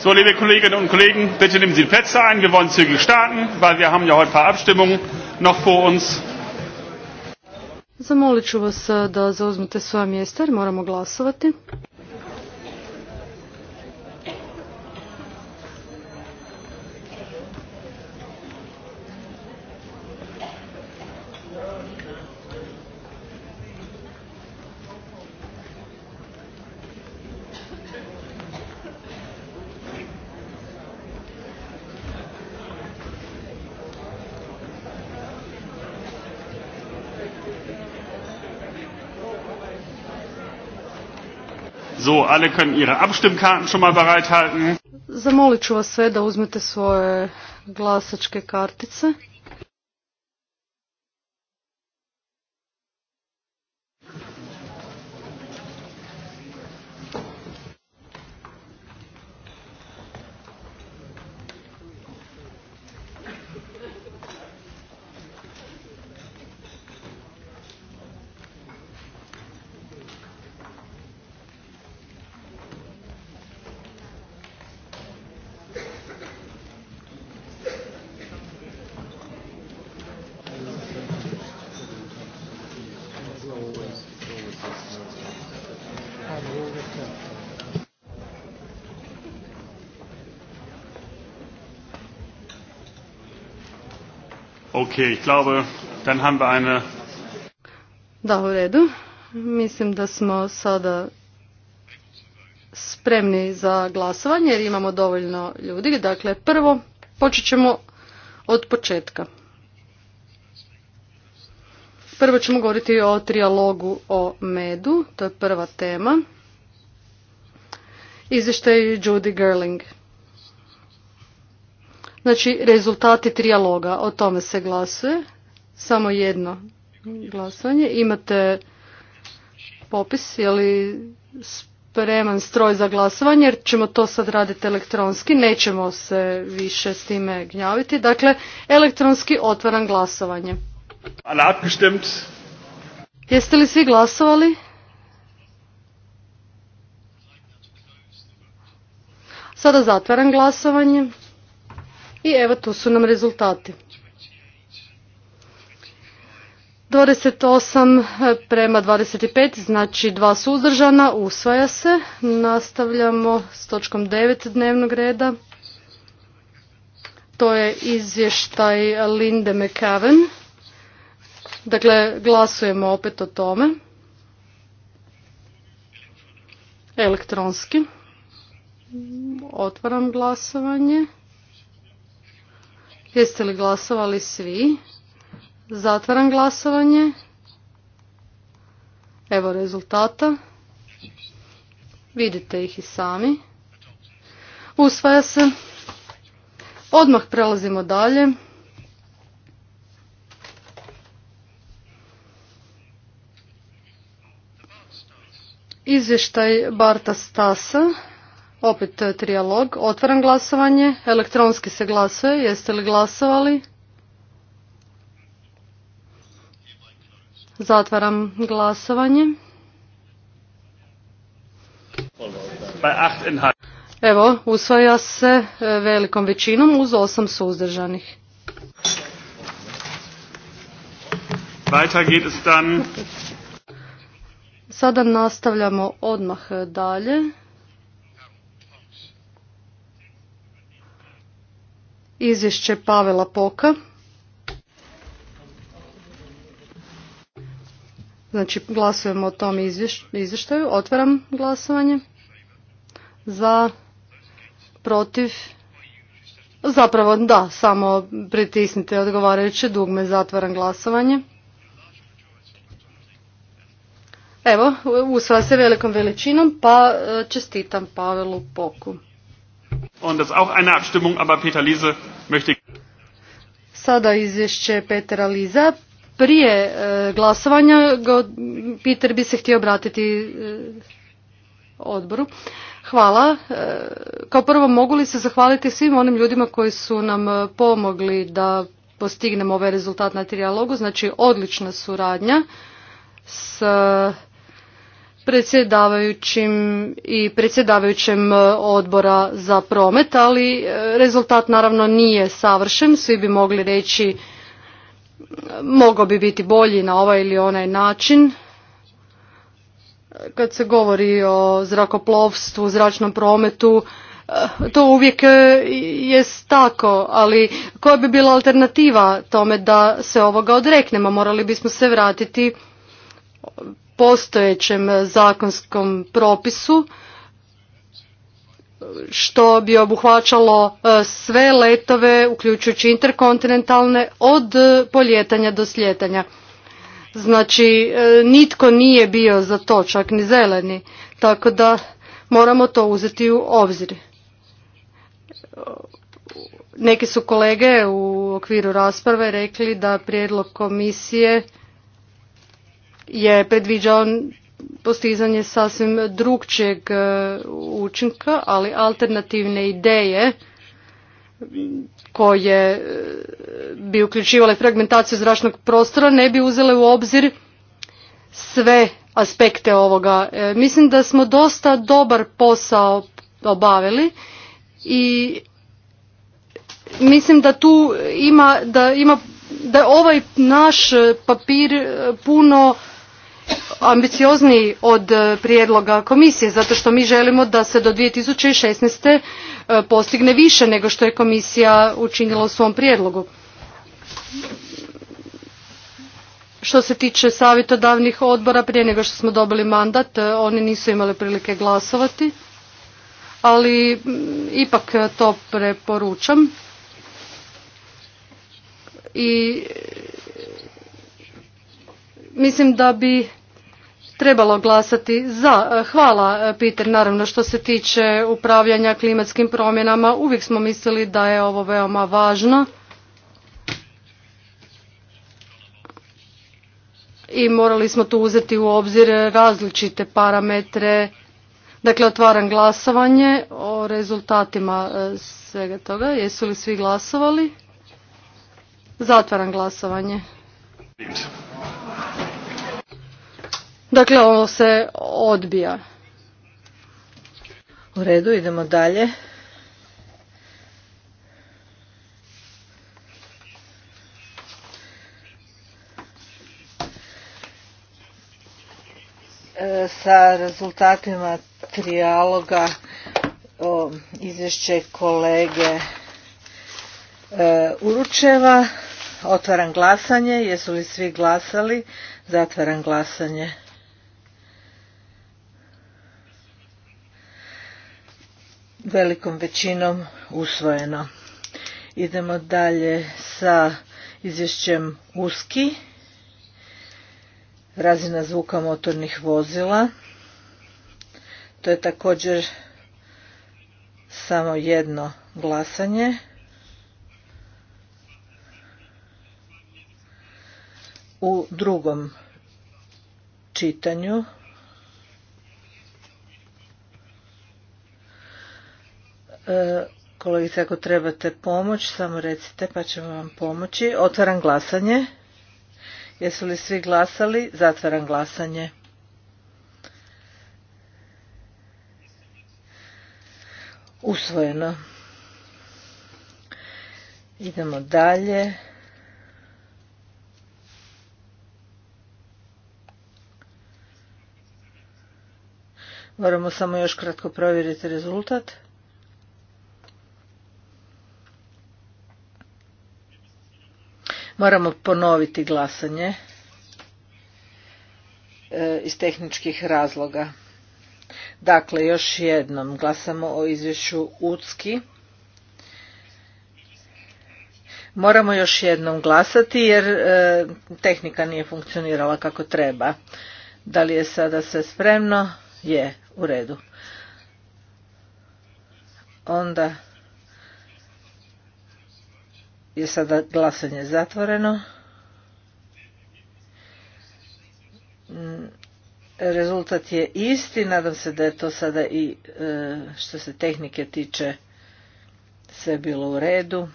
So, liebe Kolleginnen und Kollegen, bitte nehmen Sie Plätze ein. Wir wollen zügig starten, weil wir haben ja heute ein paar Abstimmungen noch vor uns. Zamolit ću vas eh, da zauzmete svoje mjesta jer moramo glasovati. So, alle können ihre Abstimmkarten schon mal bereithalten. Zamolit ću vas sve da uzmete svoje glasačke kartice. Okay, ich glaube, dann haben wir eine... Da, u redu. Mislim da smo sada spremni za glasovanje jer imamo dovoljno ljudi. Dakle, prvo počet ćemo od početka. Prvo ćemo govoriti o trijalogu o medu, to je prva tema. Izvještaj Judy Gerling. Znači, rezultati trijaloga, o tome se glasuje. Samo jedno glasovanje. Imate popis, je li spreman stroj za glasovanje, jer ćemo to sad raditi elektronski, nećemo se više s time gnjaviti. Dakle, elektronski otvaram glasovanje. Jeste li svi glasovali? Sada zatvaram glasovanje. I evo tu su nam rezultati. 28 eh, prema 25, znači dva suzdržana, usvaja se. Nastavljamo s točkom 9 dnevnog reda. To je izvještaj Linde McCaven. Dakle, glasujemo opet o tome. Elektronski. Otvaram glasovanje. Jeste li glasovali svi? Zatvaram glasovanje. Evo rezultata. Vidite ih i sami. Usvaja se. Odmah prelazimo dalje. Izvještaj Barta Stasa opet e, trijalog. Otvaram glasovanje. Elektronski se glasuje. Jeste li glasovali? Zatvaram glasovanje. Evo, usvaja se e, velikom većinom uz osam suzdržanih. Sada nastavljamo odmah dalje. izvješće Pavela Poka. Znači glasujemo o tom izvještaju. Otvaram glasovanje. Za, protiv, zapravo da, samo pritisnite odgovarajuće dugme. Zatvaram glasovanje. Evo, usva se velikom veličinom, pa e, čestitam Pavelu Poku. Und auch eine Abstimmung, aber Peter möchte... Sada izvješće Petra Liza. Prije e, glasovanja go, Peter bi se htio obratiti e, odboru. Hvala. E, kao prvo mogu li se zahvaliti svim onim ljudima koji su nam pomogli da postignemo ovaj rezultat na trijalogu, znači odlična suradnja s predsjedavajućim i predsjedavajućem e, odbora za promet, ali e, rezultat naravno nije savršen, svi bi mogli reći e, mogao bi biti bolji na ovaj ili onaj način. Kad se govori o zrakoplovstvu, zračnom prometu, to uvijek jest tako, ali koja bi bila alternativa tome da se ovoga odreknemo? Morali bismo se vratiti postojećem zakonskom propisu što bi obuhvaćalo e, sve letove uključujući interkontinentalne od poljetanja do sljetanja. Znači e, nitko nije bio za to, čak ni zeleni, tako da moramo to uzeti u obzir. Neki su kolege u okviru rasprave rekli da prijedlog komisije je predviđao postizanje sasvim drugčijeg e, učinka, ali alternativne ideje koje e, bi uključivale fragmentaciju zračnog prostora ne bi uzele u obzir sve aspekte ovoga. E, mislim da smo dosta dobar posao obavili i mislim da tu ima da ima da ovaj naš papir puno ambiciozniji od e, prijedloga komisije zato što mi želimo da se do 2016. E, postigne više nego što je komisija učinila u svom prijedlogu. Što se tiče savjetodavnih odbora, prije nego što smo dobili mandat, e, oni nisu imali prilike glasovati, ali mm, ipak to preporučam. I mislim da bi trebalo glasati za. E, hvala e, Peter, naravno što se tiče upravljanja klimatskim promjenama, uvijek smo mislili da je ovo veoma važno. I morali smo tu uzeti u obzir različite parametre. Dakle, otvaram glasovanje o rezultatima e, svega toga. Jesu li svi glasovali? Zatvaram glasovanje. Dakle, ovo se odbija. U redu, idemo dalje. E, sa rezultatima trijaloga o izvješće kolege e, Uručeva. Otvaram glasanje. Jesu li svi glasali? Zatvaram glasanje. velikom većinom usvojeno. Idemo dalje sa izvješćem USKI, razina zvuka motornih vozila. To je također samo jedno glasanje. U drugom čitanju E, kolegice, ako trebate pomoć, samo recite pa ćemo vam pomoći. Otvaram glasanje. Jesu li svi glasali? Zatvaram glasanje. Usvojeno. Idemo dalje. Moramo samo još kratko provjeriti rezultat. Moramo ponoviti glasanje e, iz tehničkih razloga. Dakle, još jednom glasamo o izvješću UCKI. Moramo još jednom glasati jer e, tehnika nije funkcionirala kako treba. Da li je sada sve spremno? Je, u redu. Onda je sada glasanje zatvoreno. Mm, rezultat je isti, nadam se da je to sada i e, što se tehnike tiče sve bilo u redu.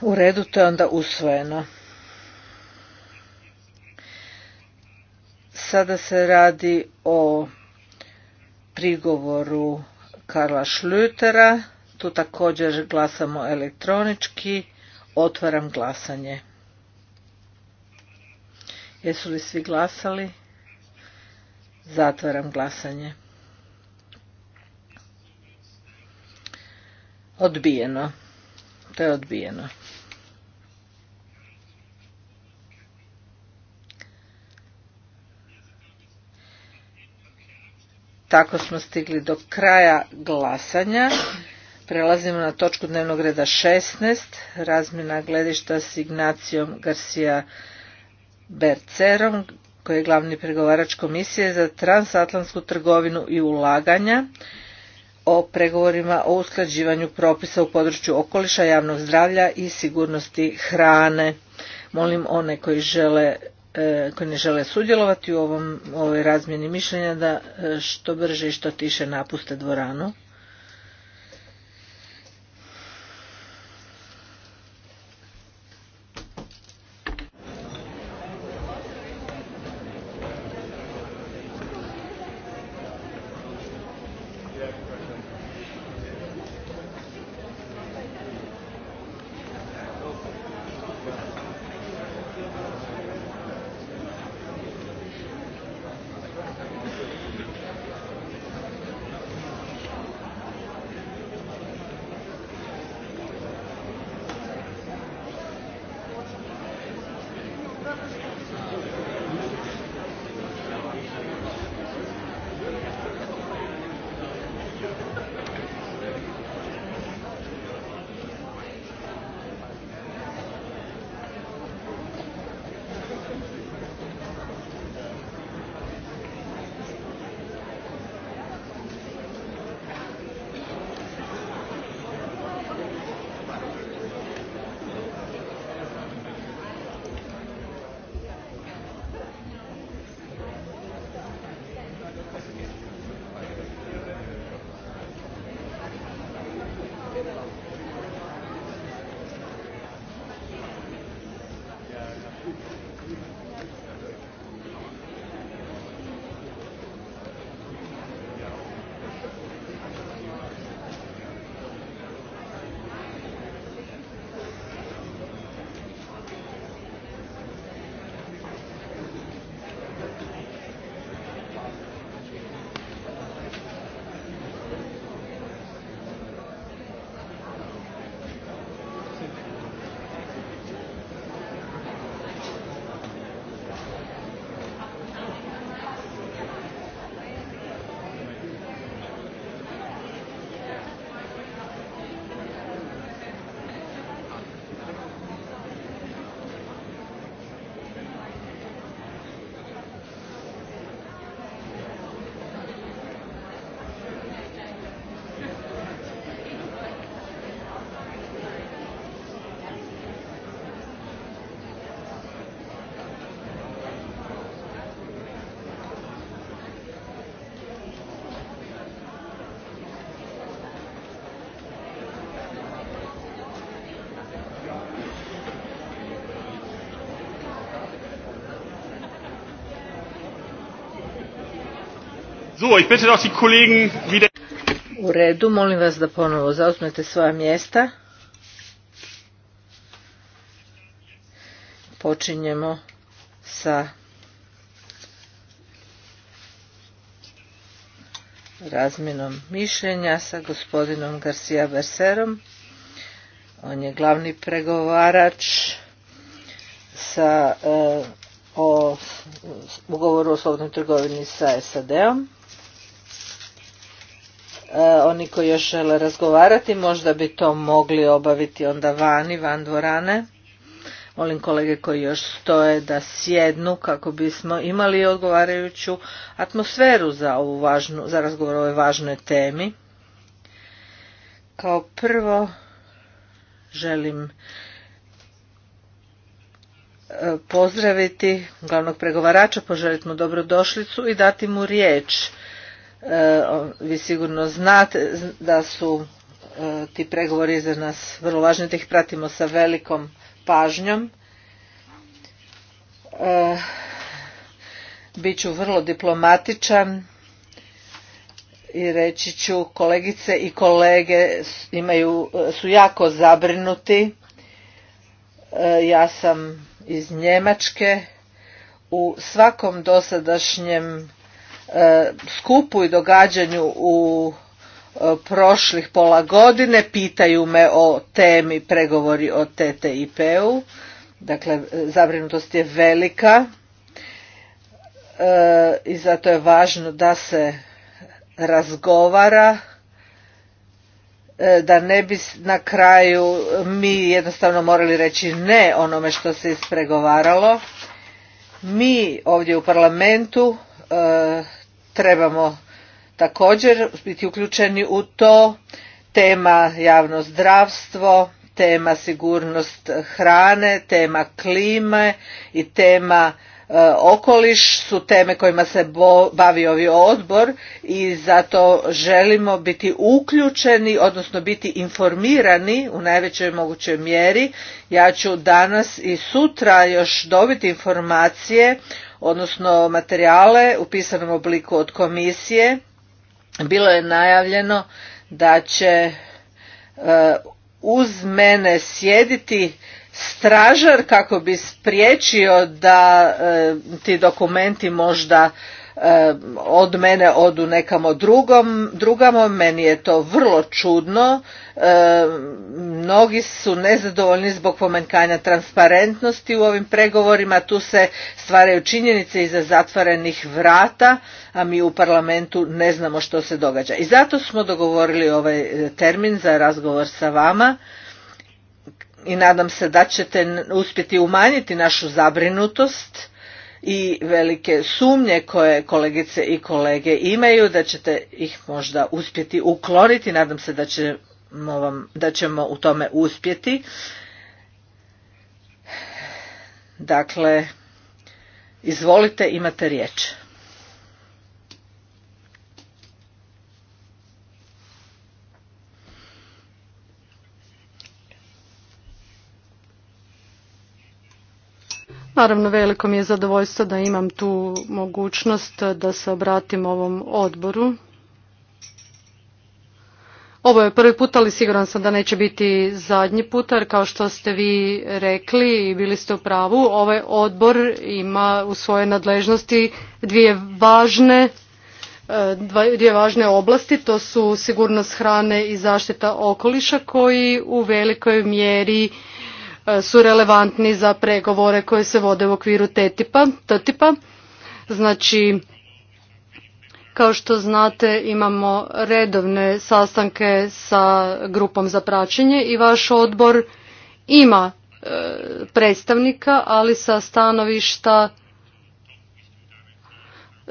U redu to je onda usvojeno. Sada se radi o prigovoru Karla Šlutera. Tu također glasamo elektronički. Otvaram glasanje. Jesu li svi glasali? Zatvaram glasanje. Odbijeno. To je odbijeno. Tako smo stigli do kraja glasanja. Prelazimo na točku dnevnog reda 16, razmjena gledišta s Ignacijom Garcia Bercerom, koji je glavni pregovarač komisije za transatlantsku trgovinu i ulaganja o pregovorima o usklađivanju propisa u području okoliša, javnog zdravlja i sigurnosti hrane. Molim one koji žele E, koji ne žele sudjelovati u ovom, ovoj razmjeni mišljenja da e, što brže i što tiše napuste dvoranu. U redu, molim vas da ponovo zauzmete svoja mjesta. Počinjemo sa razmjenom mišljenja sa gospodinom Garcia Berserom. On je glavni pregovarač sa eh, o ugovoru o trgovini sa SAD-om. E, oni koji još žele razgovarati možda bi to mogli obaviti onda vani, van dvorane. Molim kolege koji još stoje da sjednu kako bismo imali odgovarajuću atmosferu za, ovu važnu, za razgovor o ovoj važnoj temi. Kao prvo želim e, pozdraviti glavnog pregovarača, poželiti mu dobrodošlicu i dati mu riječ E, vi sigurno znate da su e, ti pregovori za nas vrlo važni, da ih pratimo sa velikom pažnjom. E, Biću vrlo diplomatičan i reći ću kolegice i kolege imaju, su jako zabrinuti. Ja sam iz Njemačke. U svakom dosadašnjem E, skupu i događanju u e, prošlih pola godine pitaju me o temi pregovori o TTIP-u. Dakle, zabrinutost je velika e, i zato je važno da se razgovara da ne bi na kraju mi jednostavno morali reći ne onome što se ispregovaralo. Mi ovdje u parlamentu trebamo također biti uključeni u to. Tema javno zdravstvo, tema sigurnost hrane, tema klime i tema e, okoliš su teme kojima se bavi ovaj odbor i zato želimo biti uključeni odnosno biti informirani u najvećoj mogućoj mjeri ja ću danas i sutra još dobiti informacije odnosno materijale u pisanom obliku od komisije. Bilo je najavljeno da će e, uz mene sjediti stražar kako bi spriječio da e, ti dokumenti možda Eh, od mene odu nekamo drugom, drugamo, meni je to vrlo čudno. Eh, mnogi su nezadovoljni zbog pomanjkanja transparentnosti u ovim pregovorima, tu se stvaraju činjenice iza zatvorenih vrata, a mi u parlamentu ne znamo što se događa. I zato smo dogovorili ovaj eh, termin za razgovor sa vama i nadam se da ćete uspjeti umanjiti našu zabrinutost i velike sumnje koje kolegice i kolege imaju da ćete ih možda uspjeti ukloniti. Nadam se da ćemo, da ćemo u tome uspjeti. Dakle, izvolite, imate riječ. Naravno, veliko mi je zadovoljstvo da imam tu mogućnost da se obratim ovom odboru. Ovo je prvi put, ali siguran sam da neće biti zadnji put, jer kao što ste vi rekli i bili ste u pravu, ovaj odbor ima u svojoj nadležnosti dvije važne eh, dvije važne oblasti, to su sigurnost hrane i zaštita okoliša koji u velikoj mjeri E, su relevantni za pregovore koje se vode u okviru TTIP-a. Znači, kao što znate, imamo redovne sastanke sa grupom za praćenje i vaš odbor ima e, predstavnika, ali sa stanovišta e,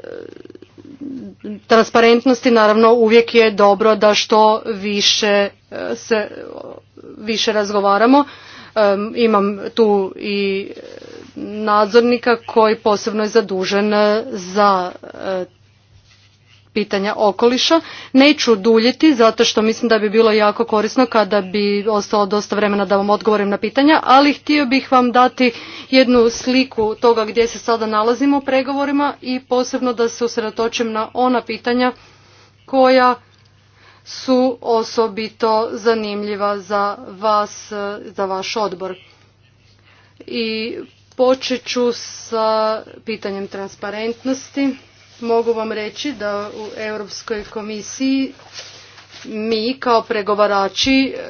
transparentnosti naravno uvijek je dobro da što više se više razgovaramo imam tu i e, nadzornika koji posebno je zadužen e, za e, pitanja okoliša. Neću duljiti zato što mislim da bi bilo jako korisno kada bi ostalo dosta vremena da vam odgovorim na pitanja, ali htio bih vam dati jednu sliku toga gdje se sada nalazimo u pregovorima i posebno da se usredotočim na ona pitanja koja su osobito zanimljiva za vas, za vaš odbor. I počet ću sa pitanjem transparentnosti. Mogu vam reći da u Europskoj komisiji mi kao pregovarači e,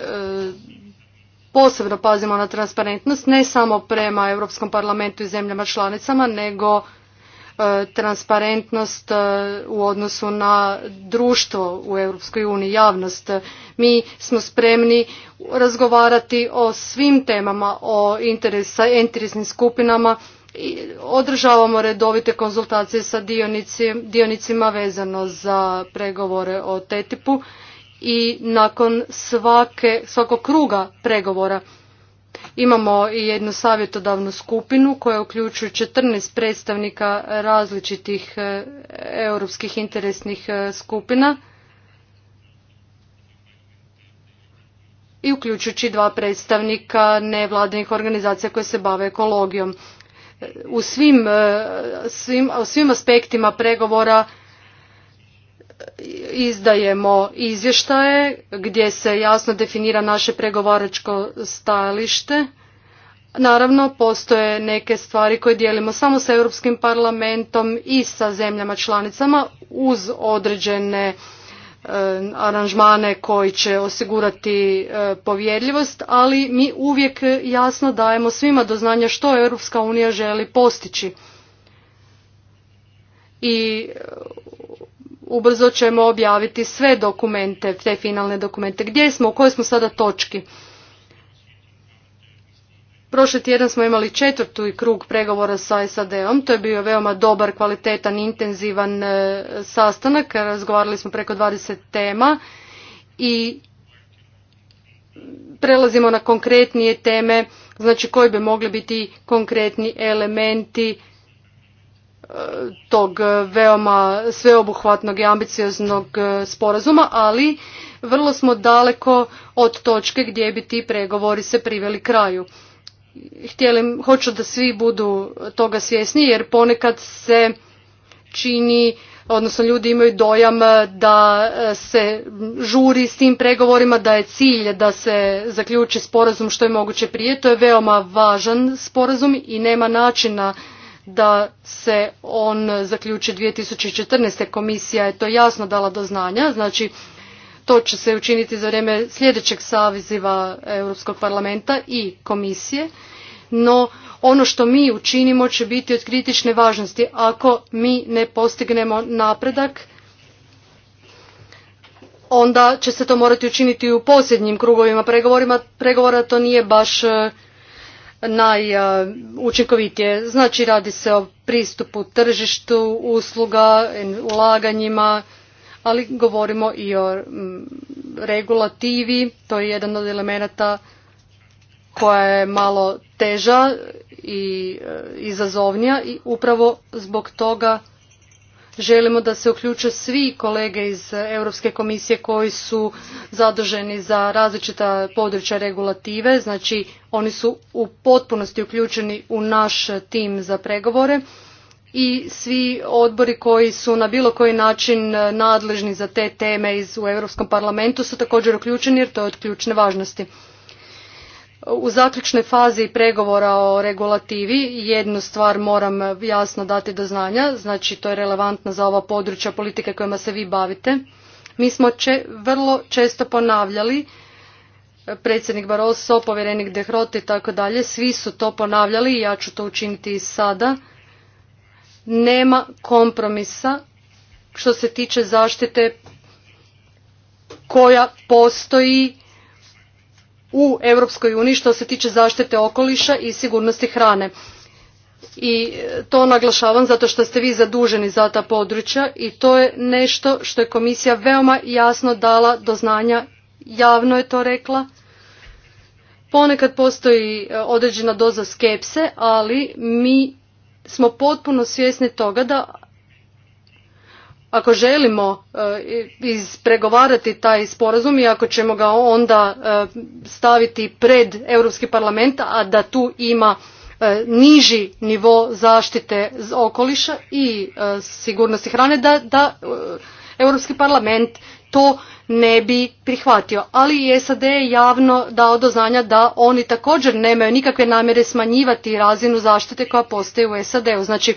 posebno pazimo na transparentnost, ne samo prema Europskom parlamentu i zemljama članicama, nego E, transparentnost e, u odnosu na društvo u Europskoj uniji, javnost. Mi smo spremni razgovarati o svim temama, o interesa, interesnim skupinama i održavamo redovite konzultacije sa dionicima vezano za pregovore o TTIP-u i nakon svake, svakog kruga pregovora Imamo i jednu savjetodavnu skupinu koja uključuje 14 predstavnika različitih e, europskih interesnih e, skupina i uključujući dva predstavnika nevladinih organizacija koje se bave ekologijom. E, u svim aspektima pregovora izdajemo izvještaje gdje se jasno definira naše pregovaračko stajalište. Naravno, postoje neke stvari koje dijelimo samo sa Europskim parlamentom i sa zemljama članicama uz određene e, aranžmane koji će osigurati e, povjerljivost, ali mi uvijek jasno dajemo svima do znanja što Europska unija želi postići. I ubrzo ćemo objaviti sve dokumente, te finalne dokumente. Gdje smo, u kojoj smo sada točki? Prošli tjedan smo imali četvrtu i krug pregovora sa SAD-om. To je bio veoma dobar, kvalitetan, intenzivan e, sastanak. Razgovarali smo preko 20 tema i prelazimo na konkretnije teme, znači koji bi mogli biti konkretni elementi tog veoma sveobuhvatnog i ambicioznog e, sporazuma, ali vrlo smo daleko od točke gdje bi ti pregovori se priveli kraju. Htjelim, hoću da svi budu toga svjesni jer ponekad se čini odnosno ljudi imaju dojam e, da e, se žuri s tim pregovorima, da je cilj da se zaključi sporazum što je moguće prije. To je veoma važan sporazum i nema načina da se on zaključi 2014. Komisija je to jasno dala do znanja, znači to će se učiniti za vrijeme sljedećeg saviziva Europskog parlamenta i komisije, no ono što mi učinimo će biti od kritične važnosti ako mi ne postignemo napredak onda će se to morati učiniti u posljednjim krugovima pregovorima. pregovora to nije baš najučinkovitije. Znači radi se o pristupu tržištu, usluga, ulaganjima, ali govorimo i o mm, regulativi, to je jedan od elemenata koja je malo teža i e, izazovnija i upravo zbog toga želimo da se uključe svi kolege iz Europske komisije koji su zaduženi za različita područja regulative, znači oni su u potpunosti uključeni u naš tim za pregovore i svi odbori koji su na bilo koji način nadležni za te teme iz, u Europskom parlamentu su također uključeni jer to je od ključne važnosti u zaključnoj fazi pregovora o regulativi jednu stvar moram jasno dati do znanja, znači to je relevantno za ova područja politike kojima se vi bavite. Mi smo vrlo često ponavljali, e, predsjednik Barroso, povjerenik Dehrot i tako dalje, svi su to ponavljali i ja ću to učiniti i sada. Nema kompromisa što se tiče zaštite koja postoji u Europskoj uniji što se tiče zaštite okoliša i sigurnosti hrane. I e, to naglašavam zato što ste vi zaduženi za ta područja i to je nešto što je komisija veoma jasno dala do znanja, javno je to rekla. Ponekad postoji e, određena doza skepse, ali mi smo potpuno svjesni toga da ako želimo e, ispregovarati taj sporazum i ako ćemo ga onda e, staviti pred Europski parlament, a da tu ima e, niži nivo zaštite okoliša i sigurnosti hrane, da, da Europski parlament to ne bi prihvatio. Ali i SAD je javno dao do znanja da oni također nemaju nikakve namjere smanjivati razinu zaštite koja postoji u SAD-u. Znači,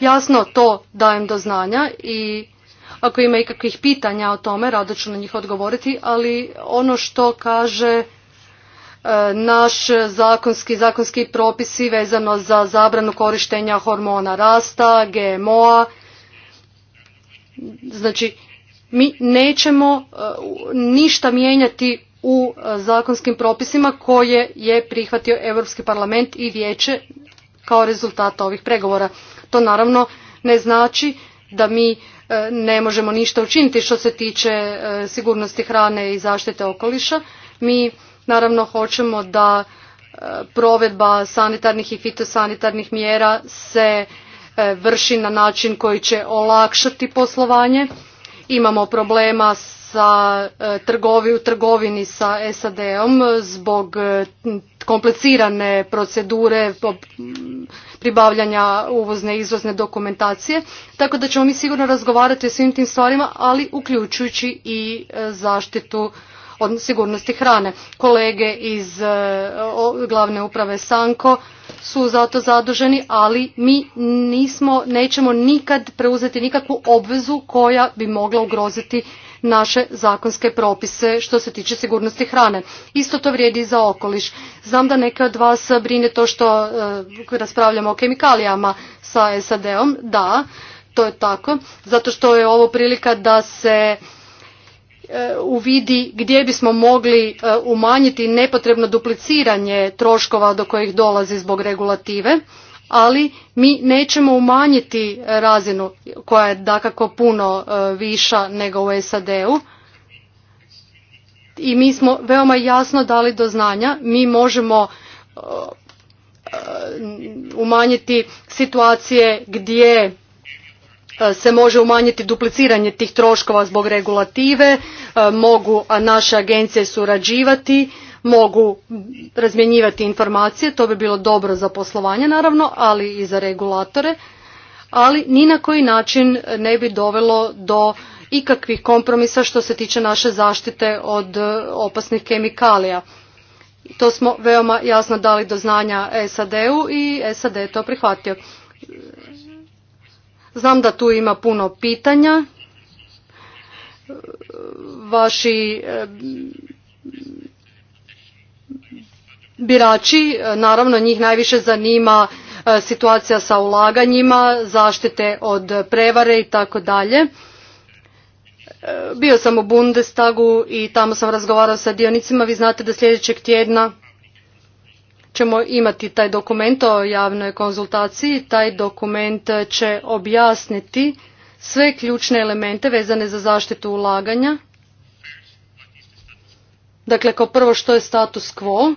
Jasno to dajem do znanja i ako ima ikakvih pitanja o tome, rado ću na njih odgovoriti, ali ono što kaže e, naš zakonski, zakonski propisi vezano za zabranu korištenja hormona rasta, GMO-a. Znači, mi nećemo e, ništa mijenjati u e, zakonskim propisima koje je prihvatio Europski parlament i vijeće kao rezultat ovih pregovora. To naravno ne znači da mi e, ne možemo ništa učiniti što se tiče e, sigurnosti hrane i zaštite okoliša. Mi naravno hoćemo da e, provedba sanitarnih i fitosanitarnih mjera se vrši na način koji će olakšati poslovanje. Imamo problema sa trgovi u trgovini sa SAD-om zbog komplicirane procedure mm, pribavljanja uvozne i izvozne dokumentacije, tako da ćemo mi sigurno razgovarati o svim tim stvarima, ali uključujući i e, zaštitu od sigurnosti hrane. Kolege iz e, glavne uprave Sanko su zato zaduženi, ali mi nismo, nećemo nikad preuzeti nikakvu obvezu koja bi mogla ugroziti naše zakonske propise što se tiče sigurnosti hrane. Isto to vrijedi i za okoliš. Znam da neke od vas brine to što e, raspravljamo o kemikalijama sa SAD-om. Da, to je tako. Zato što je ovo prilika da se e, uvidi gdje bismo mogli e, umanjiti nepotrebno dupliciranje troškova do kojih dolazi zbog regulative ali mi nećemo umanjiti razinu koja je dakako puno e, viša nego u SAD-u i mi smo veoma jasno dali do znanja mi možemo e, e, umanjiti situacije gdje se može umanjiti dupliciranje tih troškova zbog regulative mogu naše agencije surađivati mogu razmjenjivati informacije, to bi bilo dobro za poslovanje naravno, ali i za regulatore, ali ni na koji način ne bi dovelo do ikakvih kompromisa što se tiče naše zaštite od e, opasnih kemikalija. To smo veoma jasno dali do znanja SAD-u i SAD je to prihvatio. Znam da tu ima puno pitanja. Vaši e, birači, e, naravno njih najviše zanima e, situacija sa ulaganjima, zaštite od prevare i tako dalje. E, bio sam u Bundestagu i tamo sam razgovarao sa dionicima. Vi znate da sljedećeg tjedna ćemo imati taj dokument o javnoj konzultaciji. Taj dokument će objasniti sve ključne elemente vezane za zaštitu ulaganja. Dakle, kao prvo što je status quo,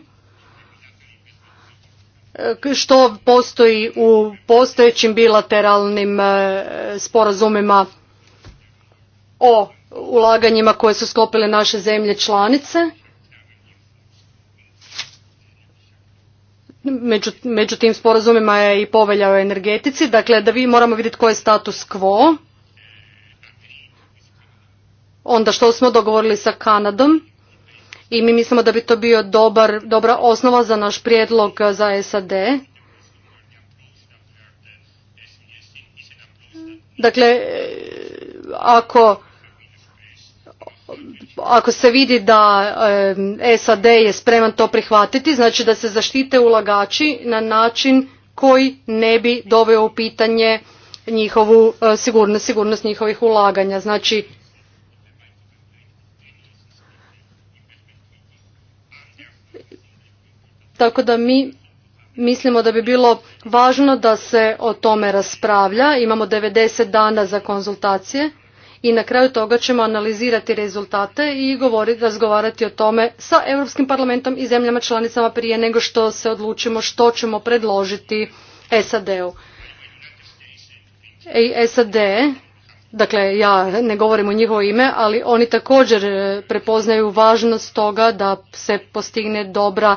E, što postoji u postojećim bilateralnim e, sporazumima o ulaganjima koje su sklopile naše zemlje članice. Među, tim sporazumima je i povelja o energetici, dakle da vi moramo vidjeti koji je status quo. Onda što smo dogovorili sa Kanadom i mi mislimo da bi to bio dobar, dobra osnova za naš prijedlog za SAD. Dakle, ako ako se vidi da SAD je spreman to prihvatiti, znači da se zaštite ulagači na način koji ne bi doveo u pitanje njihovu e, sigurnost, sigurnost njihovih ulaganja. Znači Tako da mi mislimo da bi bilo važno da se o tome raspravlja. Imamo 90 dana za konzultacije i na kraju toga ćemo analizirati rezultate i govoriti, razgovarati o tome sa Europskim parlamentom i zemljama članicama prije nego što se odlučimo što ćemo predložiti SAD-u. I SAD, dakle ja ne govorim u njihovo ime, ali oni također eh, prepoznaju važnost toga da se postigne dobra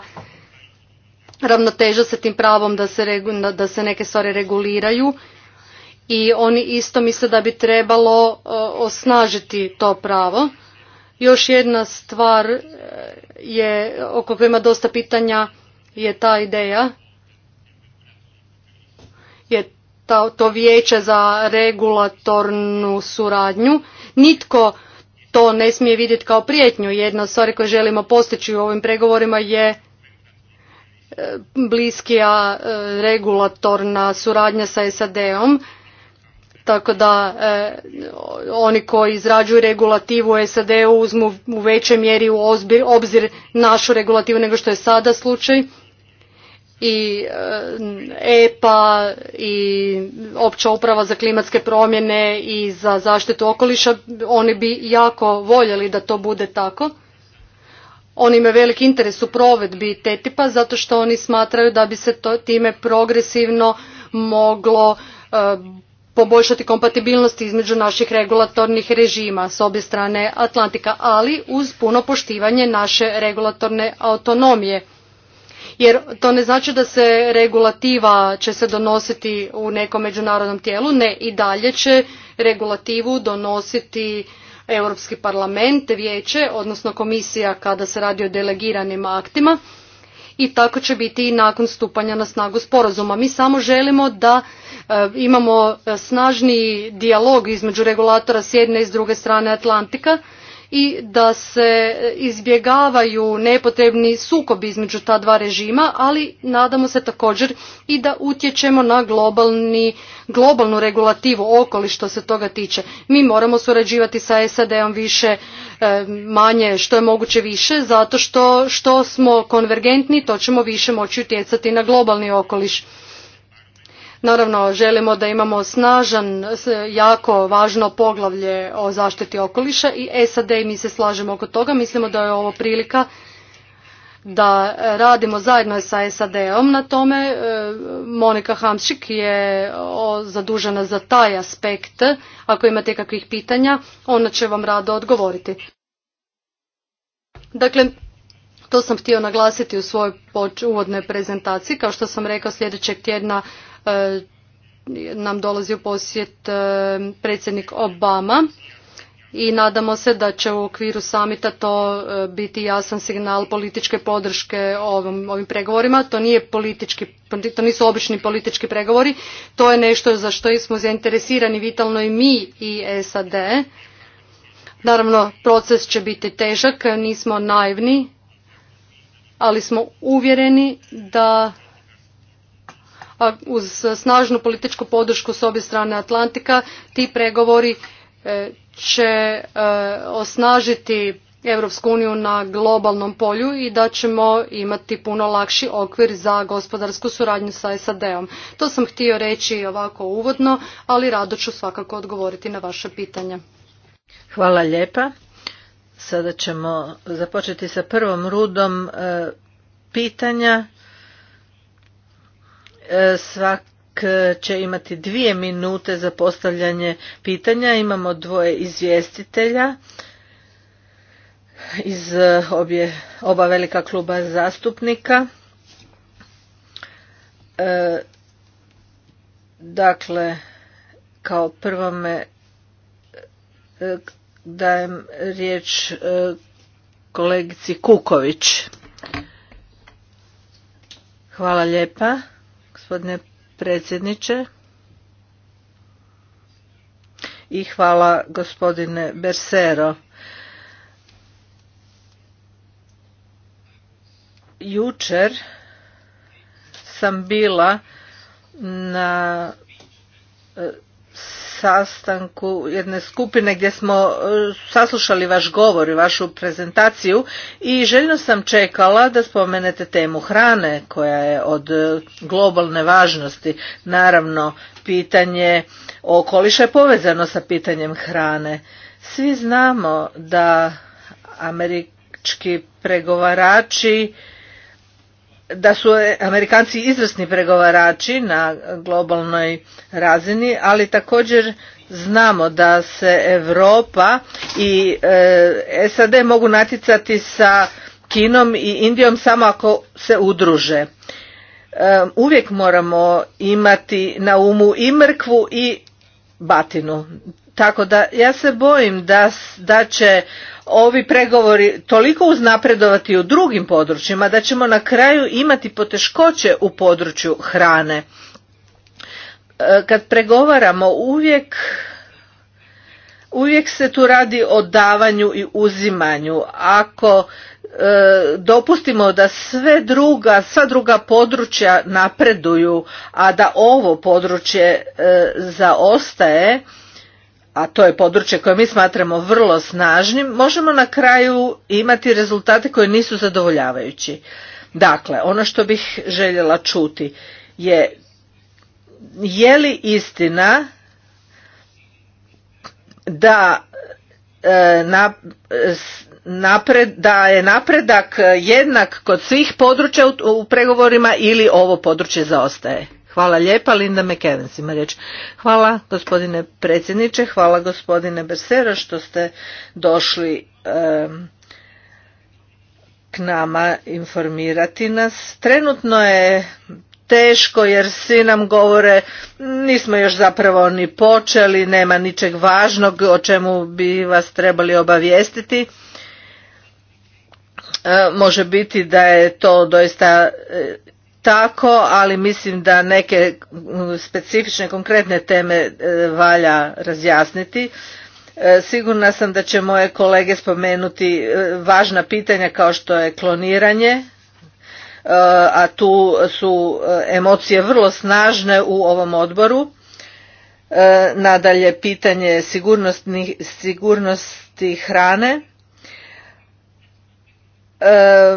ravnoteža sa tim pravom da se, da se neke stvari reguliraju i oni isto misle da bi trebalo e, osnažiti to pravo. Još jedna stvar e, je, oko koje ima dosta pitanja, je ta ideja, je to vijeće za regulatornu suradnju. Nitko to ne smije vidjeti kao prijetnju. Jedna stvar koju želimo postići u ovim pregovorima je bliskija e, regulatorna suradnja sa SAD-om, tako da e, oni koji izrađuju regulativu SAD-u uzmu u većoj mjeri u obzir našu regulativu nego što je sada slučaj i EPA e i opća uprava za klimatske promjene i za zaštitu okoliša, oni bi jako voljeli da to bude tako. Oni imaju velik interes u provedbi TTIP-a zato što oni smatraju da bi se time progresivno moglo e, poboljšati kompatibilnost između naših regulatornih režima s obje strane Atlantika, ali uz puno poštivanje naše regulatorne autonomije. Jer to ne znači da se regulativa će se donositi u nekom međunarodnom tijelu, ne i dalje će regulativu donositi Europski parlament, vijeće, odnosno komisija kada se radi o delegiranim aktima i tako će biti i nakon stupanja na snagu sporazuma. Mi samo želimo da e, imamo snažniji dijalog između regulatora s jedne i s druge strane Atlantika i da se izbjegavaju nepotrebni sukobi između ta dva režima, ali nadamo se također i da utječemo na globalnu regulativu okoli što se toga tiče. Mi moramo surađivati sa SAD-om više e, manje što je moguće više zato što što smo konvergentni to ćemo više moći utjecati na globalni okoliš. Naravno, želimo da imamo snažan, jako važno poglavlje o zaštiti okoliša i SAD i mi se slažemo oko toga. Mislimo da je ovo prilika da radimo zajedno sa SAD-om na tome. E, Monika Hamšik je zadužena za taj aspekt. Ako imate kakvih pitanja, ona će vam rado odgovoriti. Dakle, to sam htio naglasiti u svojoj uvodnoj prezentaciji. Kao što sam rekao, sljedećeg tjedna E, nam dolazi u posjet e, predsjednik Obama i nadamo se da će u okviru samita to e, biti jasan signal političke podrške ovim, ovim pregovorima. To, nije politički, to nisu obični politički pregovori, to je nešto za što smo zainteresirani vitalno i mi i SAD. Naravno, proces će biti težak, nismo naivni, ali smo uvjereni da a uz snažnu političku podršku s obje strane Atlantika ti pregovori e, će e, osnažiti Europsku uniju na globalnom polju i da ćemo imati puno lakši okvir za gospodarsku suradnju sa SAD-om. To sam htio reći ovako uvodno, ali rado ću svakako odgovoriti na vaša pitanja. Hvala lijepa. Sada ćemo započeti sa prvom rudom e, pitanja E, svak e, će imati dvije minute za postavljanje pitanja. Imamo dvoje izvjestitelja iz e, obje, oba velika kluba zastupnika. E, dakle, kao me dajem riječ kolegici Kuković. Hvala lijepa gospodine predsjedniče. I hvala gospodine Bersero. Jučer sam bila na sastanku jedne skupine gdje smo e, saslušali vaš govor i vašu prezentaciju i željno sam čekala da spomenete temu hrane koja je od e, globalne važnosti. Naravno, pitanje okoliša je povezano sa pitanjem hrane. Svi znamo da američki pregovarači da su Amerikanci izvrsni pregovarači na globalnoj razini, ali također znamo da se Europa i e, SAD mogu naticati sa Kinom i Indijom samo ako se udruže. E, uvijek moramo imati na umu i mrkvu i batinu. Tako da ja se bojim da, da će ovi pregovori toliko uznapredovati u drugim područjima da ćemo na kraju imati poteškoće u području hrane. E, kad pregovaramo uvijek uvijek se tu radi o davanju i uzimanju. Ako e, dopustimo da sve druga, sva druga područja napreduju, a da ovo područje e, zaostaje, a to je područje koje mi smatramo vrlo snažnim, možemo na kraju imati rezultate koji nisu zadovoljavajući. Dakle, ono što bih željela čuti je je li istina da e, napred, da je napredak jednak kod svih područja u pregovorima ili ovo područje zaostaje? Hvala lijepa, Linda McEvans ima riječ. Hvala gospodine predsjedniče, hvala gospodine Bersera što ste došli k nama informirati nas. Trenutno je teško jer svi nam govore nismo još zapravo ni počeli, nema ničeg važnog o čemu bi vas trebali obavijestiti. E, može biti da je to doista e, tako, ali mislim da neke mm, specifične konkretne teme e, valja razjasniti. E, sigurna sam da će moje kolege spomenuti e, važna pitanja kao što je kloniranje, a tu su emocije vrlo snažne u ovom odboru. Nadalje pitanje sigurnosti hrane,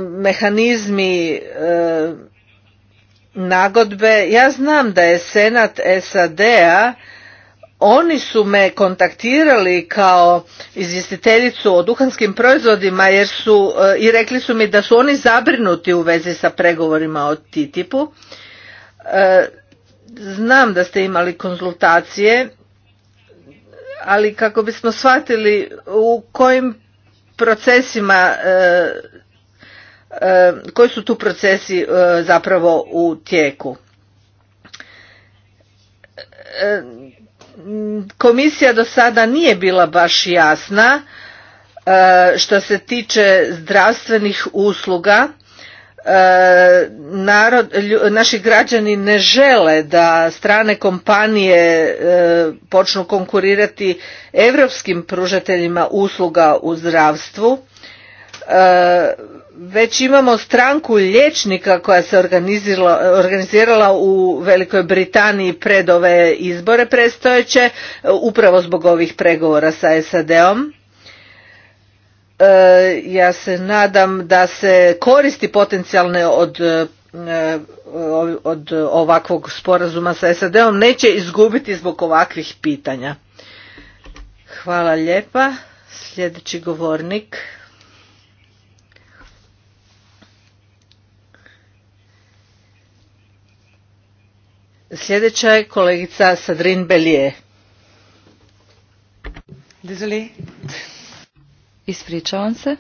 mehanizmi nagodbe. Ja znam da je Senat SAD-a oni su me kontaktirali kao izvjestiteljicu o duhanskim proizvodima jer su e, i rekli su mi da su oni zabrinuti u vezi sa pregovorima o TTIP-u. E, znam da ste imali konzultacije, ali kako bismo shvatili u kojim procesima e, E, koji su tu procesi e, zapravo u tijeku. E, komisija do sada nije bila baš jasna što se tiče zdravstvenih usluga. Narod, naši građani ne žele da strane kompanije počnu konkurirati europskim pružateljima usluga u zdravstvu E, već imamo stranku liječnika koja se organizirala u Velikoj Britaniji pred ove izbore predstojeće e, upravo zbog ovih pregovora sa SAD-om. E, ja se nadam da se koristi potencijalne od od ovakvog sporazuma sa SAD-om neće izgubiti zbog ovakvih pitanja. Hvala lijepa. Sljedeći govornik Sljedeća je kolegica Sadrin Belije. Ispričavam se.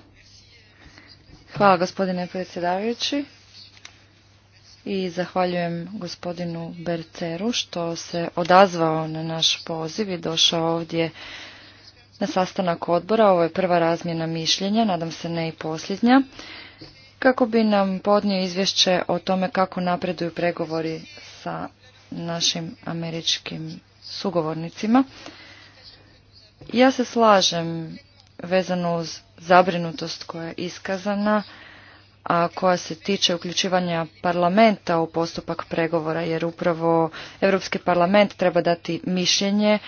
Hvala gospodine predsjedavajući i zahvaljujem gospodinu Berceru što se odazvao na naš poziv i došao ovdje na sastanak odbora. Ovo je prva razmjena mišljenja, nadam se ne i posljednja, kako bi nam podnio izvješće o tome kako napreduju pregovori sa našim američkim sugovornicima. Ja se slažem vezano uz zabrinutost koja je iskazana, a koja se tiče uključivanja parlamenta u postupak pregovora, jer upravo Europski parlament treba dati mišljenje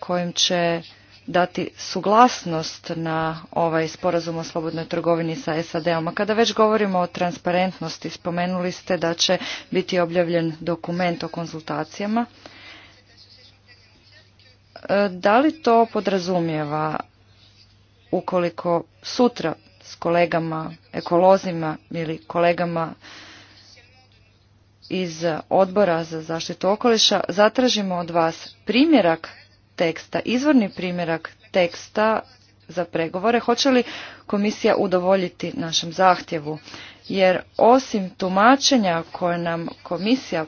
kojim će dati suglasnost na ovaj sporazum o slobodnoj trgovini sa SAD-om. A kada već govorimo o transparentnosti, spomenuli ste da će biti objavljen dokument o konzultacijama. E, da li to podrazumijeva ukoliko sutra s kolegama, ekolozima ili kolegama iz odbora za zaštitu okoliša zatražimo od vas primjerak teksta, izvorni primjerak teksta za pregovore, hoće li komisija udovoljiti našem zahtjevu? Jer osim tumačenja koje nam komisija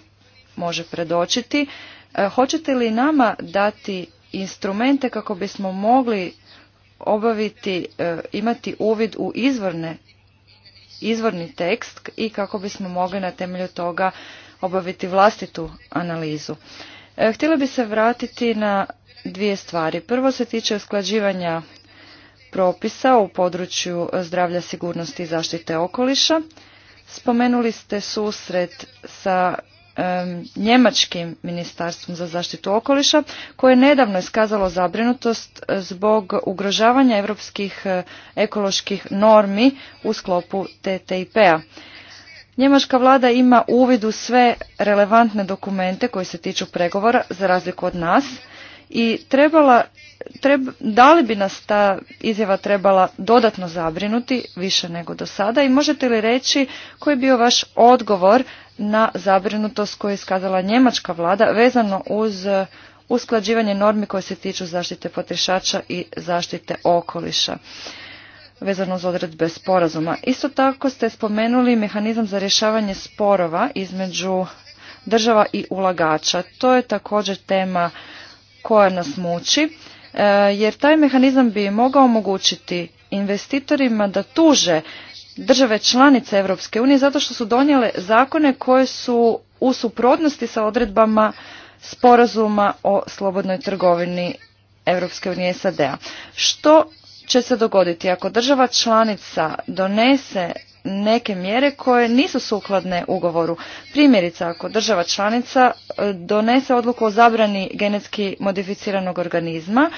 može predočiti, e, hoćete li nama dati instrumente kako bismo mogli obaviti, e, imati uvid u izvorni tekst i kako bismo mogli na temelju toga obaviti vlastitu analizu. E, htjela bi se vratiti na dvije stvari. Prvo se tiče usklađivanja propisa u području zdravlja, sigurnosti i zaštite okoliša. Spomenuli ste susret sa njemačkim ministarstvom za zaštitu okoliša koje je nedavno iskazalo zabrinutost zbog ugrožavanja europskih e, ekoloških normi u sklopu TTIP-a. Njemačka vlada ima uvid u sve relevantne dokumente koji se tiču pregovora za razliku od nas i trebala Treb, da li bi nas ta izjava trebala dodatno zabrinuti više nego do sada i možete li reći koji je bio vaš odgovor na zabrinutost koju je iskazala njemačka vlada vezano uz e, usklađivanje normi koje se tiču zaštite potrošača i zaštite okoliša vezano uz odredbe sporazuma. Isto tako ste spomenuli mehanizam za rješavanje sporova između država i ulagača. To je također tema koja nas muči, e, jer taj mehanizam bi mogao omogućiti investitorima da tuže države članice Europske unije zato što su donijele zakone koje su u suprotnosti sa odredbama sporazuma o slobodnoj trgovini Europske unije SAD-a. Što će se dogoditi ako država članica donese neke mjere koje nisu sukladne ugovoru. Primjerice, ako država članica e, donese odluku o zabrani genetski modificiranog organizma,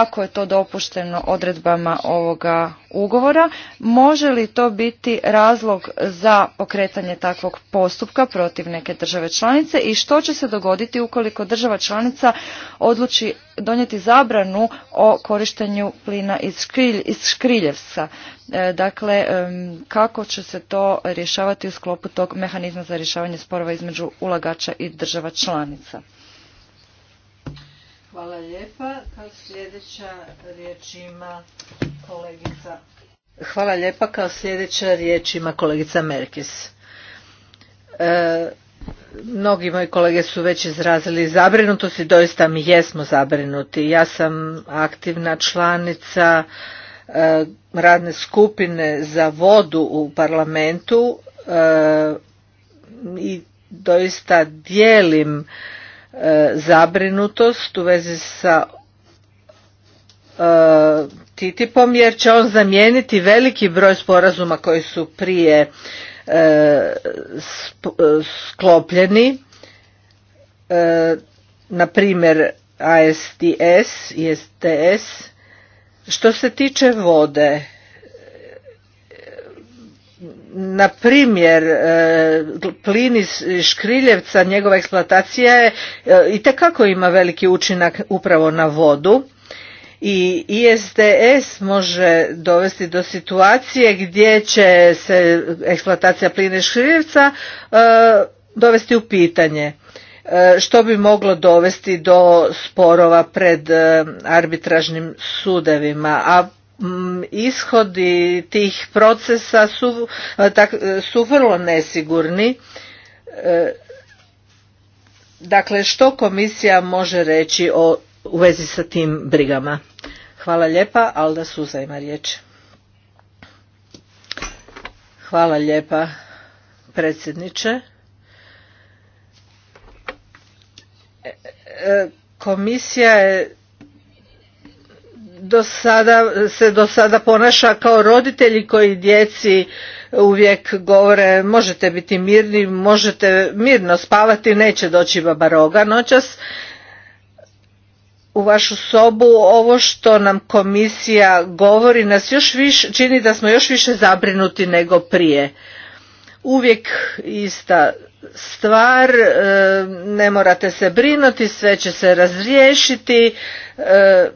ako je to dopušteno odredbama ovoga ugovora. Može li to biti razlog za pokretanje takvog postupka protiv neke države članice i što će se dogoditi ukoliko država članica odluči donijeti zabranu o korištenju plina iz Škriljevca? E, dakle, kako će se to rješavati u sklopu tog mehanizma za rješavanje sporova između ulagača i država članica? Hvala lijepa. Kao sljedeća riječ ima kolegica. Hvala lijepa. Kao sljedeća riječ ima kolegica Merkis. E, mnogi moji kolege su već izrazili zabrinutost i doista mi jesmo zabrinuti. Ja sam aktivna članica e, radne skupine za vodu u parlamentu e, i doista dijelim E, zabrinutost u vezi sa e, TTIP-om jer će on zamijeniti veliki broj sporazuma koji su prije e, sklopljeni na primjer ASTS i STS što se tiče vode na primjer e, plin iz škriljevca njegova eksploatacija je e, itekako ima veliki učinak upravo na vodu i ISDS može dovesti do situacije gdje će se eksploatacija plina iz škriljevca e, dovesti u pitanje što bi moglo dovesti do sporova pred arbitražnim sudevima a ishodi tih procesa su, tak, e, su vrlo nesigurni. E, dakle, što komisija može reći o, u vezi sa tim brigama? Hvala lijepa, Alda Suza ima riječ. Hvala lijepa, predsjedniče. E, komisija je do sada, se do sada ponaša kao roditelji koji djeci uvijek govore možete biti mirni, možete mirno spavati, neće doći baba roga noćas u vašu sobu ovo što nam komisija govori nas još više, čini da smo još više zabrinuti nego prije. Uvijek ista stvar, e, ne morate se brinuti, sve će se razriješiti, e,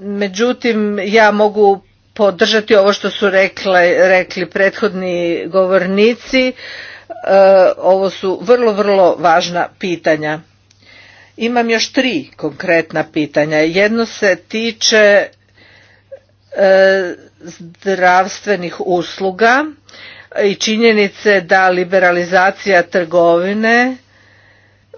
međutim ja mogu podržati ovo što su rekli prethodni govornici e, ovo su vrlo vrlo važna pitanja imam još tri konkretna pitanja jedno se tiče e, zdravstvenih usluga i činjenice da liberalizacija trgovine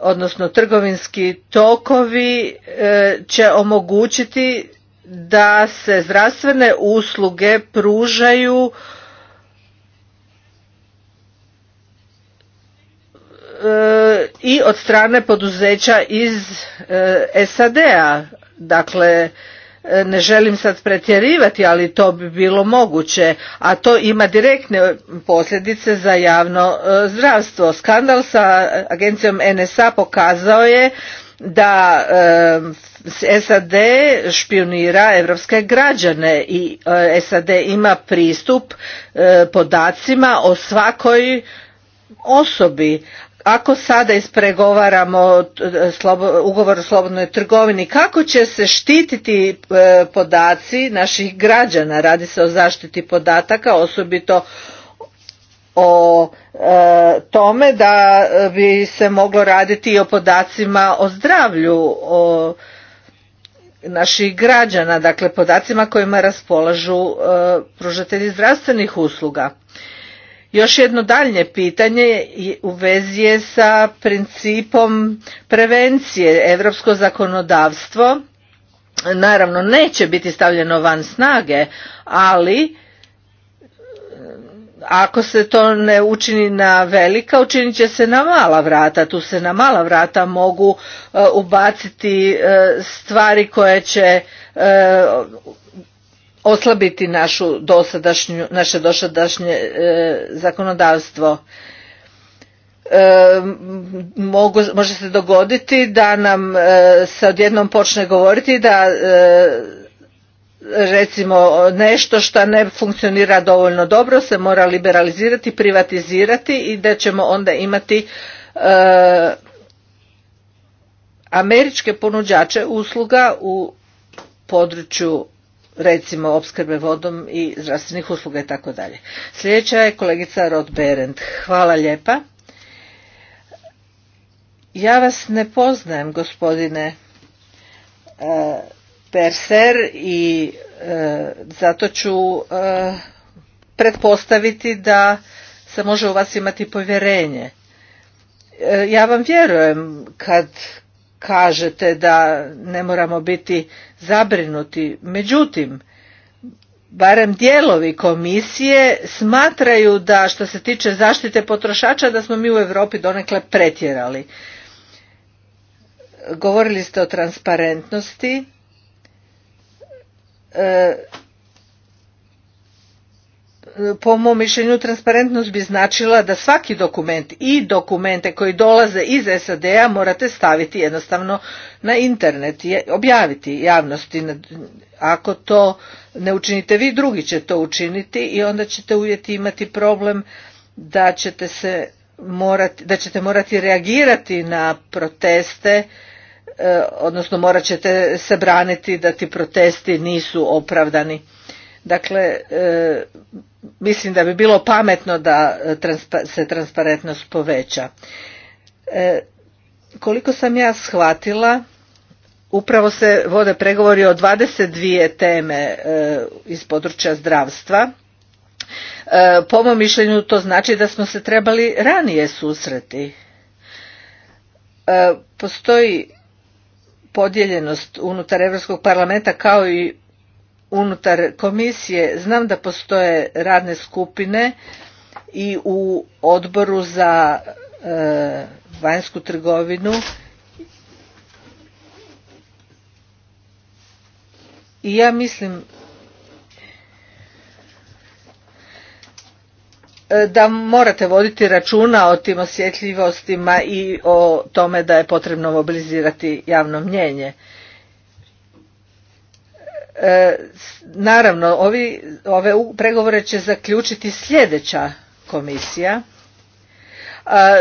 odnosno trgovinski tokovi e, će omogućiti da se zdravstvene usluge pružaju e, i od strane poduzeća iz e, SAD-a. Dakle, e, ne želim sad pretjerivati, ali to bi bilo moguće, a to ima direktne posljedice za javno zdravstvo. Skandal sa agencijom NSA pokazao je da e, SAD špionira evropske građane i e, SAD ima pristup e, podacima o svakoj osobi. Ako sada ispregovaramo ugovor o slobodnoj trgovini, kako će se štititi podaci naših građana? Radi se o zaštiti podataka, osobito o e, tome da bi se moglo raditi i o podacima o zdravlju o naših građana, dakle podacima kojima raspolažu e, pružatelji zdravstvenih usluga. Još jedno daljnje pitanje u vezi je sa principom prevencije. Evropsko zakonodavstvo naravno neće biti stavljeno van snage, ali ako se to ne učini na velika, učinit će se na mala vrata. Tu se na mala vrata mogu e, ubaciti e, stvari koje će e, oslabiti našu dosadašnju, naše dosadašnje zakonodavstvo. mogu, može se dogoditi da nam e, se odjednom počne govoriti da recimo nešto što ne funkcionira dovoljno dobro se mora liberalizirati, privatizirati i da ćemo onda imati e, američke ponuđače usluga u području recimo opskrbe vodom i zdravstvenih usluga i tako dalje. Sljedeća je kolegica Rod Berend. Hvala lijepa. Ja vas ne poznajem gospodine e, Perser i e, zato ću e, pretpostaviti da se može u vas imati povjerenje. E, ja vam vjerujem kad kažete da ne moramo biti zabrinuti. Međutim, barem dijelovi komisije smatraju da što se tiče zaštite potrošača da smo mi u Europi donekle pretjerali. Govorili ste o transparentnosti E, po mom mišljenju transparentnost bi značila da svaki dokument i dokumente koji dolaze iz SAD-a morate staviti jednostavno na internet i objaviti javnosti. Ako to ne učinite vi, drugi će to učiniti i onda ćete uvijek imati problem da ćete, se da ćete morati reagirati na proteste E, odnosno morat ćete se braniti da ti protesti nisu opravdani. Dakle, e, mislim da bi bilo pametno da e, se transparentnost poveća. Koliko sam ja shvatila, upravo se vode pregovori o 22 teme iz područja zdravstva. Po mom mišljenju to znači da smo se trebali ranije susreti. Postoji podijeljenost unutar Europskog parlamenta kao i unutar komisije. Znam da postoje radne skupine i u odboru za e, vanjsku trgovinu i ja mislim E, da morate voditi računa o tim osjetljivostima i o tome da je potrebno mobilizirati javno mnjenje. E, naravno, ove pregovore će zaključiti sljedeća komisija.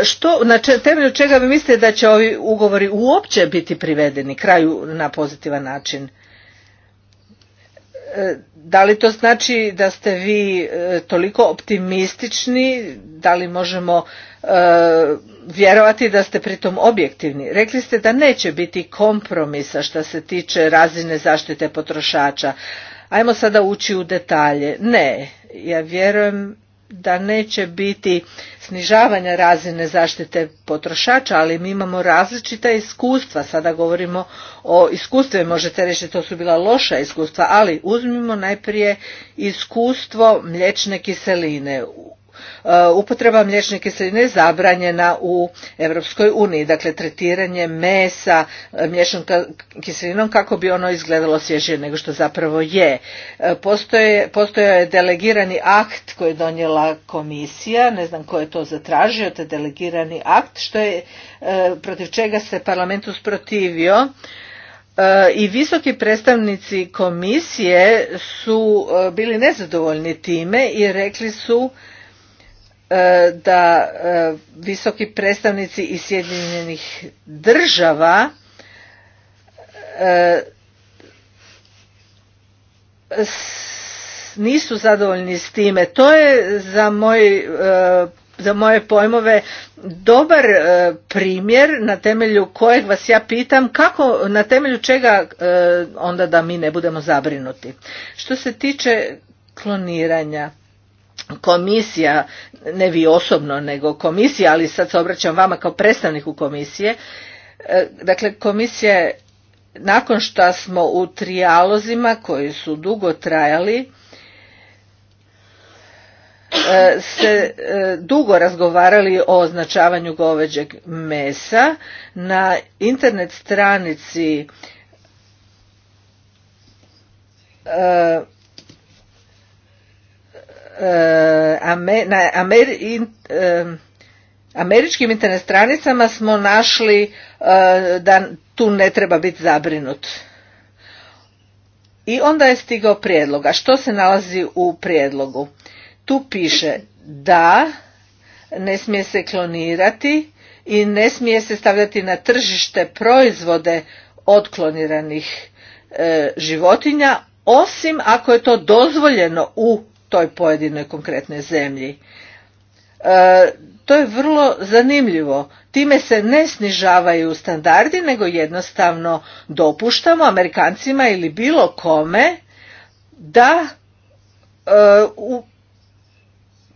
E, što, na temelju čega vi mislite da će ovi ugovori uopće biti privedeni kraju na pozitivan način? da li to znači da ste vi e, toliko optimistični, da li možemo e, vjerovati da ste pritom objektivni? Rekli ste da neće biti kompromisa što se tiče razine zaštite potrošača. Ajmo sada ući u detalje. Ne, ja vjerujem da neće biti snižavanja razine zaštite potrošača, ali mi imamo različita iskustva. Sada govorimo o iskustve, možete reći to su bila loša iskustva, ali uzmimo najprije iskustvo mlječne kiseline. Uh, upotreba mliječne kiseline zabranjena u Europskoj uniji, dakle tretiranje mesa uh, mliječnom kiselinom kako bi ono izgledalo svježije nego što zapravo je. Uh, postoje, je delegirani akt koji je donijela komisija, ne znam ko je to zatražio, te delegirani akt što je protiv čega se parlament usprotivio i visoki predstavnici komisije su bili nezadovoljni time i rekli su E, da e, visoki predstavnici iz Sjedinjenih država e, nisu zadovoljni s time. To je za moj za moje pojmove dobar primjer na temelju kojeg vas ja pitam kako na temelju čega onda da mi ne budemo zabrinuti. Što se tiče kloniranja komisija, ne vi osobno, nego komisija, ali sad se obraćam vama kao predstavniku komisije, e, dakle komisija nakon što smo u trijalozima koji su dugo trajali, e, se e, dugo razgovarali o označavanju goveđeg mesa. Na internet stranici Eh, na američkim internet stranicama smo našli eh, da tu ne treba biti zabrinut. I onda je stigao prijedlog. A što se nalazi u prijedlogu? Tu piše da ne smije se klonirati i ne smije se stavljati na tržište proizvode od kloniranih eh, životinja, osim ako je to dozvoljeno u toj pojedinoj konkretnoj zemlji. E, to je vrlo zanimljivo. Time se ne snižavaju standardi, nego jednostavno dopuštamo Amerikancima ili bilo kome da e, u,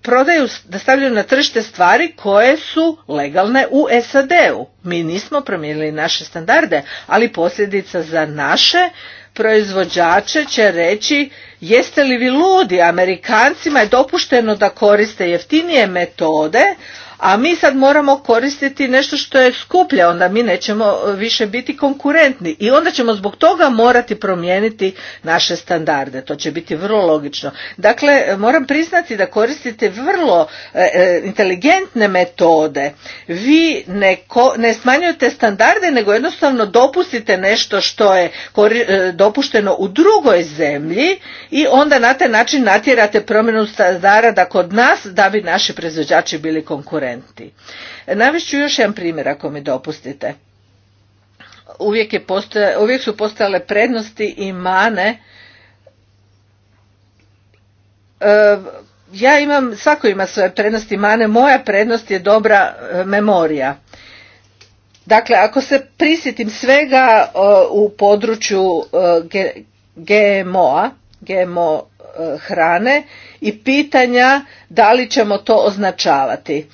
prodaju, da stavljaju na tržište stvari koje su legalne u SAD-u. Mi nismo promijenili naše standarde, ali posljedica za naše proizvođače će reći jeste li vi ludi, Amerikancima je dopušteno da koriste jeftinije metode, a mi sad moramo koristiti nešto što je skuplje, onda mi nećemo e, više biti konkurentni i onda ćemo zbog toga morati promijeniti naše standarde, to će biti vrlo logično. Dakle, moram priznati da koristite vrlo e, e, inteligentne metode, vi ne, ne smanjujete standarde nego jednostavno dopustite nešto što je dopušteno u drugoj zemlji i onda na taj način natjerate promjenu standarda kod nas da bi naši proizvođači bili konkurentni. Navest ću još jedan primjer ako mi dopustite. Uvijek, je uvijek su postojale prednosti i mane e, ja imam, svako ima svoje prednosti i mane, moja prednost je dobra e, memorija. Dakle, ako se prisjetim svega e, u području GMO-a, GMO hrane i pitanja da li ćemo to označavati.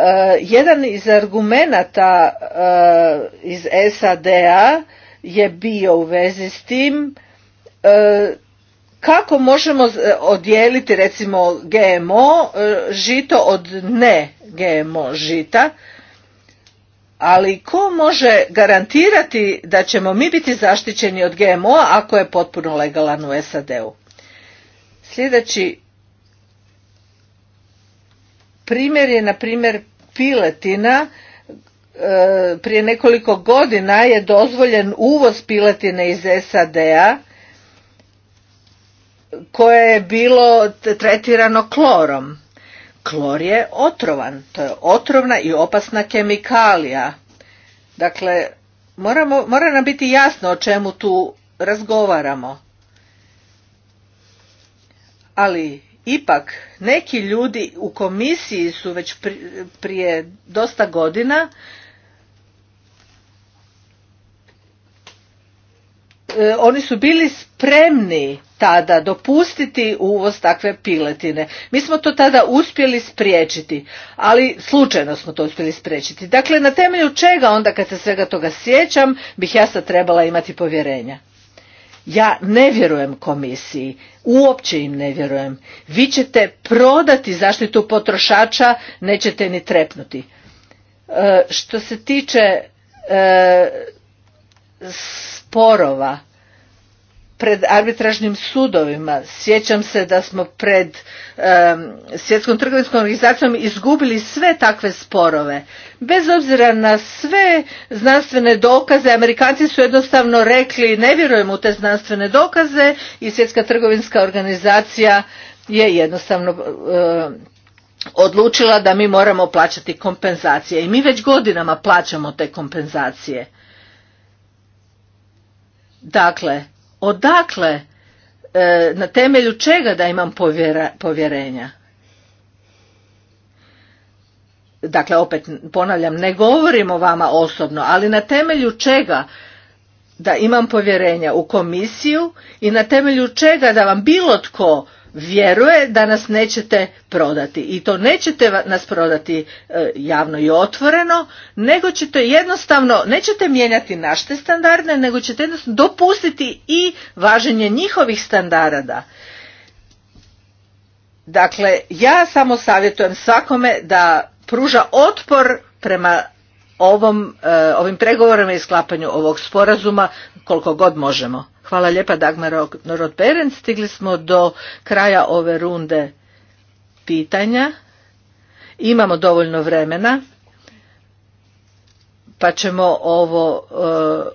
Eh, jedan iz argumenata eh, iz SAD-a je bio u vezi s tim eh, kako možemo odijeliti recimo GMO žito od ne GMO žita ali ko može garantirati da ćemo mi biti zaštićeni od GMO ako je potpuno legalan u SAD-u? Sljedeći Primjer je, na primjer, piletina. E, prije nekoliko godina je dozvoljen uvoz piletine iz SAD-a koje je bilo tretirano klorom. Klor je otrovan, to je otrovna i opasna kemikalija. Dakle, moramo, mora nam biti jasno o čemu tu razgovaramo. Ali ipak neki ljudi u komisiji su već prije dosta godina e, oni su bili spremni tada dopustiti uvoz takve piletine. Mi smo to tada uspjeli spriječiti, ali slučajno smo to uspjeli spriječiti. Dakle, na temelju čega onda kad se svega toga sjećam, bih ja sad trebala imati povjerenja? Ja ne vjerujem komisiji, uopće im ne vjerujem. Vi ćete prodati zaštitu potrošača, nećete ni trepnuti. E, što se tiče e, sporova, pred arbitražnim sudovima. Sjećam se da smo pred svjetskom trgovinskom organizacijom izgubili sve takve sporove. Bez obzira na sve znanstvene dokaze, Amerikanci su jednostavno rekli ne vjerujemo u te znanstvene dokaze i svjetska trgovinska organizacija je jednostavno odlučila da mi moramo plaćati kompenzacije i mi već godinama plaćamo te kompenzacije. Dakle, odakle, e, na temelju čega da imam povjerenja. Dakle, opet ponavljam, ne govorim o vama osobno, ali na temelju čega da imam povjerenja u komisiju i na temelju čega da vam bilo tko vjeruje da nas nećete prodati i to nećete nas prodati e, javno i otvoreno nego ćete jednostavno nećete mijenjati naše standarde nego ćete jednostavno dopustiti i važenje njihovih standarda dakle ja samo savjetujem svakome da pruža otpor prema e, ovim pregovorima i sklapanju ovog sporazuma koliko god možemo Hvala lijepa Dagmar Rodberen. Stigli smo do kraja ove runde pitanja. Imamo dovoljno vremena pa ćemo ovo eh,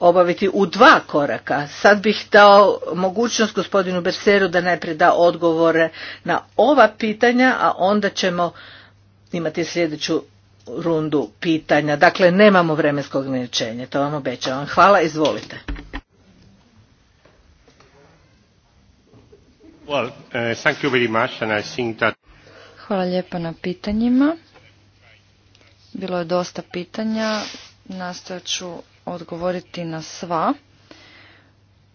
obaviti u dva koraka. Sad bih dao mogućnost gospodinu Berseru da najprije da odgovore na ova pitanja, a onda ćemo imati sljedeću rundu pitanja. Dakle, nemamo vremenskog ograničenje, to vam obećavam. Hvala, izvolite. Hvala lijepa na pitanjima. Bilo je dosta pitanja. Nastojat ću odgovoriti na sva.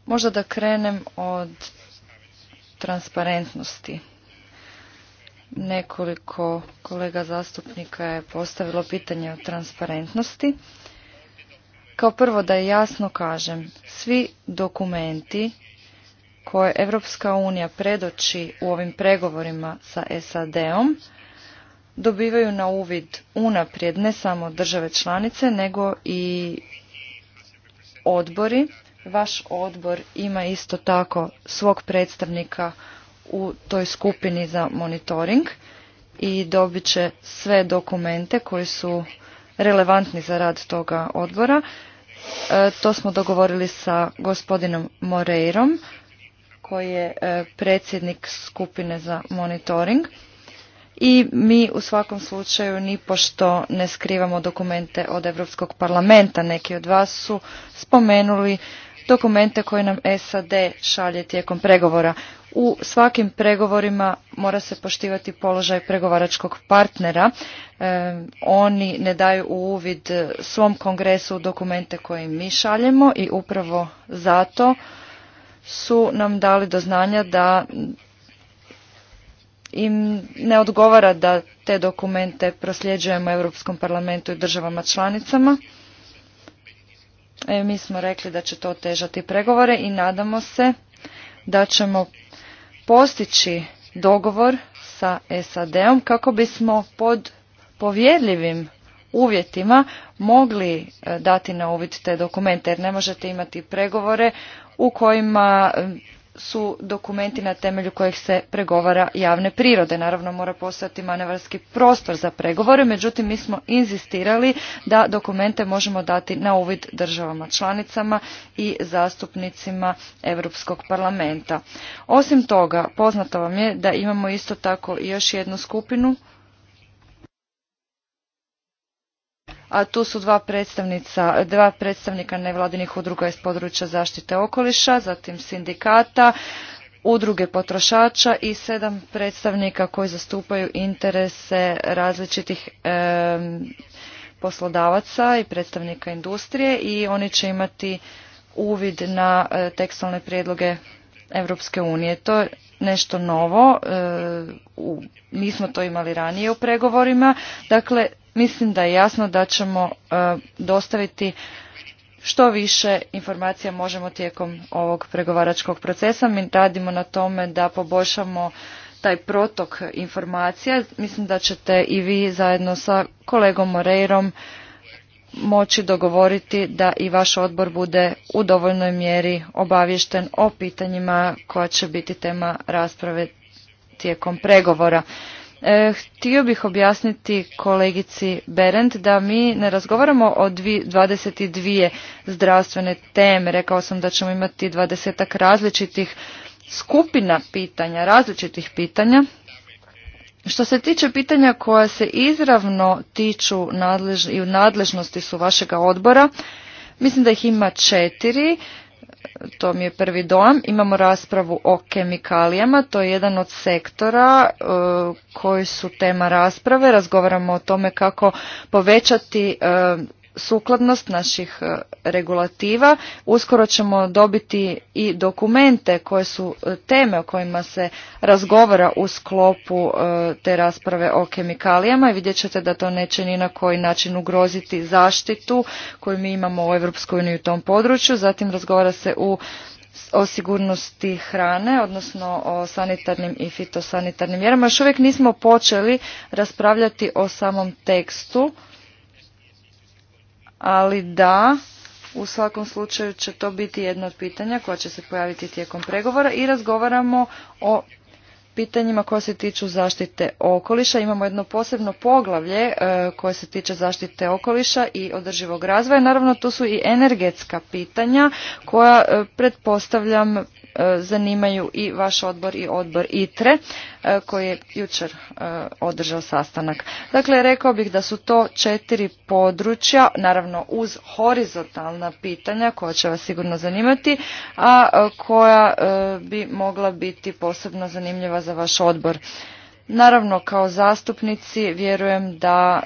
Možda da krenem od transparentnosti. Nekoliko kolega zastupnika je postavilo pitanje o transparentnosti. Kao prvo da jasno kažem, svi dokumenti koje Europska unija predoči u ovim pregovorima sa SAD-om dobivaju na uvid unaprijed ne samo države članice nego i odbori. Vaš odbor ima isto tako svog predstavnika u toj skupini za monitoring i dobit će sve dokumente koji su relevantni za rad toga odbora. E, to smo dogovorili sa gospodinom Moreirom, koji je e, predsjednik skupine za monitoring. I mi u svakom slučaju ni ne skrivamo dokumente od Europskog parlamenta. Neki od vas su spomenuli dokumente koje nam SAD šalje tijekom pregovora. U svakim pregovorima mora se poštivati položaj pregovaračkog partnera. E, oni ne daju u uvid svom kongresu dokumente koje mi šaljemo i upravo zato su nam dali do znanja da im ne odgovara da te dokumente prosljeđujemo Europskom parlamentu i državama članicama. E, mi smo rekli da će to težati pregovore i nadamo se da ćemo postići dogovor sa SAD-om kako bismo pod povjerljivim uvjetima mogli e, dati na uvid te dokumente jer ne možete imati pregovore u kojima e, su dokumenti na temelju kojih se pregovara javne prirode. Naravno mora postojati manevarski prostor za pregovore, međutim mi smo inzistirali da dokumente možemo dati na uvid državama članicama i zastupnicima Europskog parlamenta. Osim toga, poznato vam je da imamo isto tako još jednu skupinu a tu su dva, predstavnica, dva predstavnika nevladinih udruga iz područja zaštite okoliša, zatim sindikata, udruge potrošača i sedam predstavnika koji zastupaju interese različitih poslodavaca i predstavnika industrije i oni će imati uvid na e, tekstualne prijedloge Europske unije. To je nešto novo, e, u, nismo to imali ranije u pregovorima. Dakle, mislim da je jasno da ćemo e, dostaviti što više informacija možemo tijekom ovog pregovaračkog procesa. Mi radimo na tome da poboljšamo taj protok informacija. Mislim da ćete i vi zajedno sa kolegom Moreirom moći dogovoriti da i vaš odbor bude u dovoljnoj mjeri obaviješten o pitanjima koja će biti tema rasprave tijekom pregovora. E, htio bih objasniti kolegici Berend da mi ne razgovaramo o 22 zdravstvene teme. Rekao sam da ćemo imati dvadesetak različitih skupina pitanja, različitih pitanja. Što se tiče pitanja koja se izravno tiču i u nadležnosti su vašega odbora, mislim da ih ima četiri to mi je prvi dojam. Imamo raspravu o kemikalijama, to je jedan od sektora e, koji su tema rasprave. Razgovaramo o tome kako povećati e, sukladnost naših e, regulativa. Uskoro ćemo dobiti i dokumente koje su e, teme o kojima se razgovara u sklopu e, te rasprave o kemikalijama i vidjet ćete da to neće ni na koji način ugroziti zaštitu koju mi imamo u Europskoj uniji u tom području. Zatim razgovara se u o sigurnosti hrane, odnosno o sanitarnim i fitosanitarnim mjerama. Još uvijek nismo počeli raspravljati o samom tekstu ali da, u svakom slučaju će to biti jedno od pitanja koja će se pojaviti tijekom pregovora i razgovaramo o pitanjima koja se tiču zaštite okoliša. Imamo jedno posebno poglavlje e, koje se tiče zaštite okoliša i održivog razvoja. Naravno, tu su i energetska pitanja koja, e, pretpostavljam, E, zanimaju i vaš odbor i odbor ITRE e, koji je jučer e, održao sastanak. Dakle, rekao bih da su to četiri područja, naravno uz horizontalna pitanja koja će vas sigurno zanimati, a koja bi mogla biti posebno zanimljiva za vaš odbor. Naravno, kao zastupnici vjerujem da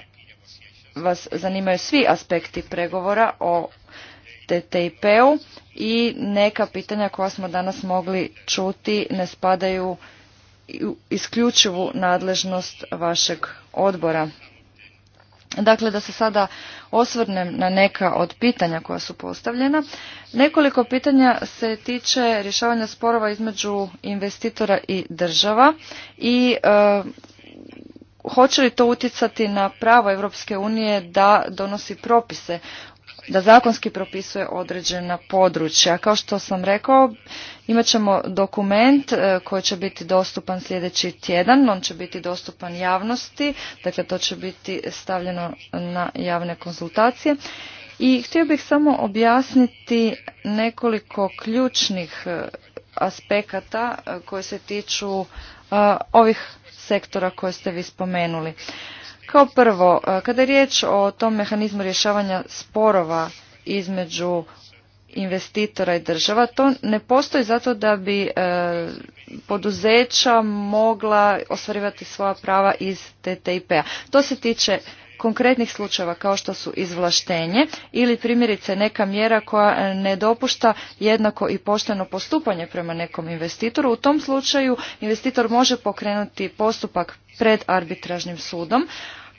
vas zanimaju svi aspekti pregovora o TTIP-u, i neka pitanja koja smo danas mogli čuti ne spadaju u isključivu nadležnost vašeg odbora. Dakle, da se sada osvrnem na neka od pitanja koja su postavljena. Nekoliko pitanja se tiče rješavanja sporova između investitora i država i e, hoće li to utjecati na pravo Europske unije da donosi propise da zakonski propisuje određena područja. Kao što sam rekao, imat ćemo dokument e, koji će biti dostupan sljedeći tjedan, on će biti dostupan javnosti, dakle to će biti stavljeno na javne konzultacije. I htio bih samo objasniti nekoliko ključnih e, aspekata e, koji se tiču ovih sektora koje ste vi spomenuli. Kao prvo, e, kada je riječ o tom mehanizmu rješavanja sporova između investitora i država, to ne postoji zato da bi e, poduzeća mogla ostvarivati svoja prava iz TTIP-a. To se tiče konkretnih slučajeva kao što su izvlaštenje ili primjerice neka mjera koja ne dopušta jednako i pošteno postupanje prema nekom investitoru. U tom slučaju investitor može pokrenuti postupak pred arbitražnim sudom,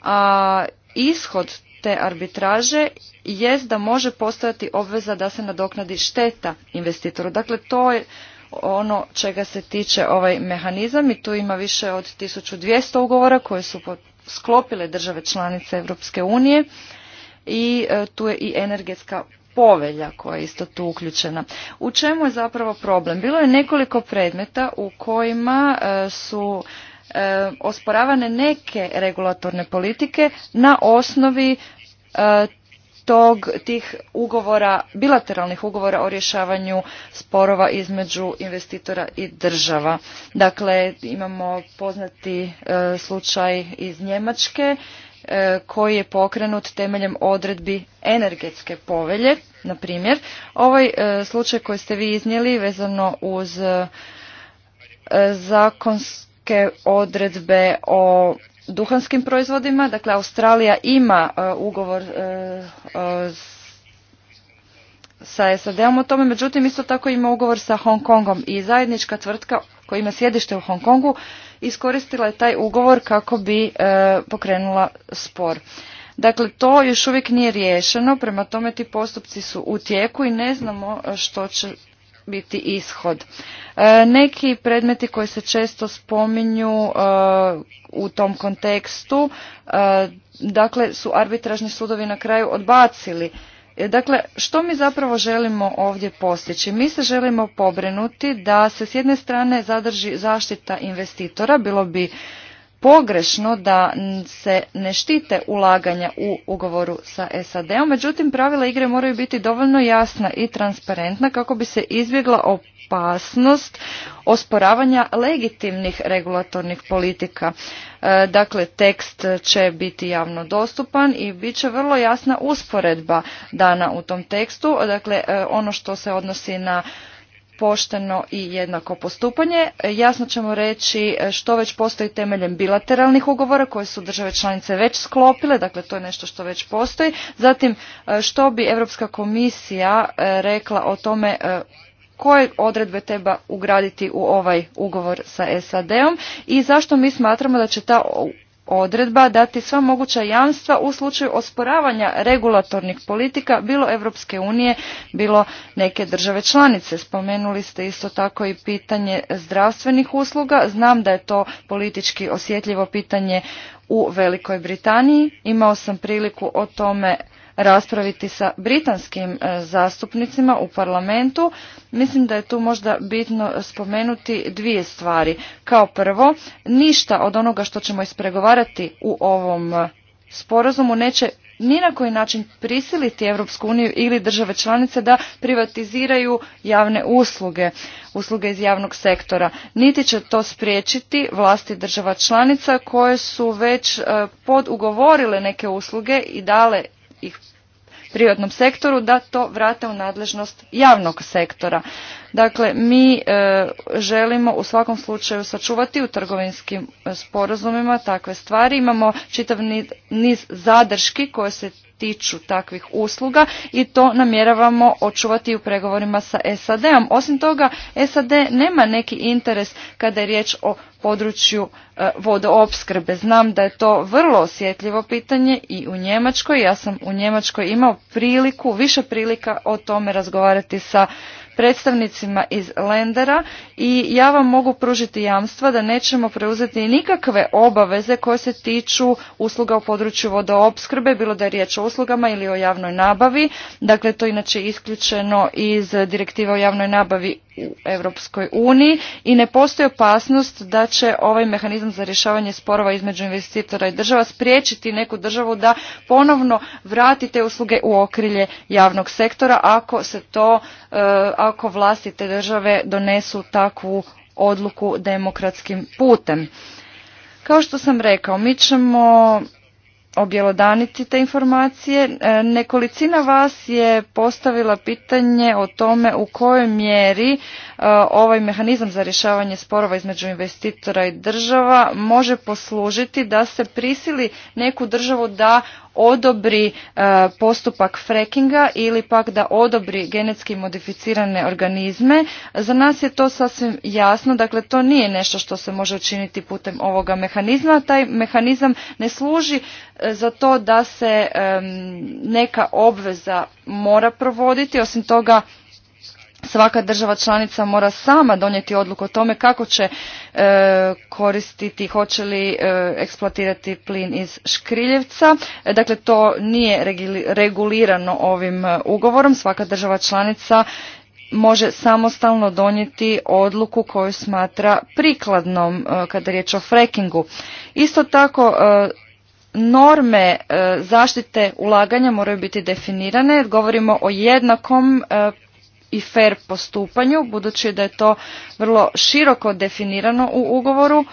a ishod te arbitraže jest da može postojati obveza da se nadoknadi šteta investitoru. Dakle, to je ono čega se tiče ovaj mehanizam i tu ima više od 1200 ugovora koje su sklopile države članice Europske unije i e, tu je i energetska povelja koja je isto tu uključena. U čemu je zapravo problem? Bilo je nekoliko predmeta u kojima e, su E, osporavane neke regulatorne politike na osnovi e, tog tih ugovora, bilateralnih ugovora o rješavanju sporova između investitora i država. Dakle, imamo poznati e, slučaj iz Njemačke koji je pokrenut temeljem odredbi energetske povelje, na primjer. Ovaj slučaj koji ste vi iznijeli vezano uz zakon neke odredbe o duhanskim proizvodima. Dakle, Australija ima e, ugovor e, e, sa SAD-om o tome, međutim isto tako ima ugovor sa Hong Kongom i zajednička tvrtka koja ima sjedište u Hong Kongu iskoristila je taj ugovor kako bi pokrenula spor. Dakle, to još uvijek nije riješeno, prema tome ti postupci su u tijeku i ne znamo što će biti ishod. E, neki predmeti koji se često spominju e, u tom kontekstu, e, dakle su arbitražni sudovi na kraju odbacili. Dakle, što mi zapravo želimo ovdje postići? Mi se želimo pobrinuti da se s jedne strane zadrži zaštita investitora, bilo bi pogrešno da se ne štite ulaganja u ugovoru sa SAD-om, međutim pravila igre moraju biti dovoljno jasna i transparentna kako bi se izbjegla opasnost osporavanja legitimnih regulatornih politika. E, dakle, tekst će biti javno dostupan i bit će vrlo jasna usporedba dana u tom tekstu. Dakle, e, ono što se odnosi na pošteno i jednako postupanje. Jasno ćemo reći e, što već postoji temeljem bilateralnih ugovora koje su države članice već sklopile, dakle to je nešto što već postoji. Zatim e, što bi Europska komisija e, rekla o tome koje odredbe treba ugraditi u ovaj ugovor sa SAD-om i zašto mi smatramo da će ta odredba dati sva moguća jamstva u slučaju osporavanja regulatornih politika bilo Europske unije, bilo neke države članice. Spomenuli ste isto tako i pitanje zdravstvenih usluga. Znam da je to politički osjetljivo pitanje u Velikoj Britaniji. Imao sam priliku o tome raspraviti sa britanskim e, zastupnicima u parlamentu. Mislim da je tu možda bitno spomenuti dvije stvari. Kao prvo, ništa od onoga što ćemo ispregovarati u ovom e, sporazumu neće ni na koji način prisiliti Europsku uniju ili države članice da privatiziraju javne usluge, usluge iz javnog sektora. Niti će to spriječiti vlasti država članica koje su već e, podugovorile neke usluge i dale ih privatnom sektoru da to vrate u nadležnost javnog sektora. Dakle, mi e, želimo u svakom slučaju sačuvati u trgovinskim e, sporazumima takve stvari. Imamo čitav niz zadrški koje se tiču takvih usluga i to namjeravamo očuvati u pregovorima sa SAD-om. Osim toga, SAD nema neki interes kada je riječ o području e, vodoopskrbe. Znam da je to vrlo osjetljivo pitanje i u Njemačkoj. Ja sam u Njemačkoj imao priliku, više prilika o tome razgovarati sa predstavnicima iz Lendera i ja vam mogu pružiti jamstva da nećemo preuzeti nikakve obaveze koje se tiču usluga u području vodoopskrbe, bilo da je riječ o uslugama ili o javnoj nabavi. Dakle, to je inače isključeno iz direktiva o javnoj nabavi u Europskoj uniji i ne postoji opasnost da će ovaj mehanizam za rješavanje sporova između investitora i država spriječiti neku državu da ponovno vrati te usluge u okrilje javnog sektora ako se to, e, ako vlastite države donesu takvu odluku demokratskim putem. Kao što sam rekao, mi ćemo objelodaniti te informacije. E, nekolicina vas je postavila pitanje o tome u kojoj mjeri e, ovaj mehanizam za rješavanje sporova između investitora i država može poslužiti da se prisili neku državu da odobri e, postupak frekinga ili pak da odobri genetski modificirane organizme. Za nas je to sasvim jasno, dakle to nije nešto što se može učiniti putem ovoga mehanizma. Taj mehanizam ne služi e, za to da se neka obveza mora provoditi, osim toga svaka država članica mora sama donijeti odluku o tome kako će e, koristiti, hoće li e, eksploatirati plin iz škriljevca. E, dakle, to nije regulirano ovim ugovorom. Svaka država članica može samostalno donijeti odluku koju smatra prikladnom kada je riječ o frekingu. Isto tako, norme zaštite ulaganja moraju biti definirane jer govorimo o jednakom i fer postupanju, budući da je to vrlo široko definirano u ugovoru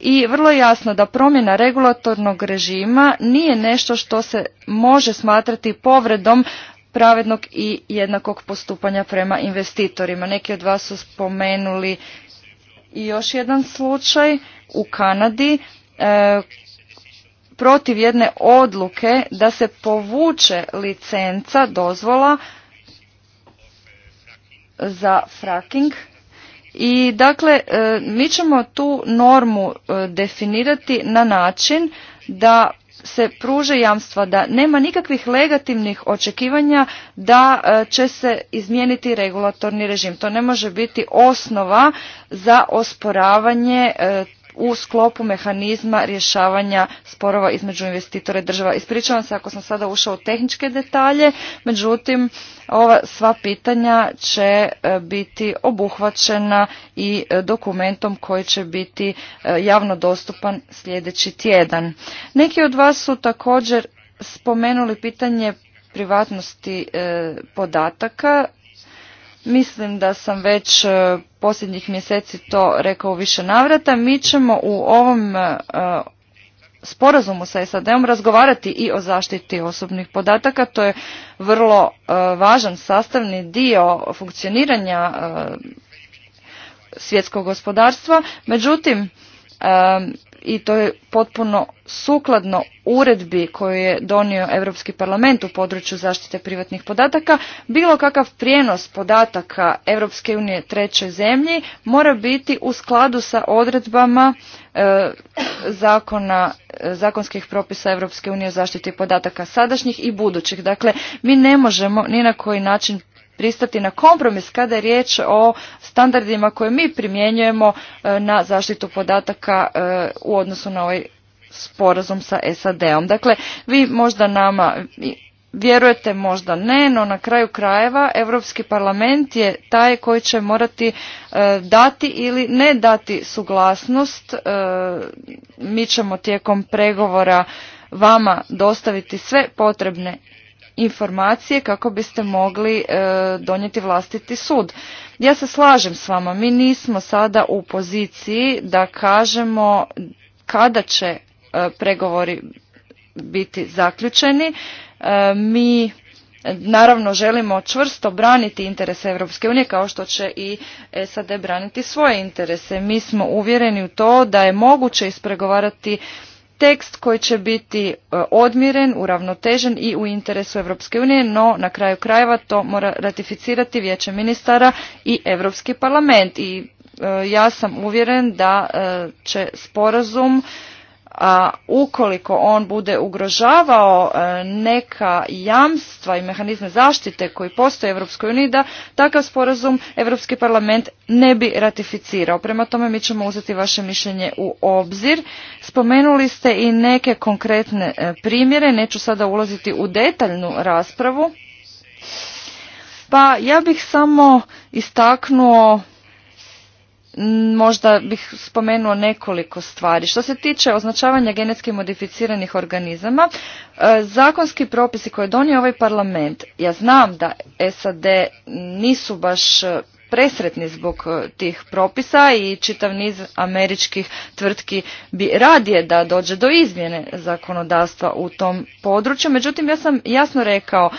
i vrlo jasno da promjena regulatornog režima nije nešto što se može smatrati povredom pravednog i jednakog postupanja prema investitorima. Neki od vas su spomenuli i još jedan slučaj u Kanadi e, protiv jedne odluke da se povuče licenca dozvola za fracking. I dakle, e, mi ćemo tu normu e, definirati na način da se pruže jamstva da nema nikakvih legativnih očekivanja da e, će se izmijeniti regulatorni režim. To ne može biti osnova za osporavanje u sklopu mehanizma rješavanja sporova između investitora i država. Ispričavam se ako sam sada ušao u tehničke detalje, međutim ova sva pitanja će e, biti obuhvaćena i e, dokumentom koji će biti e, javno dostupan sljedeći tjedan. Neki od vas su također spomenuli pitanje privatnosti podataka Mislim da sam već e, posljednjih mjeseci to rekao više navrata. Mi ćemo u ovom e, sporazumu sa SAD-om razgovarati i o zaštiti osobnih podataka. To je vrlo e, važan sastavni dio funkcioniranja svjetskog gospodarstva. Međutim, i to je potpuno sukladno uredbi koju je donio Europski parlament u području zaštite privatnih podataka, bilo kakav prijenos podataka Europske unije trećoj zemlji mora biti u skladu sa odredbama e, zakona, e, zakonskih propisa Europske unije o zaštiti podataka sadašnjih i budućih. Dakle, mi ne možemo ni na koji način pristati na kompromis kada je riječ o standardima koje mi primjenjujemo e, na zaštitu podataka e, u odnosu na ovaj sporazum sa SAD-om. Dakle, vi možda nama vjerujete, možda ne, no na kraju krajeva Europski parlament je taj koji će morati e, dati ili ne dati suglasnost. Mi ćemo tijekom pregovora vama dostaviti sve potrebne informacije kako biste mogli e, donijeti vlastiti sud. Ja se slažem s vama, mi nismo sada u poziciji da kažemo kada će e, pregovori biti zaključeni. E, mi naravno želimo čvrsto braniti interese Europske unije kao što će i SAD braniti svoje interese. Mi smo uvjereni u to da je moguće ispregovarati tekst koji će biti e, odmjeren, uravnotežen i u interesu Europske unije, no na kraju krajeva to mora ratificirati vijeće ministara i Europski parlament i e, ja sam uvjeren da e, će sporazum a ukoliko on bude ugrožavao e, neka jamstva i mehanizme zaštite koji postoje u Europskoj uniji da takav sporazum Europski parlament ne bi ratificirao. Prema tome mi ćemo uzeti vaše mišljenje u obzir. Spomenuli ste i neke konkretne e, primjere, neću sada ulaziti u detaljnu raspravu. Pa ja bih samo istaknuo možda bih spomenuo nekoliko stvari. Što se tiče označavanja genetski modificiranih organizama, e, zakonski propisi koje je donio ovaj parlament, ja znam da SAD nisu baš presretni zbog e, tih propisa i čitav niz američkih tvrtki bi radije da dođe do izmjene zakonodavstva u tom području. Međutim, ja sam jasno rekao,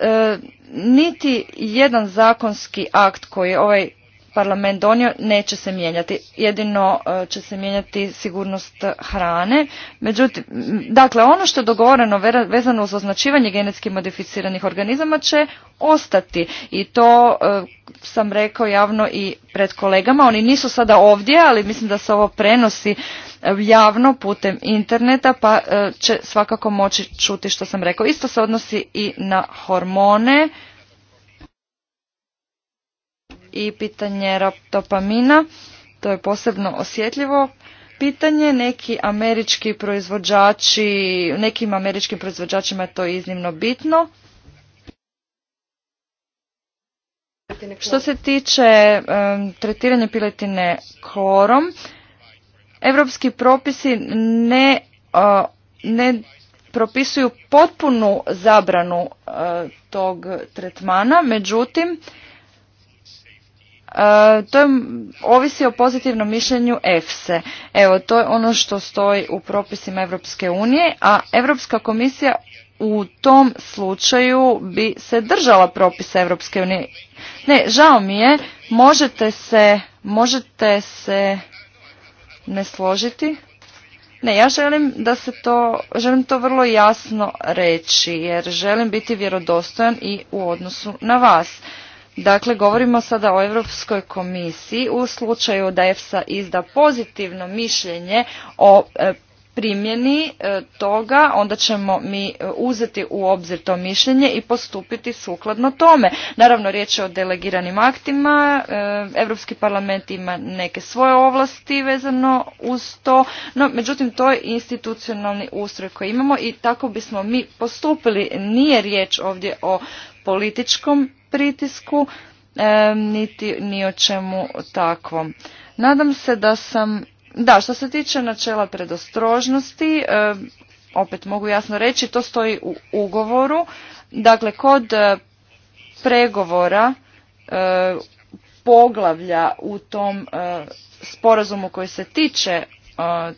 e, niti jedan zakonski akt koji je ovaj parlament donio neće se mijenjati. Jedino e, će se mijenjati sigurnost hrane. Međutim, dakle, ono što je dogovoreno vezano uz označivanje genetski modificiranih organizama će ostati. I to e, sam rekao javno i pred kolegama. Oni nisu sada ovdje, ali mislim da se ovo prenosi e, javno putem interneta, pa će svakako moći čuti što sam rekao. Isto se odnosi i na hormone i pitanje raptopamina. To je posebno osjetljivo pitanje. Neki američki proizvođači, nekim američkim proizvođačima je to iznimno bitno. Što se tiče um, tretiranja piletine klorom, europski propisi ne, ne propisuju potpunu zabranu e, tog tretmana, međutim, E, to ovisi o pozitivnom mišljenju EFSE. Evo, to je ono što stoji u propisima Europske unije, a Europska komisija u tom slučaju bi se držala propisa Europske unije. Ne, žao mi je, možete se, možete se ne složiti. Ne, ja želim da se to, želim to vrlo jasno reći, jer želim biti vjerodostojan i u odnosu na vas. Dakle, govorimo sada o Europskoj komisiji u slučaju da EFSA izda pozitivno mišljenje o e, primjeni e, toga, onda ćemo mi e, uzeti u obzir to mišljenje i postupiti sukladno tome. Naravno, riječ je o delegiranim aktima, Europski parlament ima neke svoje ovlasti vezano uz to, no međutim to je institucionalni ustroj koji imamo i tako bismo mi postupili. Nije riječ ovdje o političkom pritisku, e, niti ni o čemu takvom. Nadam se da sam, da, što se tiče načela predostrožnosti, e, opet mogu jasno reći, to stoji u ugovoru. Dakle, kod e, pregovora poglavlja u tom sporazumu koji se tiče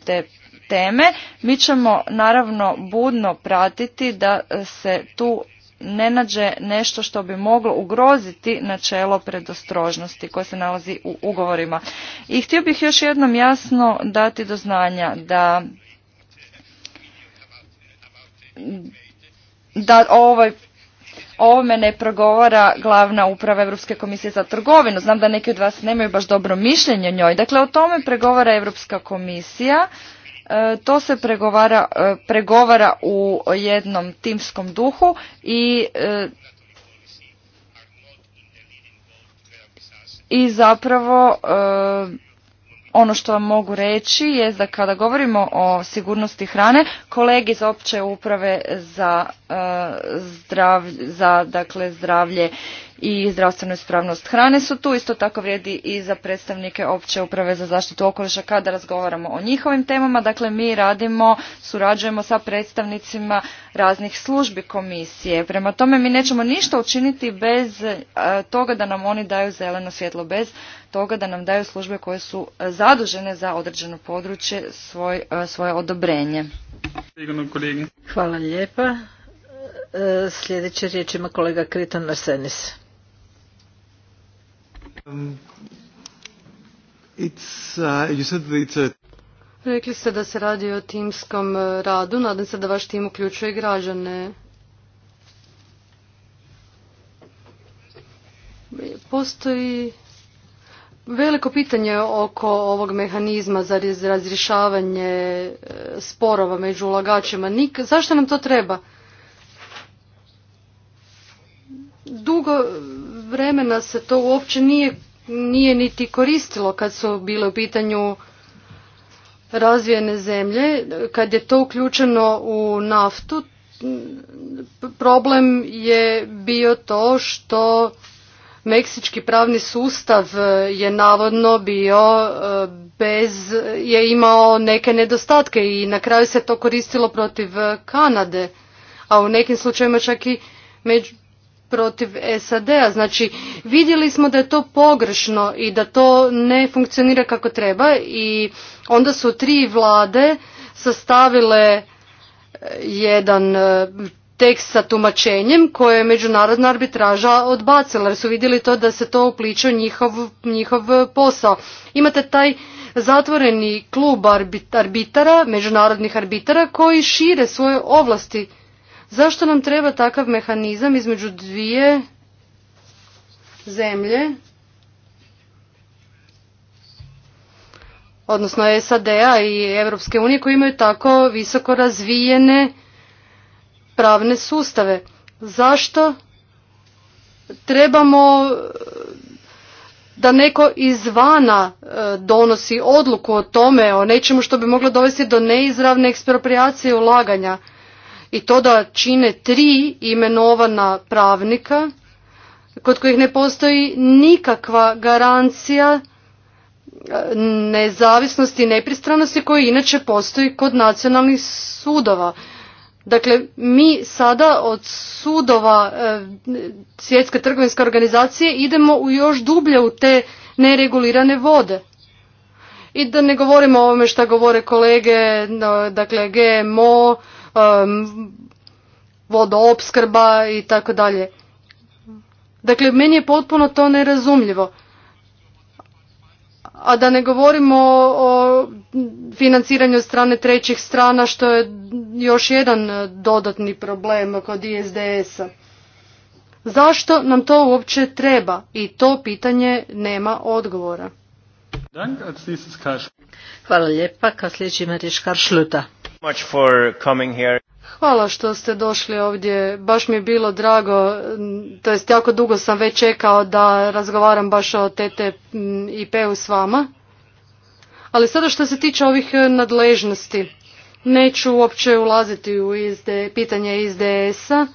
te teme, mi ćemo naravno budno pratiti da se tu ne nađe nešto što bi moglo ugroziti načelo predostrožnosti koje se nalazi u ugovorima. I htio bih još jednom jasno dati do znanja da da ovaj o ovome ne progovara glavna uprava Europske komisije za trgovinu. Znam da neki od vas nemaju baš dobro mišljenje o njoj. Dakle, o tome pregovara Europska komisija E, to se pregovara, e, pregovara u jednom timskom duhu i e, i zapravo ono što vam mogu reći je da kada govorimo o sigurnosti hrane, kolegi iz opće uprave za, zdrav, za dakle, zdravlje i zdravstvenu ispravnost hrane su tu. Isto tako vrijedi i za predstavnike opće uprave za zaštitu okoliša kada razgovaramo o njihovim temama. Dakle, mi radimo, surađujemo sa predstavnicima raznih službi komisije. Prema tome, mi nećemo ništa učiniti bez e, toga da nam oni daju zeleno svjetlo, bez toga da nam daju službe koje su zadužene za određeno područje svoj, e, svoje odobrenje. Hvala lijepa. E, sljedeće riječ ima kolega Kritan Arsenis. Um, uh, Rekli ste da se radi o timskom uh, radu. Nadam se da vaš tim uključuje građane. Postoji veliko pitanje oko ovog mehanizma za razrješavanje uh, sporova među ulagačima. Nik, zašto nam to treba? Dugo vremena se to uopće nije, nije niti koristilo kad su bile u pitanju razvijene zemlje. Kad je to uključeno u naftu, problem je bio to što meksički pravni sustav je navodno bio e, bez, je imao neke nedostatke i na kraju se to koristilo protiv Kanade, a u nekim slučajevima čak i među, protiv SAD-a. Znači, vidjeli smo da je to pogrešno i da to ne funkcionira kako treba i onda su tri vlade sastavile eh, jedan eh, tekst sa tumačenjem koje je međunarodna arbitraža odbacila jer su vidjeli to da se to upliče u njihov, njihov posao. Imate taj zatvoreni klub arbitara, međunarodnih arbitara koji šire svoje ovlasti Zašto nam treba takav mehanizam između dvije zemlje, odnosno SAD-a i Europske unije koji imaju tako visoko razvijene pravne sustave. Zašto trebamo da neko izvana e, donosi odluku o tome, o nečemu što bi moglo dovesti do neizravne ekspropriacije ulaganja? i to da čine tri imenovana pravnika kod kojih ne postoji nikakva garancija e, nezavisnosti i nepristranosti koja inače postoji kod nacionalnih sudova. Dakle, mi sada od sudova e, Svjetske trgovinske organizacije idemo u još dublje u te neregulirane vode. I da ne govorimo o ovome što govore kolege, dakle GMO, vodoopskrba i tako dalje. Dakle, meni je potpuno to nerazumljivo. A da ne govorimo o financiranju od strane trećih strana, što je još jedan dodatni problem kod ISDS-a. Zašto nam to uopće treba? I to pitanje nema odgovora. Hvala lijepa. Kao sljedeći Mariš Karšluta. Hvala što ste došli ovdje. Baš mi je bilo drago, to jest jako dugo sam već čekao da razgovaram baš o TTIP-u s vama. Ali sada što se tiče ovih e, nadležnosti, neću uopće ulaziti u izde, pitanje izds a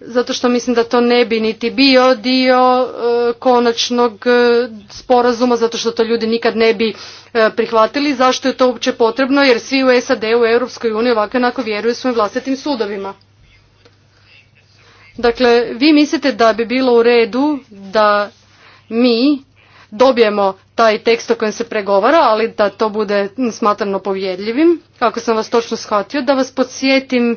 zato što mislim da to ne bi niti bio dio e, konačnog e, sporazuma zato što to ljudi nikad ne bi e, prihvatili zašto je to uopće potrebno jer svi u SAD u Europskoj uniji ovako onako vjeruju svojim vlastitim sudovima dakle vi mislite da bi bilo u redu da mi dobijemo taj tekst o kojem se pregovara, ali da to bude smatrano povjedljivim, kako sam vas točno shvatio, da vas podsjetim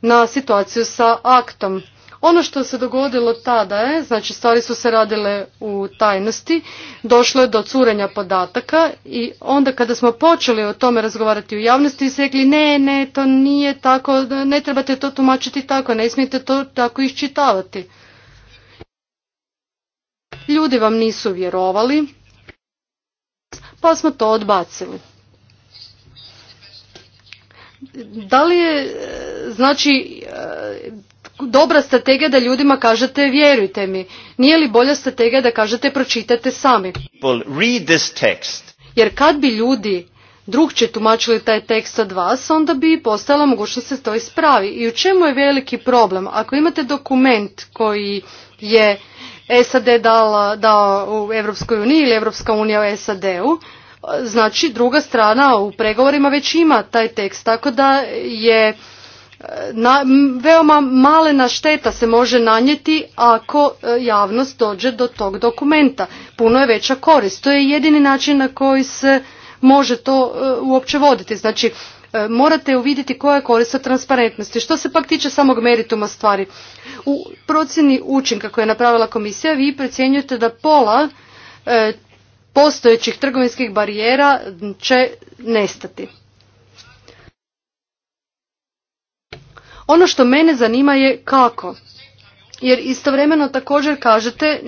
na situaciju sa aktom. Ono što se dogodilo tada je, znači stvari su se radile u tajnosti, došlo je do curenja podataka i onda kada smo počeli o tome razgovarati u javnosti i rekli ne, ne, to nije tako, ne trebate to tumačiti tako, ne smijete to tako iščitavati. Ljudi vam nisu vjerovali, pa smo to odbacili. Da li je, znači, dobra strategija da ljudima kažete vjerujte mi? Nije li bolja strategija da kažete pročitajte sami? Jer kad bi ljudi drugče tumačili taj tekst od vas, onda bi postala mogućnost da se to ispravi. I u čemu je veliki problem? Ako imate dokument koji je SAD dala, dao u Europskoj uniji ili Europska unija u SAD-u, znači druga strana u pregovorima već ima taj tekst, tako da je veoma malena šteta se može nanijeti ako e, javnost dođe do tog dokumenta. Puno je veća korist. To je jedini način na koji se može to e, uopće voditi. Znači, e, morate uvidjeti koja je korist transparentnosti. Što se pak tiče samog merituma stvari? U procjeni učinka koje je napravila komisija, vi procjenjujete da pola postojećih trgovinskih barijera će nestati. Ono što mene zanima je kako. Jer istovremeno također kažete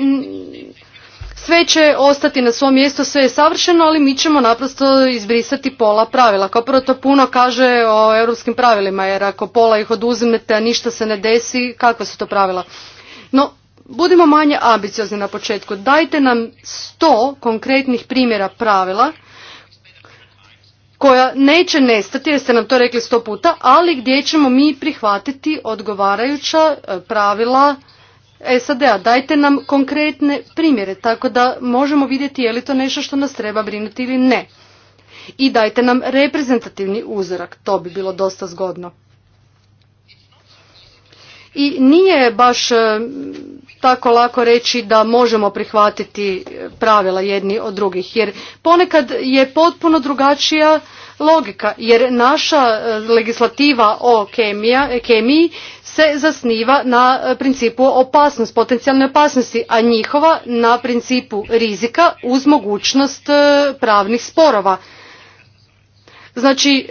sve će ostati na svom mjestu, sve je savršeno, ali mi ćemo naprosto izbrisati pola pravila. Kao prvo to puno kaže o europskim pravilima, jer ako pola ih oduzimete, a ništa se ne desi, kakva su to pravila? No, budimo manje ambiciozni na početku. Dajte nam sto konkretnih primjera pravila koja neće nestati jer ste nam to rekli sto puta, ali gdje ćemo mi prihvatiti odgovarajuća e, pravila SAD-a. Dajte nam konkretne primjere tako da možemo vidjeti je li to nešto što nas treba brinuti ili ne. I dajte nam reprezentativni uzorak, to bi bilo dosta zgodno i nije baš e, tako lako reći da možemo prihvatiti pravila jedni od drugih jer ponekad je potpuno drugačija logika jer naša e, legislativa o kemija, kemiji se zasniva na e, principu opasnost, potencijalne opasnosti, a njihova na principu rizika uz mogućnost pravnih sporova. Znači,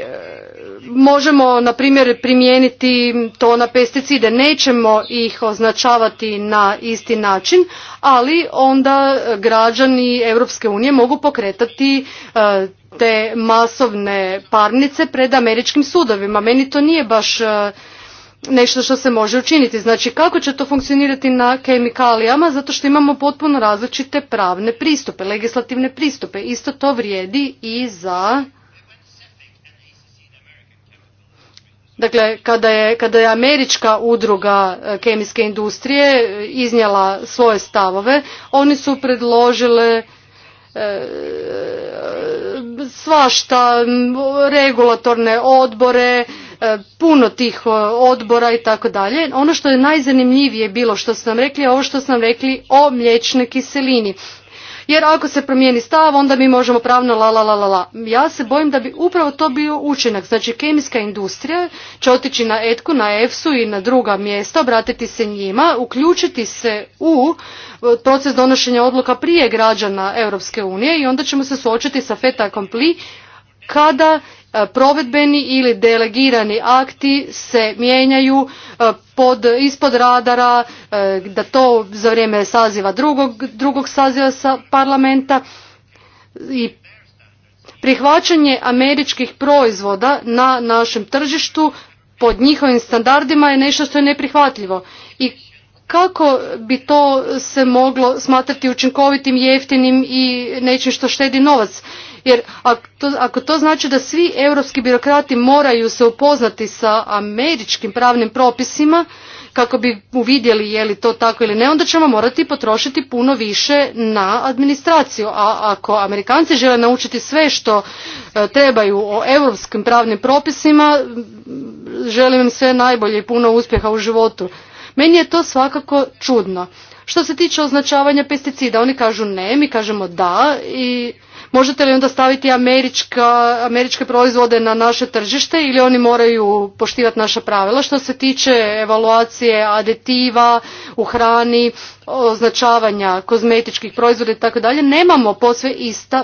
možemo na primjer primijeniti to na pesticide nećemo ih označavati na isti način ali onda građani Europske unije mogu pokretati e, te masovne parnice pred američkim sudovima meni to nije baš e, nešto što se može učiniti znači kako će to funkcionirati na kemikalijama zato što imamo potpuno različite pravne pristupe legislativne pristupe isto to vrijedi i za Dakle, kada je, kada američka udruga e, kemijske industrije e, iznijela svoje stavove, oni su predložile e, svašta regulatorne odbore puno tih odbora i tako dalje ono što je najzanimljivije bilo što su nam rekli je ovo što su nam rekli o mliječnoj kiselini jer ako se promijeni stav onda mi možemo pravno la la la la Ja se bojim da bi upravo to bio učinak. Znači kemijska industrija će otići na etku, na EFSU i na druga mjesta, obratiti se njima, uključiti se u e, proces donošenja odluka prije građana Europske unije i onda ćemo se suočiti sa feta kompli kada E, provedbeni ili delegirani akti se mijenjaju e, pod, ispod radara, e, da to za vrijeme saziva drugog, drugog saziva sa parlamenta i prihvaćanje američkih proizvoda na našem tržištu pod njihovim standardima je nešto što je neprihvatljivo. I kako bi to se moglo smatrati učinkovitim, jeftinim i nečim što štedi novac? Jer ako to znači da svi europski birokrati moraju se upoznati sa američkim pravnim propisima kako bi uvidjeli je li to tako ili ne, onda ćemo morati potrošiti puno više na administraciju. A ako Amerikanci žele naučiti sve što e, trebaju o europskim pravnim propisima, želim im sve najbolje i puno uspjeha u životu. Meni je to svakako čudno. Što se tiče označavanja pesticida, oni kažu ne, mi kažemo da i Možete li onda staviti američka, američke proizvode na naše tržište ili oni moraju poštivati naša pravila? Što se tiče evaluacije aditiva u hrani, označavanja kozmetičkih proizvoda i tako dalje, nemamo posve ista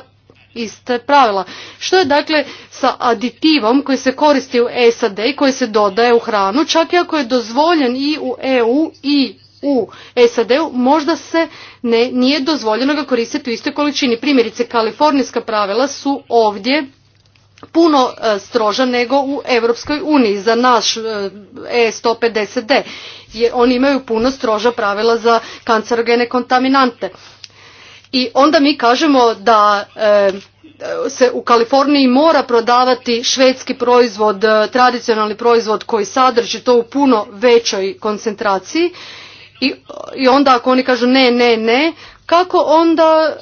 iste pravila. Što je dakle sa aditivom koji se koristi u SAD i koji se dodaje u hranu, čak i ako je dozvoljen i u EU i u SAD-u možda se ne, nije dozvoljeno ga koristiti u istoj količini. Primjerice, kalifornijska pravila su ovdje puno e, stroža nego u Europskoj uniji za naš E150D. E oni imaju puno stroža pravila za kancerogene kontaminante. I onda mi kažemo da e, se u Kaliforniji mora prodavati švedski proizvod, tradicionalni proizvod koji sadrži to u puno većoj koncentraciji i, i onda ako oni kažu ne, ne, ne, kako onda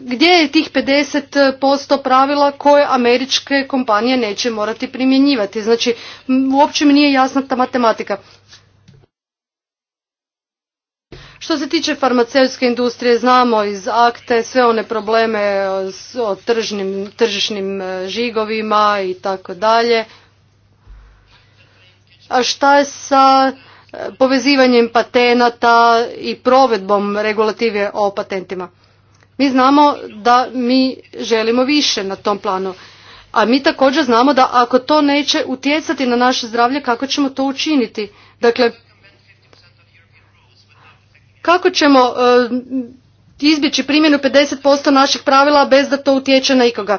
gdje je tih 50% pravila koje američke kompanije neće morati primjenjivati. Znači, uopće mi nije jasna ta matematika. Što se tiče farmaceutske industrije, znamo iz akte sve one probleme o tržnim, tržišnim e, žigovima i tako dalje. A šta je sa povezivanjem patenata i provedbom regulative o patentima. Mi znamo da mi želimo više na tom planu, a mi također znamo da ako to neće utjecati na naše zdravlje, kako ćemo to učiniti? Dakle, kako ćemo e, izbjeći primjenu 50% naših pravila bez da to utječe na ikoga?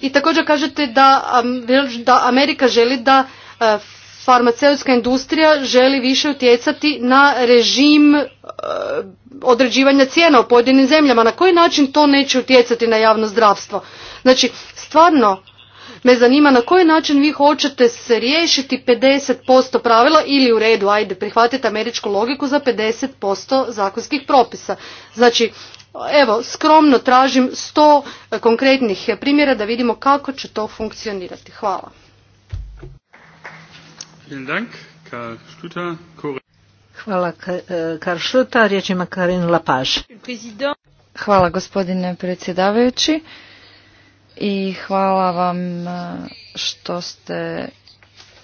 I također kažete da Amerika želi da e, farmaceutska industrija želi više utjecati na režim e, određivanja cijena u pojedinim zemljama. Na koji način to neće utjecati na javno zdravstvo? Znači, stvarno me zanima na koji način vi hoćete se riješiti 50% pravila ili u redu, ajde, prihvatite američku logiku za 50% zakonskih propisa. Znači, evo, skromno tražim 100 konkretnih primjera da vidimo kako će to funkcionirati. Hvala. Hvala Hvala gospodine predsjedavajući i hvala vam e, što ste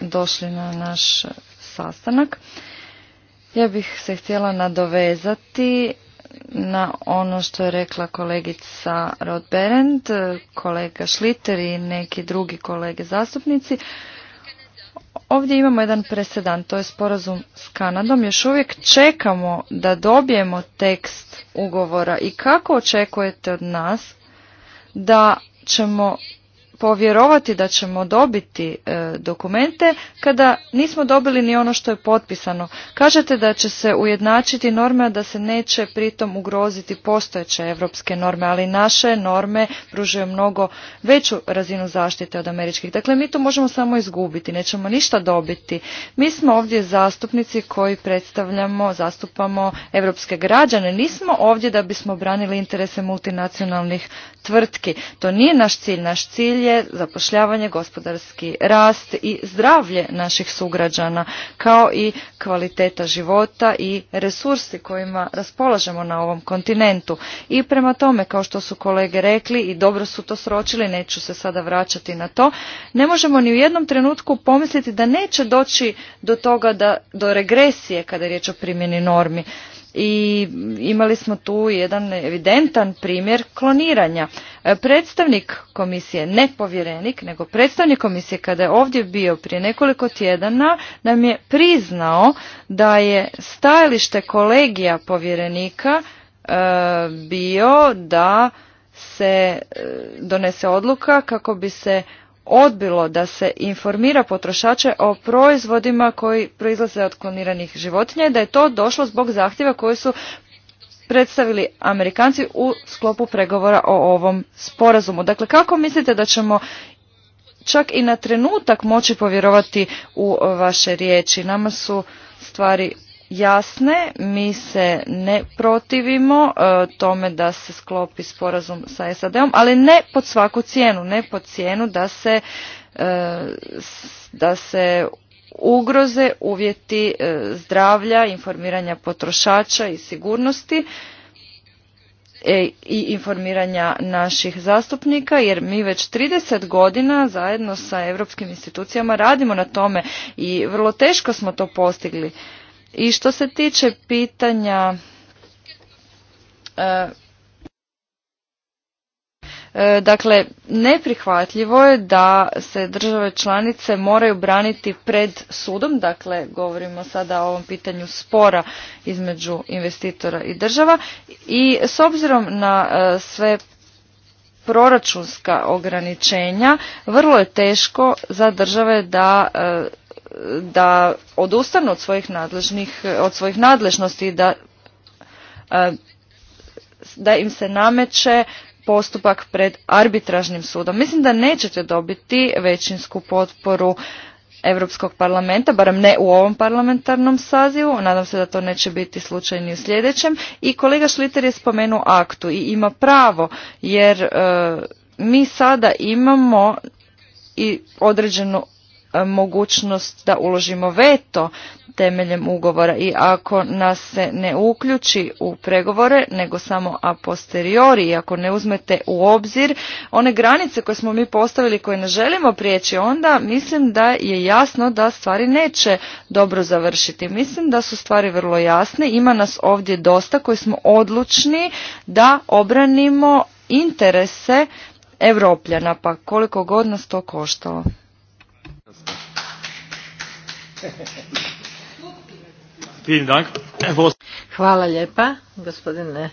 došli na naš sastanak. Ja bih se htjela nadovezati na ono što je rekla kolegica Berend, kolega Šliter i neki drugi kolege zastupnici. Ovdje imamo jedan presedan, to je sporazum s Kanadom. Još uvijek čekamo da dobijemo tekst ugovora i kako očekujete od nas da ćemo povjerovati da ćemo dobiti e, dokumente kada nismo dobili ni ono što je potpisano. Kažete da će se ujednačiti norme, a da se neće pritom ugroziti postojeće evropske norme, ali naše norme pružaju mnogo veću razinu zaštite od američkih. Dakle, mi to možemo samo izgubiti, nećemo ništa dobiti. Mi smo ovdje zastupnici koji predstavljamo, zastupamo evropske građane. Nismo ovdje da bismo branili interese multinacionalnih tvrtki. To nije naš cilj. Naš cilj je zapošljavanje, gospodarski rast i zdravlje naših sugrađana, kao i kvaliteta života i resursi kojima raspolažemo na ovom kontinentu. I prema tome, kao što su kolege rekli i dobro su to sročili, neću se sada vraćati na to, ne možemo ni u jednom trenutku pomisliti da neće doći do toga da, do regresije kada je riječ o primjeni normi i imali smo tu jedan evidentan primjer kloniranja. E, predstavnik komisije, ne povjerenik, nego predstavnik komisije kada je ovdje bio prije nekoliko tjedana nam je priznao da je stajalište kolegija povjerenika e, bio da se e, donese odluka kako bi se odbilo da se informira potrošače o proizvodima koji proizlaze od kloniranih životinja i da je to došlo zbog zahtjeva koje su predstavili Amerikanci u sklopu pregovora o ovom sporazumu. Dakle, kako mislite da ćemo čak i na trenutak moći povjerovati u vaše riječi? Nama su stvari jasne. Mi se ne protivimo e, tome da se sklopi sporazum sa SAD-om, ali ne pod svaku cijenu, ne pod cijenu da se, e, da se ugroze uvjeti e, zdravlja, informiranja potrošača i sigurnosti i informiranja naših zastupnika jer mi već 30 godina zajedno sa europskim institucijama radimo na tome i vrlo teško smo to postigli. I što se tiče pitanja e, e, Dakle, neprihvatljivo je da se države članice moraju braniti pred sudom, dakle govorimo sada o ovom pitanju spora između investitora i država i s obzirom na e, sve proračunska ograničenja, vrlo je teško za države da da odustanu od svojih nadležnih, od svojih nadležnosti da e, da im se nameće postupak pred arbitražnim sudom. Mislim da nećete dobiti većinsku potporu Europskog parlamenta, barem ne u ovom parlamentarnom sazivu, nadam se da to neće biti slučaj ni u sljedećem. I kolega Šliter je spomenuo aktu i ima pravo, jer e, mi sada imamo i određenu E, mogućnost da uložimo veto temeljem ugovora i ako nas se ne uključi u pregovore, nego samo a posteriori, i ako ne uzmete u obzir one granice koje smo mi postavili koje ne želimo prijeći, onda mislim da je jasno da stvari neće dobro završiti. Mislim da su stvari vrlo jasne, ima nas ovdje dosta koji smo odlučni da obranimo interese Evropljana, pa koliko god nas to koštalo. Hvala lijepa, gospodine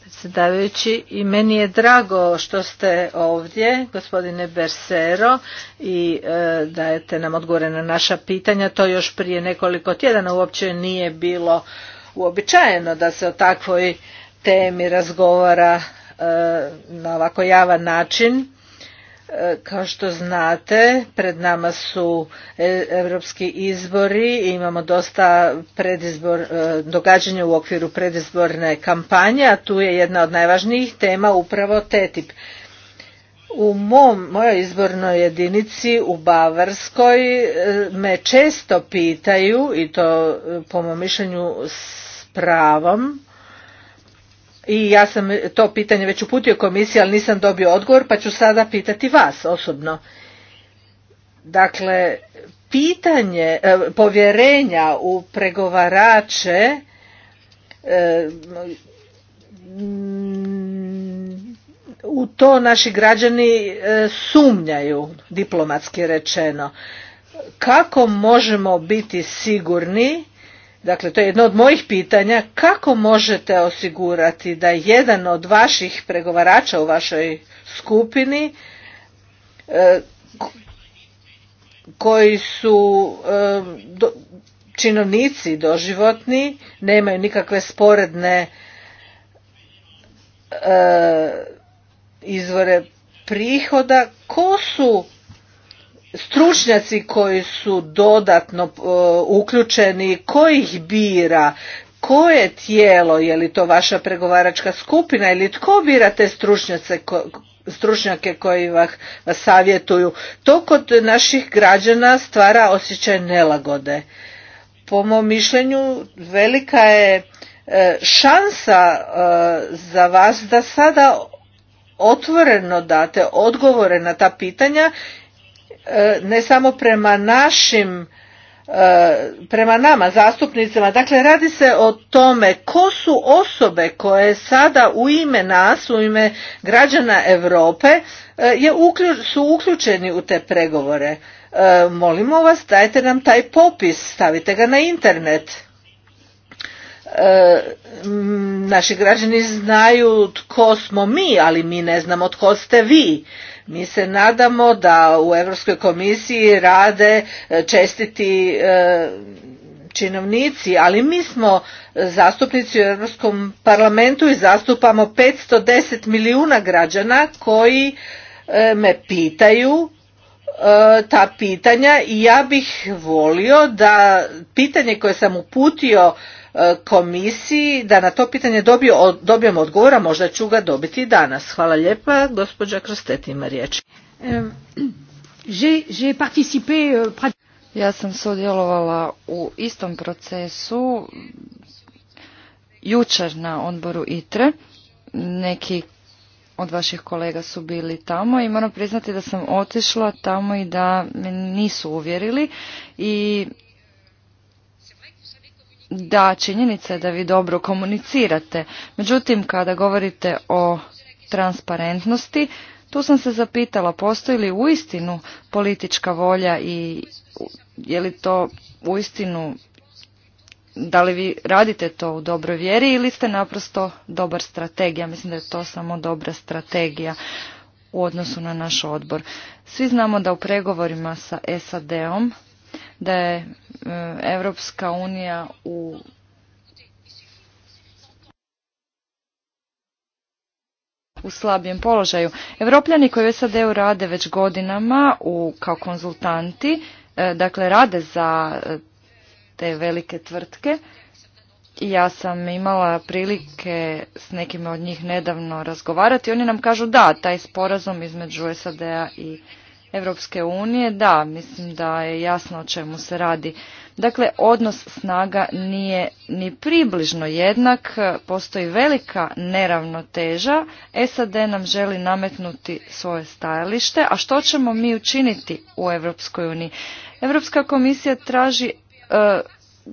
predsjedavajući. I meni je drago što ste ovdje, gospodine Bersero, i e, dajete nam odgovore na naša pitanja. To još prije nekoliko tjedana uopće nije bilo uobičajeno da se o takvoj temi razgovara e, na ovako javan način kao što znate, pred nama su europski izbori i imamo dosta predizbor, e, događanja u okviru predizborne kampanje, a tu je jedna od najvažnijih tema upravo TTIP. U mom, mojoj izbornoj jedinici u Bavarskoj e, me često pitaju, i to e, po mom mišljenju s pravom, i ja sam to pitanje već uputio komisiji, ali nisam dobio odgovor, pa ću sada pitati vas osobno. Dakle, pitanje e, povjerenja u pregovarače e, u to naši građani e, sumnjaju, diplomatski rečeno. Kako možemo biti sigurni Dakle, to je jedno od mojih pitanja. Kako možete osigurati da jedan od vaših pregovarača u vašoj skupini e, koji su e, činovnici doživotni, nemaju nikakve sporedne e, izvore prihoda, ko su stručnjaci koji su dodatno e, uključeni, kojih ih bira, koje tijelo, je li to vaša pregovaračka skupina ili tko bira te stručnjake koji vas, vas savjetuju, to kod naših građana stvara osjećaj nelagode. Po mom mišljenju velika je e, šansa e, za vas da sada otvoreno date odgovore na ta pitanja E, ne samo prema našim e, prema nama zastupnicima dakle radi se o tome ko su osobe koje sada u ime nas u ime građana Europe e, je su uključeni u te pregovore molimo vas dajte nam taj popis stavite ga na internet naši građani znaju tko smo mi ali mi ne znamo tko ste vi mi se nadamo da u Europskoj komisiji rade e, čestiti e, činovnici, ali mi smo zastupnici u Europskom parlamentu i zastupamo 510 milijuna građana koji e, me pitaju ta pitanja i ja bih volio da pitanje koje sam uputio E, komisiji da na to pitanje dobijem odgovor, možda ću ga dobiti i danas. Hvala lijepa, gospođa Krostet ima riječ. E, ja sam sudjelovala u istom procesu jučer na odboru ITRE. Neki od vaših kolega su bili tamo i moram priznati da sam otišla tamo i da me nisu uvjerili i da činjenica je da vi dobro komunicirate. Međutim, kada govorite o transparentnosti, tu sam se zapitala postoji li uistinu politička volja i je li to uistinu da li vi radite to u dobroj vjeri ili ste naprosto dobar strategija. Mislim da je to samo dobra strategija u odnosu na naš odbor. Svi znamo da u pregovorima sa SAD-om da je e, Evropska unija u u slabijem položaju. Evropljani koji u SAD-u rade već godinama u, kao konzultanti, e, dakle rade za e, te velike tvrtke. Ja sam imala prilike s nekim od njih nedavno razgovarati. Oni nam kažu da, taj sporazum između SAD-a i Europske unije, da, mislim da je jasno o čemu se radi. Dakle, odnos snaga nije ni približno jednak, postoji velika neravnoteža, SAD nam želi nametnuti svoje stajalište, a što ćemo mi učiniti u Europskoj uniji? Europska komisija traži e,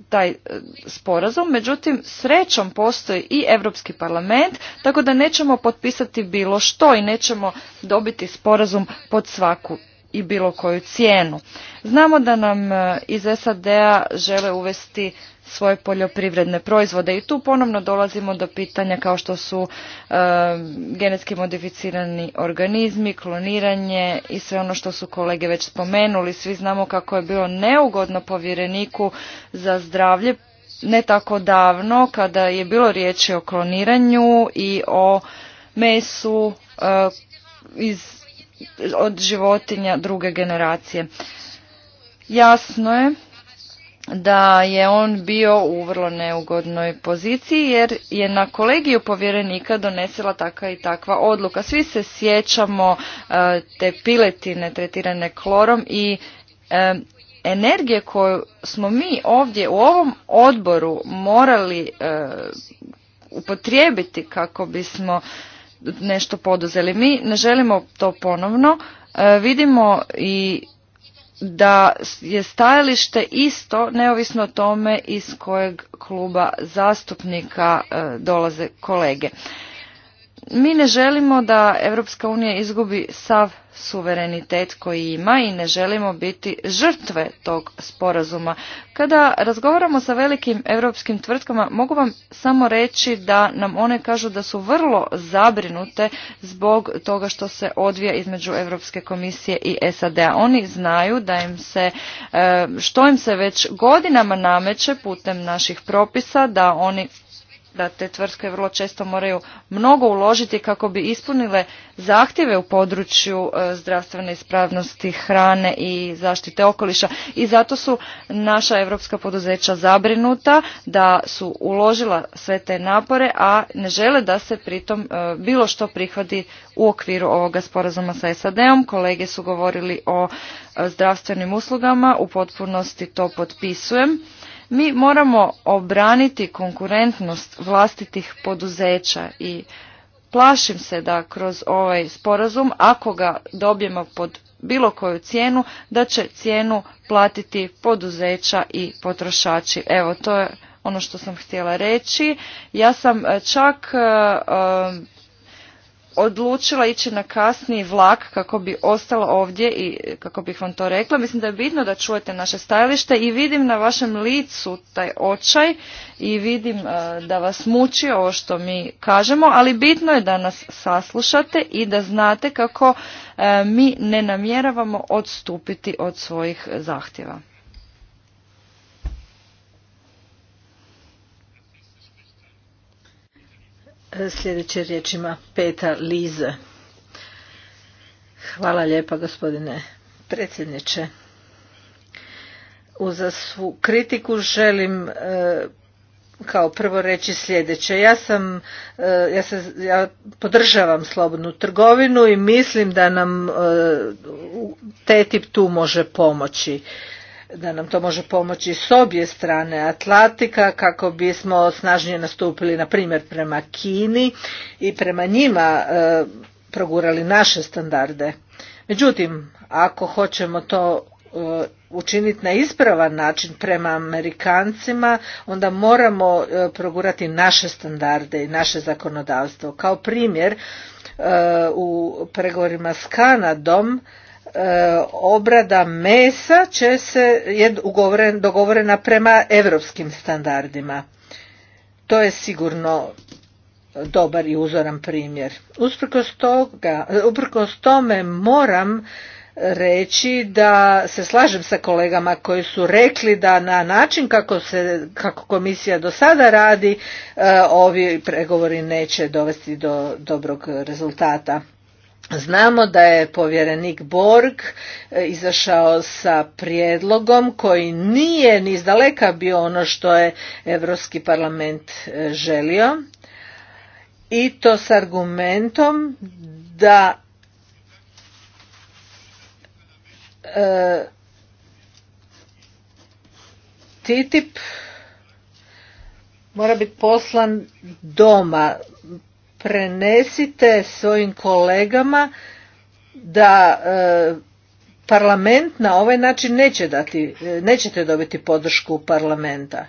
taj e, sporazum, međutim srećom postoji i Europski parlament, tako da nećemo potpisati bilo što i nećemo dobiti sporazum pod svaku i bilo koju cijenu. Znamo da nam e, iz SAD-a žele uvesti svoje poljoprivredne proizvode i tu ponovno dolazimo do pitanja kao što su e, genetski modificirani organizmi, kloniranje i sve ono što su kolege već spomenuli. Svi znamo kako je bilo neugodno povjereniku za zdravlje ne tako davno kada je bilo riječi o kloniranju i o mesu e, iz od životinja druge generacije. Jasno je da je on bio u vrlo neugodnoj poziciji jer je na kolegiju povjerenika donesela takva i takva odluka. Svi se sjećamo e, te piletine tretirane klorom i e, energije koju smo mi ovdje u ovom odboru morali e, upotrijebiti kako bismo nešto poduzeli. Mi ne želimo to ponovno. Vidimo i da je stajalište isto neovisno o tome iz kojeg kluba zastupnika e, dolaze kolege. Mi ne želimo da Europska unija izgubi sav suverenitet koji ima i ne želimo biti žrtve tog sporazuma. Kada razgovaramo sa velikim europskim tvrtkama mogu vam samo reći da nam one kažu da su vrlo zabrinute zbog toga što se odvija između Europske komisije i SAD-a. Oni znaju da im se e, što im se već godinama nameće putem naših propisa da oni da te tvrtke vrlo često moraju mnogo uložiti kako bi ispunile zahtjeve u području e, zdravstvene ispravnosti hrane i zaštite okoliša i zato su naša europska poduzeća zabrinuta da su uložila sve te napore, a ne žele da se pritom e, bilo što prihvati u okviru ovoga sporazuma sa SAD-om. Kolege su govorili o e, zdravstvenim uslugama, u potpunosti to potpisujem. Mi moramo obraniti konkurentnost vlastitih poduzeća i plašim se da kroz ovaj sporazum, ako ga dobijemo pod bilo koju cijenu, da će cijenu platiti poduzeća i potrošači. Evo, to je ono što sam htjela reći. Ja sam eh, čak eh, eh, odlučila ići na kasniji vlak kako bi ostala ovdje i kako bih vam to rekla. Mislim da je bitno da čujete naše stajalište i vidim na vašem licu taj očaj i vidim e, da vas muči ovo što mi kažemo, ali bitno je da nas saslušate i da znate kako e, mi ne namjeravamo odstupiti od svojih zahtjeva. Sljedeće riječ ima Peta Lize. Hvala lijepa gospodine predsjedniče. Uza svu kritiku želim e, kao prvo reći sljedeće. Ja sam, e, ja, se, ja podržavam slobodnu trgovinu i mislim da nam e, TTIP tu može pomoći da nam to može pomoći s obje strane Atlantika kako bismo snažnije nastupili na primjer prema Kini i prema njima e, progurali naše standarde. Međutim, ako hoćemo to e, učiniti na ispravan način prema Amerikancima, onda moramo e, progurati naše standarde i naše zakonodavstvo. Kao primjer u pregovorima s Kanadom E, obrada mesa će se je dogovorena prema europskim standardima. To je sigurno dobar i uzoran primjer. Usprkos, usprkos tome moram reći da se slažem sa kolegama koji su rekli da na način kako, se, kako komisija do sada radi e, ovi pregovori neće dovesti do dobrog rezultata. Znamo da je povjerenik Borg e, izašao sa prijedlogom koji nije ni izdaleka bio ono što je Europski parlament e, želio i to s argumentom da e, TTIP mora biti poslan doma prenesite svojim kolegama da e, parlament na ovaj način neće dati, e, nećete dobiti podršku parlamenta.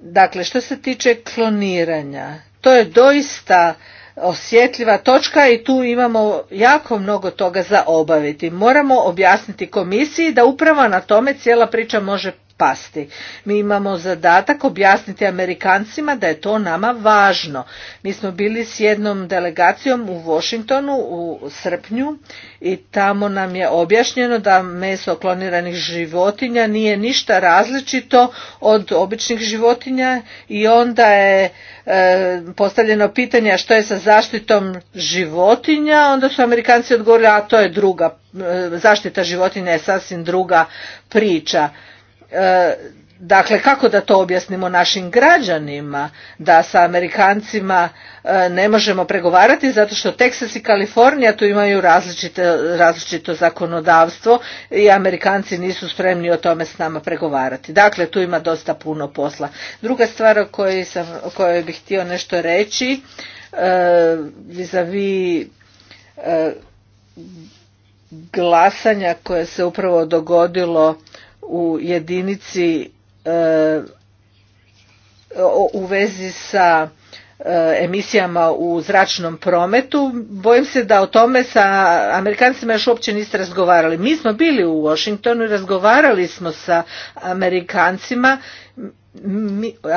Dakle, što se tiče kloniranja, to je doista osjetljiva točka i tu imamo jako mnogo toga za obaviti. Moramo objasniti komisiji da upravo na tome cijela priča može pasti. Mi imamo zadatak objasniti Amerikancima da je to nama važno. Mi smo bili s jednom delegacijom u Washingtonu u srpnju i tamo nam je objašnjeno da meso kloniranih životinja nije ništa različito od običnih životinja i onda je e, postavljeno pitanje što je sa zaštitom životinja, onda su Amerikanci odgovorili a to je druga, e, zaštita životinja je sasvim druga priča. E, dakle, kako da to objasnimo našim građanima, da sa Amerikancima e, ne možemo pregovarati zato što Teksas i Kalifornija tu imaju različite, različito zakonodavstvo i Amerikanci nisu spremni o tome s nama pregovarati. Dakle, tu ima dosta puno posla. Druga stvar o kojoj, sam, o kojoj bih htio nešto reći, e, vizavi glasanja koje se upravo dogodilo u jedinici e, u vezi sa e, emisijama u zračnom prometu. Bojim se da o tome sa Amerikancima još uopće niste razgovarali. Mi smo bili u Washingtonu i razgovarali smo sa Amerikancima.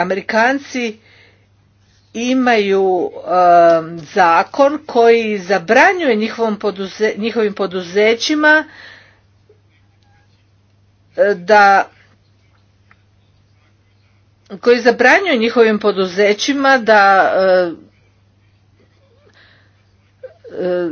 Amerikanci imaju e, zakon koji zabranjuje njihovim poduzećima da koji zabranjuje njihovim poduzećima da e, e,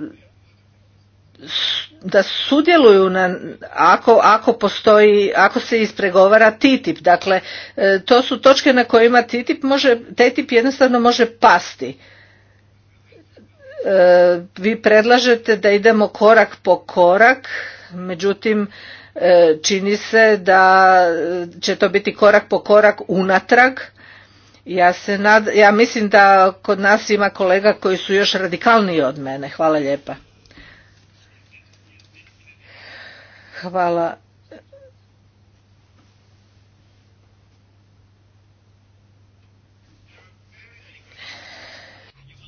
da sudjeluju na, ako, ako postoji, ako se ispregovara TTIP. Dakle, e, to su točke na kojima TTIP može, TTIP jednostavno može pasti. Vi predlažete da idemo korak po korak, međutim, E, čini se da će to biti korak po korak unatrag ja, se ja mislim da kod nas ima kolega koji su još radikalniji od mene hvala lijepa hvala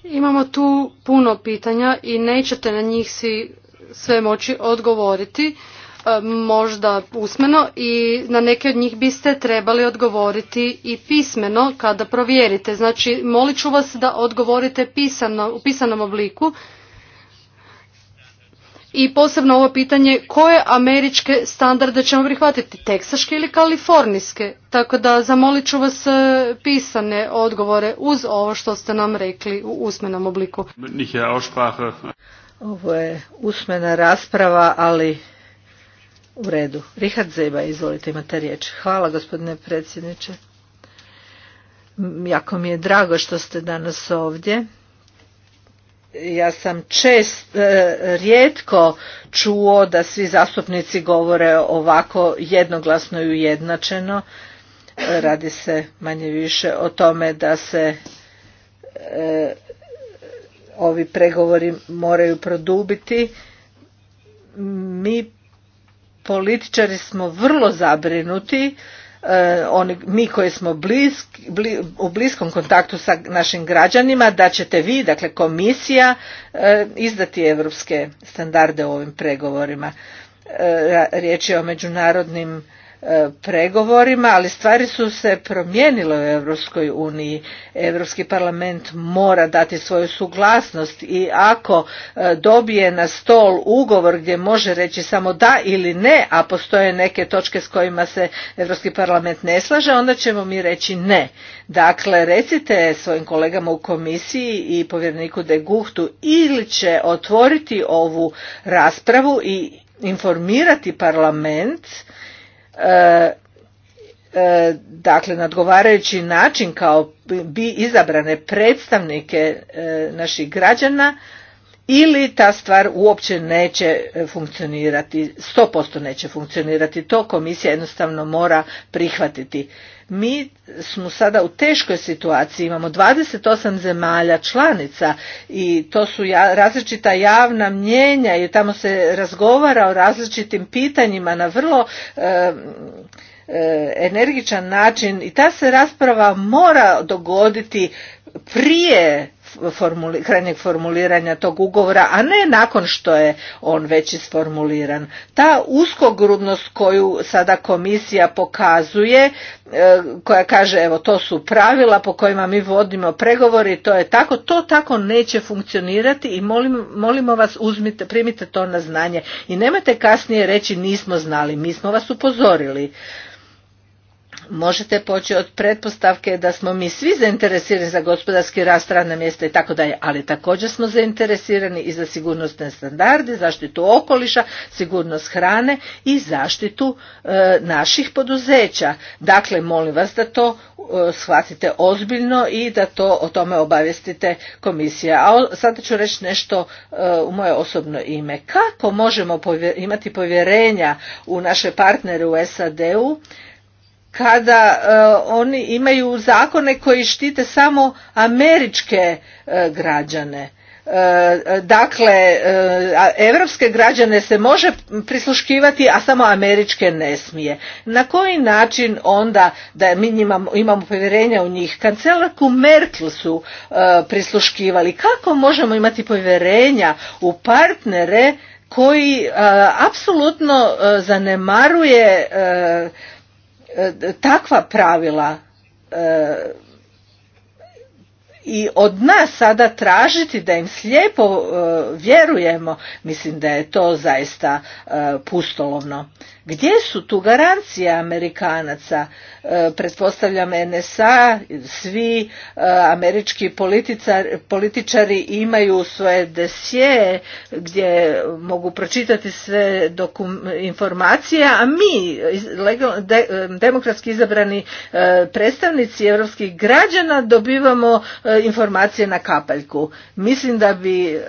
Imamo tu puno pitanja i nećete na njih si sve moći odgovoriti. E, možda usmeno i na neke od njih biste trebali odgovoriti i pismeno kada provjerite. Znači, molit ću vas da odgovorite pisano, u pisanom obliku. I posebno ovo pitanje koje američke standarde ćemo prihvatiti, teksaške ili kalifornijske. Tako da zamolit ću vas e, pisane odgovore uz ovo što ste nam rekli u usmenom obliku. Ovo je usmena rasprava, ali u redu. Richard Zeba, izvolite, imate riječ. Hvala gospodine predsjedniče. Jako mi je drago što ste danas ovdje. Ja sam čest, e, rijetko čuo da svi zastupnici govore ovako jednoglasno i ujednačeno. Radi se manje više o tome da se e, ovi pregovori moraju produbiti. Mi političari smo vrlo zabrinuti e, oni, mi koji smo u bliskom kontaktu sa našim građanima da ćete vi, dakle komisija, e, izdati europske standarde u ovim pregovorima. E, riječ je o međunarodnim E, pregovorima, ali stvari su se promijenile u Europskoj uniji. Europski parlament mora dati svoju suglasnost i ako e, dobije na stol ugovor gdje može reći samo da ili ne, a postoje neke točke s kojima se Europski parlament ne slaže, onda ćemo mi reći ne. Dakle, recite svojim kolegama u komisiji i povjereniku de Guhtu ili će otvoriti ovu raspravu i informirati parlament E, e, dakle na odgovarajući način kao bi izabrane predstavnike e, naših građana ili ta stvar uopće neće e, funkcionirati, 100% neće funkcionirati, to komisija jednostavno mora prihvatiti. Mi smo sada u teškoj situaciji, imamo 28 zemalja članica i to su različita javna mnjenja i tamo se razgovara o različitim pitanjima na vrlo e, e, energičan način i ta se rasprava mora dogoditi prije formuli, krajnjeg formuliranja tog ugovora, a ne nakon što je on već isformuliran. Ta uskogrudnost koju sada komisija pokazuje, e, koja kaže evo to su pravila po kojima mi vodimo pregovori, to je tako, to tako neće funkcionirati i molim, molimo vas uzmite, primite to na znanje i nemojte kasnije reći nismo znali, mi smo vas upozorili možete poći od pretpostavke da smo mi svi zainteresirani za gospodarski rast, radna mjesta i tako dalje, ali također smo zainteresirani i za sigurnosne standarde, zaštitu okoliša, sigurnost hrane i zaštitu e, naših poduzeća. Dakle, molim vas da to e, shvatite ozbiljno i da to o tome obavijestite komisija. A o, sada ću reći nešto e, u moje osobno ime. Kako možemo imati povjerenja u naše partnere u SAD-u? kada e, oni imaju zakone koji štite samo američke e, građane e, dakle evropske građane se može prisluškivati a samo američke ne smije na koji način onda da mi imamo, imamo povjerenja u njih kancelarku Merkel su prisluškivali kako možemo imati povjerenja u partnere koji apsolutno zanemaruje E, takva pravila e, i od nas sada tražiti da im slijepo e, vjerujemo mislim da je to zaista pustolovno gdje su tu garancije Amerikanaca? E, pretpostavljam NSA, svi e, američki političari imaju svoje desije gdje mogu pročitati sve dokum, informacije, a mi, e, demokratski izabrani e, predstavnici europskih građana, dobivamo informacije na kapaljku. Mislim da bi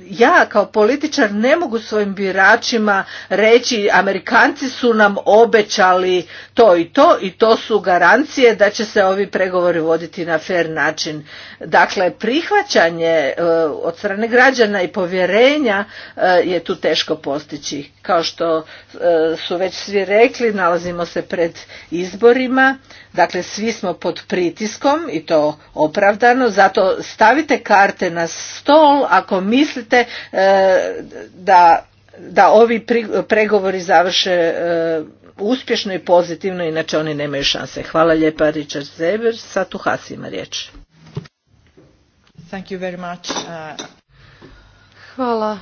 ja kao političar ne mogu svojim biračima reći Amerikanci su nam obećali to i to i to su garancije da će se ovi pregovori voditi na fer način. Dakle, prihvaćanje eh, od strane građana i povjerenja eh, je tu teško postići. Kao što eh, su već svi rekli, nalazimo se pred izborima, Dakle, svi smo pod pritiskom i to opravdano, zato stavite karte na stol ako mislite e, da, da ovi pregovori završe e, uspješno i pozitivno, inače oni nemaju šanse. Hvala lijepa Richard Zeber, sa tu Hasi Thank you very much. Uh, Hvala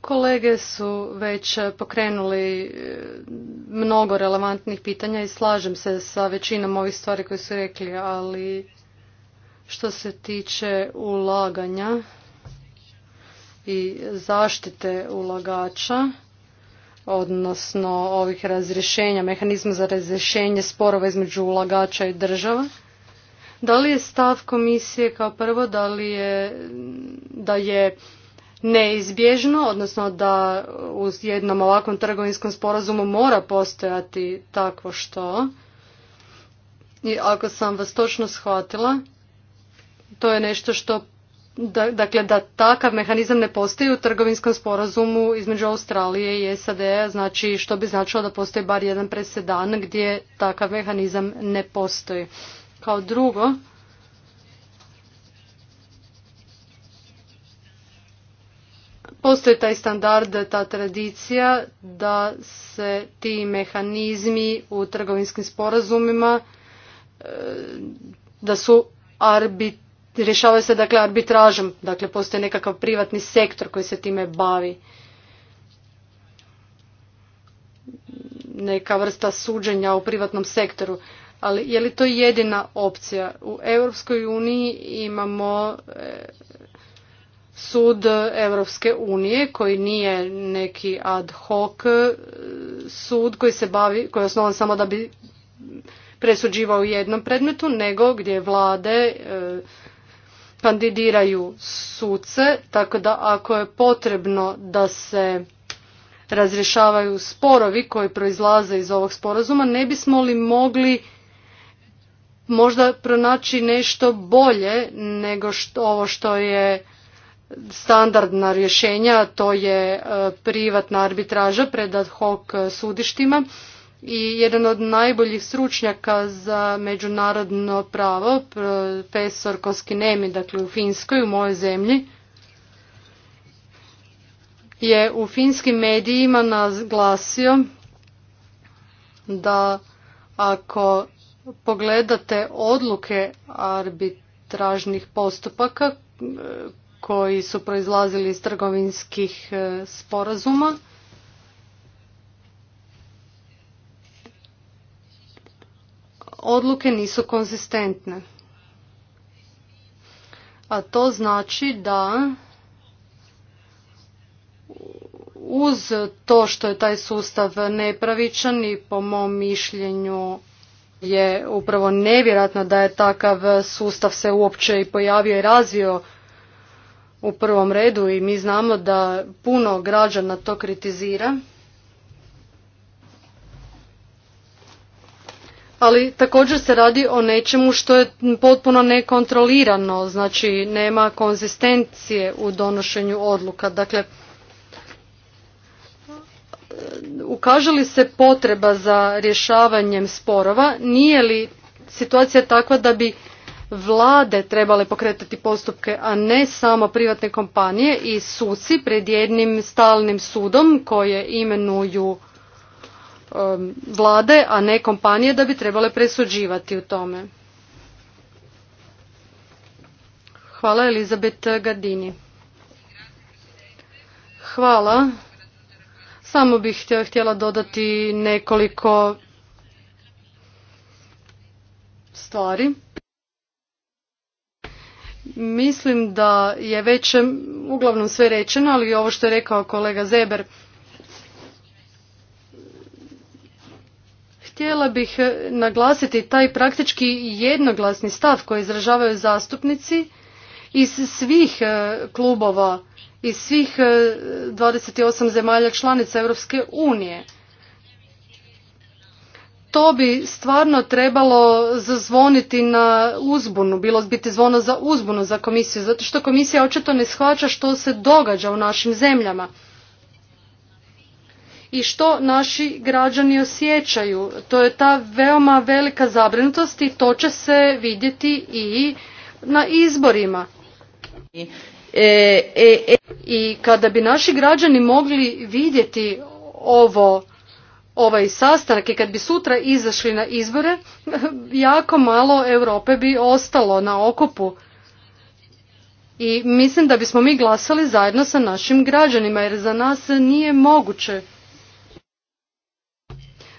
Kolege su već pokrenuli e, mnogo relevantnih pitanja i slažem se sa većinom ovih stvari koje su rekli, ali što se tiče ulaganja i zaštite ulagača, odnosno ovih razrješenja, mehanizma za razrješenje sporova između ulagača i država, da li je stav komisije kao prvo, da li je, da je neizbježno, odnosno da u jednom ovakvom trgovinskom sporazumu mora postojati takvo što. I ako sam vas točno shvatila, to je nešto što, dakle, da takav mehanizam ne postoji u trgovinskom sporazumu između Australije i SAD-a, znači što bi značilo da postoji bar jedan presedan gdje takav mehanizam ne postoji. Kao drugo, Postoji taj standard, ta tradicija da se ti mehanizmi u trgovinskim sporazumima e, da su arbit, rješavaju se dakle arbitražom, dakle postoji nekakav privatni sektor koji se time bavi. Neka vrsta suđenja u privatnom sektoru. Ali je li to jedina opcija? U Europskoj uniji imamo e, sud Europske unije koji nije neki ad hoc e, sud koji se bavi, koji je osnovan samo da bi presuđivao u jednom predmetu, nego gdje vlade e, kandidiraju suce, tako da ako je potrebno da se razrješavaju sporovi koji proizlaze iz ovog sporazuma, ne bismo li mogli možda pronaći nešto bolje nego ovo što je standardna rješenja, to je e, privatna arbitraža pred ad hoc sudištima i jedan od najboljih stručnjaka za međunarodno pravo, profesor Koskinemi, dakle u Finskoj, u mojoj zemlji, je u finskim medijima naglasio da ako pogledate odluke arbitražnih postupaka e, koji su proizlazili iz trgovinskih e, sporazuma. Odluke nisu konzistentne. A to znači da uz to što je taj sustav nepravičan i po mom mišljenju je upravo nevjerojatno da je takav sustav se uopće i pojavio i razvio u prvom redu i mi znamo da puno građana to kritizira. ali također se radi o nečemu što je potpuno nekontrolirano, znači nema konzistencije u donošenju odluka. Dakle, ukaže li se potreba za rješavanjem sporova, nije li situacija takva da bi vlade trebale pokretati postupke, a ne samo privatne kompanije i suci pred jednim stalnim sudom koje imenuju um, vlade, a ne kompanije da bi trebale presuđivati u tome. Hvala Elizabet Gardini. Hvala. Samo bih htjela dodati nekoliko stvari. Mislim da je već uglavnom sve rečeno, ali ovo što je rekao kolega Zeber. Htjela bih eh, naglasiti taj praktički jednoglasni stav koji izražavaju zastupnici iz svih eh, klubova, iz svih eh, 28 zemalja članica Europske unije to bi stvarno trebalo zazvoniti na uzbunu, bilo biti zvono za uzbunu za komisiju, zato što komisija očito ne shvaća što se događa u našim zemljama i što naši građani osjećaju. To je ta veoma velika zabrinutost i to će se vidjeti i na izborima. E, e, e. I kada bi naši građani mogli vidjeti ovo ovaj sastanak i kad bi sutra izašli na izbore, jako malo Europe bi ostalo na okupu. I mislim da bismo mi glasali zajedno sa našim građanima, jer za nas nije moguće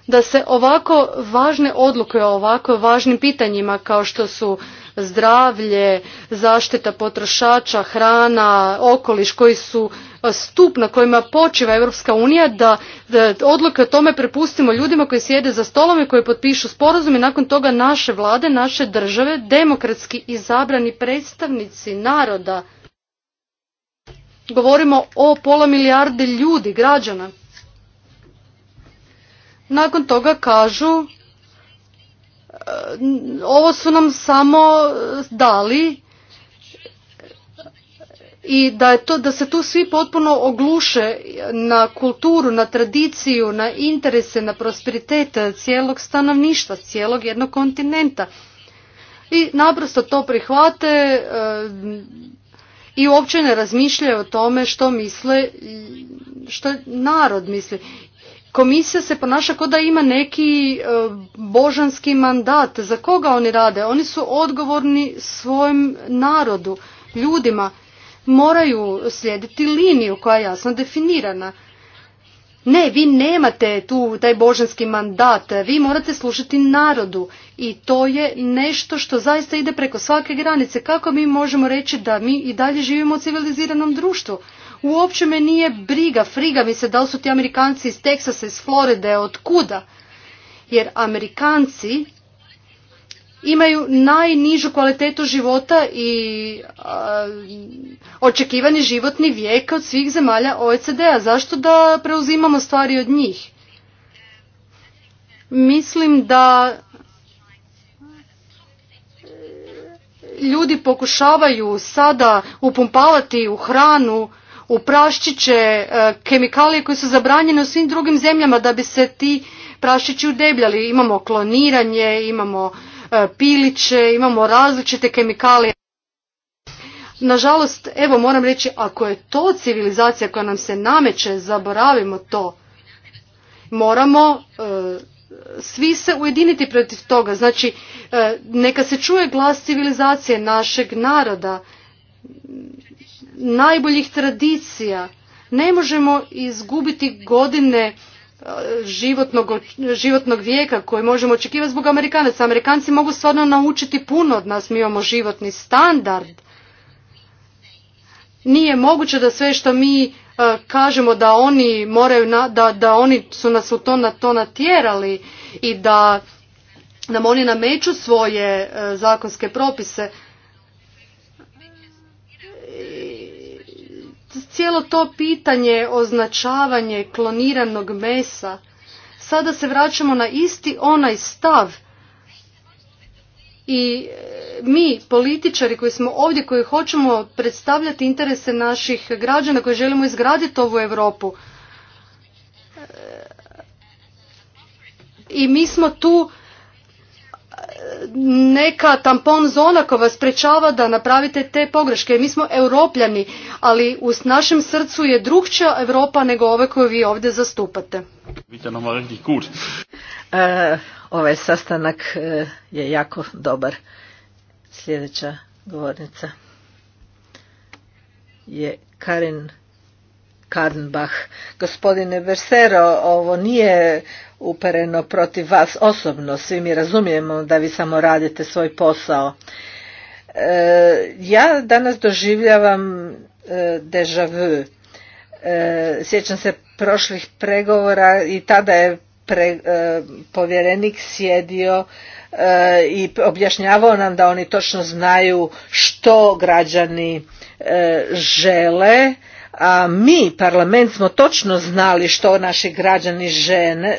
da se ovako važne odluke o ovako važnim pitanjima kao što su zdravlje, zaštita potrošača, hrana, okoliš koji su stup na kojima počiva Europska unija da, odluke o tome prepustimo ljudima koji sjede za stolom i koji potpišu sporazum i nakon toga naše vlade, naše države, demokratski izabrani predstavnici naroda. Govorimo o pola milijarde ljudi, građana. Nakon toga kažu e, ovo su nam samo dali i da, je to, da se tu svi potpuno ogluše na kulturu, na tradiciju, na interese, na prosperitet cijelog stanovništva, cijelog jednog kontinenta. I naprosto to prihvate e, i uopće ne razmišljaju o tome što misle, što narod misli. Komisija se ponaša kao da ima neki e, božanski mandat. Za koga oni rade? Oni su odgovorni svojem narodu, ljudima moraju slijediti liniju koja je jasno definirana. Ne, vi nemate tu taj božanski mandat, vi morate slušati narodu i to je nešto što zaista ide preko svake granice. Kako mi možemo reći da mi i dalje živimo u civiliziranom društvu? Uopće me nije briga, friga mi se da li su ti Amerikanci iz Teksasa, iz Floride, od kuda? Jer Amerikanci imaju najnižu kvalitetu života i očekivani životni vijek od svih zemalja OECD-a. Zašto da preuzimamo stvari od njih? Mislim da e, ljudi pokušavaju sada upumpavati u hranu u praščiće e, kemikalije koje su zabranjene u svim drugim zemljama da bi se ti praščići udebljali. Imamo kloniranje, imamo E, piliće, imamo različite kemikalije. Nažalost, evo moram reći, ako je to civilizacija koja nam se nameće, zaboravimo to. Moramo e, svi se ujediniti protiv toga. Znači, e, neka se čuje glas civilizacije našeg naroda, najboljih tradicija. Ne možemo izgubiti godine životnog, vijeka koji možemo očekivati zbog Amerikanaca. Amerikanci mogu stvarno naučiti puno od nas, mi imamo životni standard. Nije moguće da sve što mi e, kažemo da oni moraju da, da oni su nas u to na to natjerali i da nam oni nameću svoje e, zakonske propise Cijelo to pitanje označavanje kloniranog mesa, sada se vraćamo na isti onaj stav i e, mi političari koji smo ovdje, koji hoćemo predstavljati interese naših građana, koji želimo izgraditi ovu Europu. E, I mi smo tu neka tampon zona koja vas prečava da napravite te pogreške. Mi smo europljani, ali u našem srcu je drugčija Europa nego ove koje vi ovdje zastupate. E, ovaj sastanak e, je jako dobar. Sljedeća govornica je Karin Kadenbach. Gospodine Versero ovo nije upereno protiv vas osobno. Svi mi razumijemo da vi samo radite svoj posao. E, ja danas doživljavam e, deja vu. E, sjećam se prošlih pregovora i tada je povjerenik sjedio i objašnjavao nam da oni točno znaju što građani žele a mi parlament smo točno znali što naši građani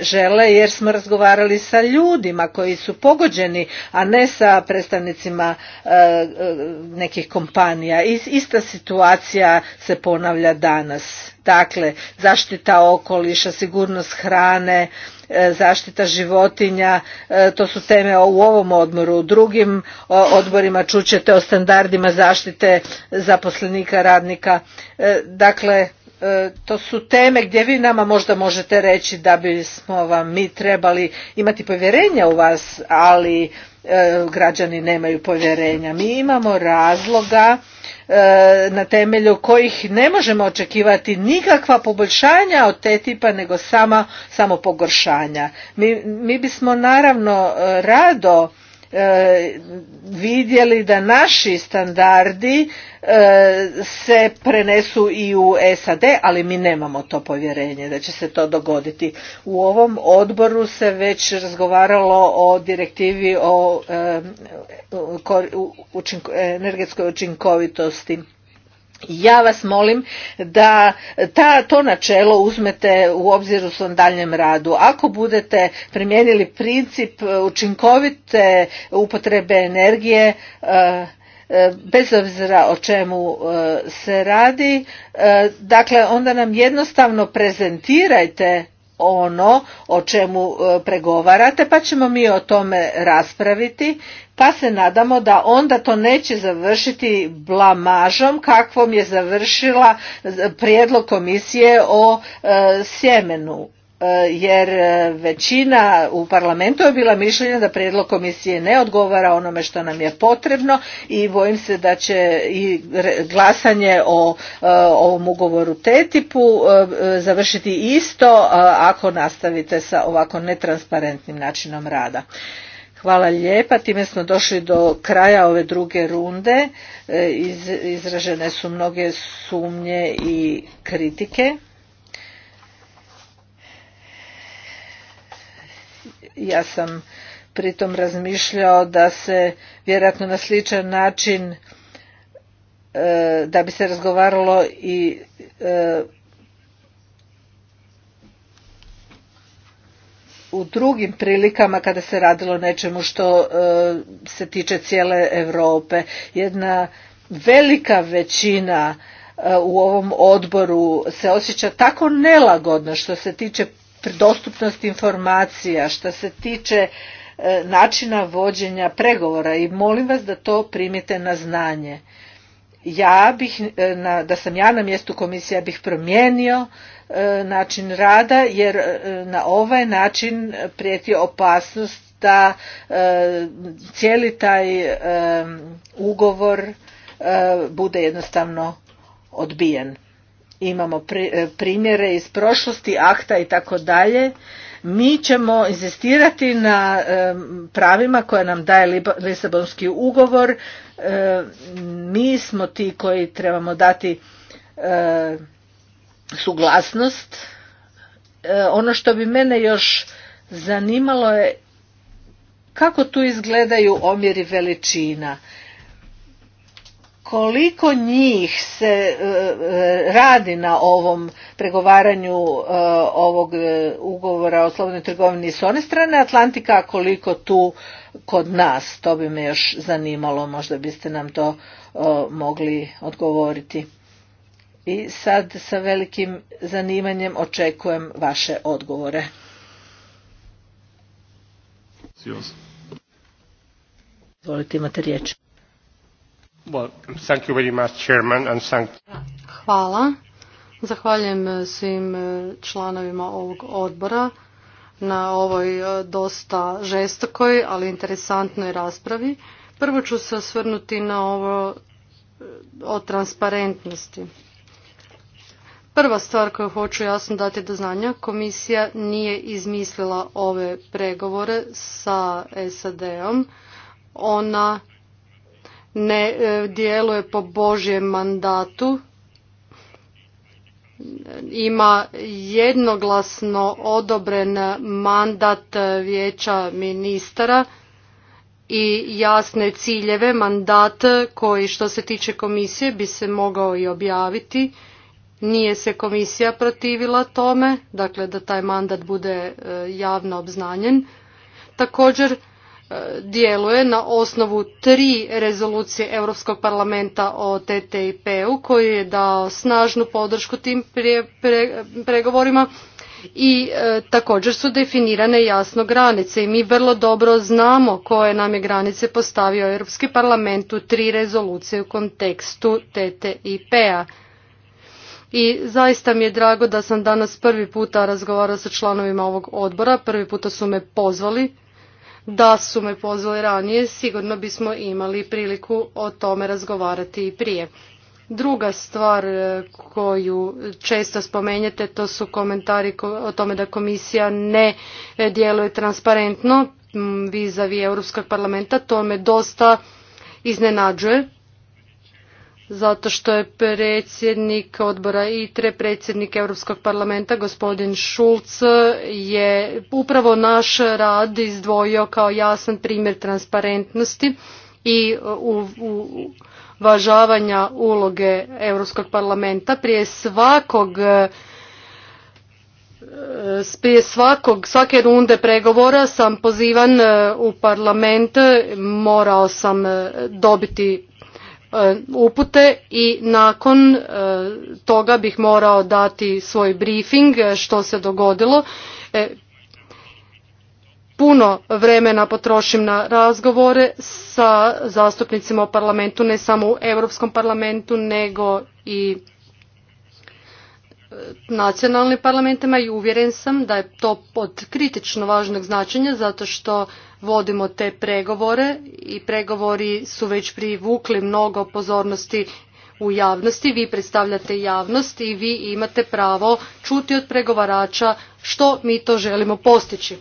žele jer smo razgovarali sa ljudima koji su pogođeni a ne sa predstavnicima e, e, nekih kompanija i ista situacija se ponavlja danas Dakle, zaštita okoliša, sigurnost hrane, e, zaštita životinja, e, to su teme u ovom odboru. U drugim odborima čućete o standardima zaštite zaposlenika, radnika. E, dakle, to su teme gdje vi nama možda možete reći da bismo vam mi trebali imati povjerenja u vas, ali građani nemaju povjerenja. Mi imamo razloga E, na temelju kojih ne možemo očekivati nikakva poboljšanja od te tipa nego sama, samo pogoršanja. mi bismo naravno e, rado vidjeli da naši standardi se prenesu i u SAD, ali mi nemamo to povjerenje da će se to dogoditi. U ovom odboru se već razgovaralo o direktivi o energetskoj učinkovitosti ja vas molim da ta, to načelo uzmete u obzir u svom daljem radu. Ako budete primijenili princip učinkovite upotrebe energije, e, e, bez obzira o čemu e, se radi, dakle onda nam jednostavno prezentirajte ono o čemu pregovarate pa ćemo mi o tome raspraviti pa se nadamo da onda to neće završiti blamažom kakvom je završila prijedlog komisije o e, sjemenu e, jer e, većina u parlamentu je bila mišljenja da prijedlog komisije ne odgovara onome što nam je potrebno i bojim se da će i glasanje o ovom ugovoru TTIP-u završiti isto ako nastavite sa ovako netransparentnim načinom rada. Hvala lijepa, time smo došli do kraja ove druge runde. E, izražene su mnoge sumnje i kritike. Ja sam pritom razmišljao da se vjerojatno na sličan način e, da bi se razgovaralo i e, u drugim prilikama kada se radilo nečemu što e, se tiče cijele Europe. Jedna velika većina e, u ovom odboru se osjeća tako nelagodno što se tiče dostupnosti informacija, što se tiče e, načina vođenja pregovora i molim vas da to primite na znanje. Ja bih, da sam ja na mjestu komisija bih promijenio E, način rada jer e, na ovaj način prijeti opasnost da e, cijeli taj ugovor bude jednostavno odbijen. Imamo primjere iz prošlosti, akta i tako dalje. Mi ćemo insistirati na pravima koje nam daje Lisabonski ugovor. Mi smo ti koji trebamo dati suglasnost. E, ono što bi mene još zanimalo je kako tu izgledaju omjeri veličina. Koliko njih se e, e, radi na ovom pregovaranju ovog ugovora o slobodnoj trgovini s one strane Atlantika, a koliko tu kod nas? To bi me još zanimalo, možda biste nam to mogli odgovoriti i sad sa velikim zanimanjem očekujem vaše odgovore. imate riječ. Hvala. Zahvaljujem svim e, članovima ovog odbora na ovoj e, dosta žestokoj, ali interesantnoj raspravi. Prvo ću se osvrnuti na ovo e, o transparentnosti. Prva stvar koju hoću jasno dati do znanja, komisija nije izmislila ove pregovore sa SAD-om. Ona ne e, djeluje po Božjem mandatu, ima jednoglasno odobren mandat vijeća ministara i jasne ciljeve, mandat koji što se tiče komisije bi se mogao i objaviti nije se komisija protivila tome, dakle da taj mandat bude e, javno obznanjen. Također e, djeluje na osnovu tri rezolucije Europskog parlamenta o TTIP-u koji je dao snažnu podršku tim pregovorima i e, također su definirane jasno granice i mi vrlo dobro znamo koje nam je granice postavio Europski parlament u tri rezolucije u kontekstu TTIP-a i zaista mi je drago da sam danas prvi puta razgovarao sa članovima ovog odbora. Prvi puta su me pozvali. Da su me pozvali ranije, sigurno bismo imali priliku o tome razgovarati i prije. Druga stvar e, koju često spomenjete, to su komentari o tome da komisija ne e, djeluje transparentno vizavi Europskog parlamenta. To me dosta iznenađuje zato što je predsjednik odbora ITRE, predsjednik Europskog parlamenta, gospodin Šulc, je upravo naš rad izdvojio kao jasan primjer transparentnosti i uvažavanja uloge Europskog parlamenta. Prije svakog e, prije svakog, svake runde pregovora sam pozivan e, u parlament, morao sam e, dobiti E, upute i nakon e, toga bih morao dati svoj briefing e, što se dogodilo. Puno vremena potrošim na razgovore sa zastupnicima u parlamentu, ne samo u Europskom parlamentu, nego i nacionalnim parlamentima i uvjeren sam da je to od kritično važnog značenja zato što vodimo te pregovore i pregovori su već privukli mnogo pozornosti u javnosti, vi predstavljate javnost i vi imate pravo čuti od pregovarača što mi to želimo postići.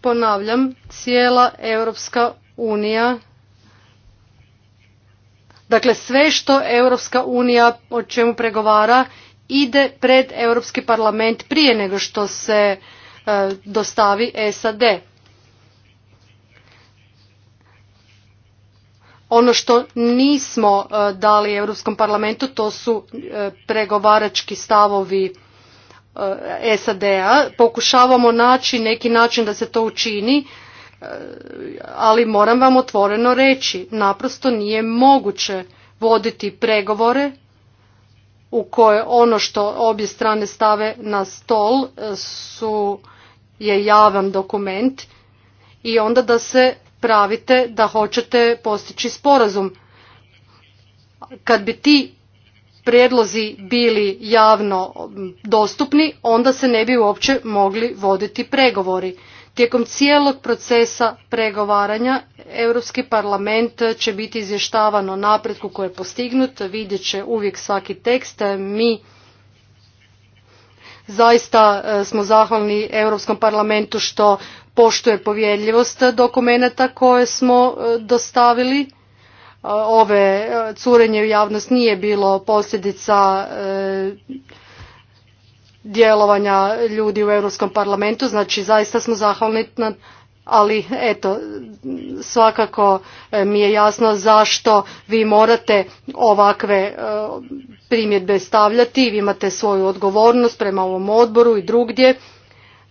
Ponavljam, cijela Europska unija Dakle, sve što Europska unija o čemu pregovara ide pred Europski parlament prije nego što se e, dostavi SAD. Ono što nismo e, dali Europskom parlamentu to su e, pregovarački stavovi SAD-a. Pokušavamo naći neki način da se to učini, Eh, ali moram vam otvoreno reći, naprosto nije moguće voditi pregovore u koje ono što obje strane stave na stol eh, su, je javan dokument i onda da se pravite da hoćete postići sporazum. Kad bi ti prijedlozi bili javno dostupni, onda se ne bi uopće mogli voditi pregovori. Tijekom cijelog procesa pregovaranja Europski parlament će biti izvještavan o napretku koji je postignut, vidjet će uvijek svaki tekst. Mi zaista e, smo zahvalni Europskom parlamentu što poštuje povjerljivost dokumenata koje smo e, dostavili. E, ove curenje u javnost nije bilo posljedica djelovanja ljudi u Europskom parlamentu, znači zaista smo zahvalni ali eto, svakako e, mi je jasno zašto vi morate ovakve e, primjedbe stavljati, vi imate svoju odgovornost prema ovom odboru i drugdje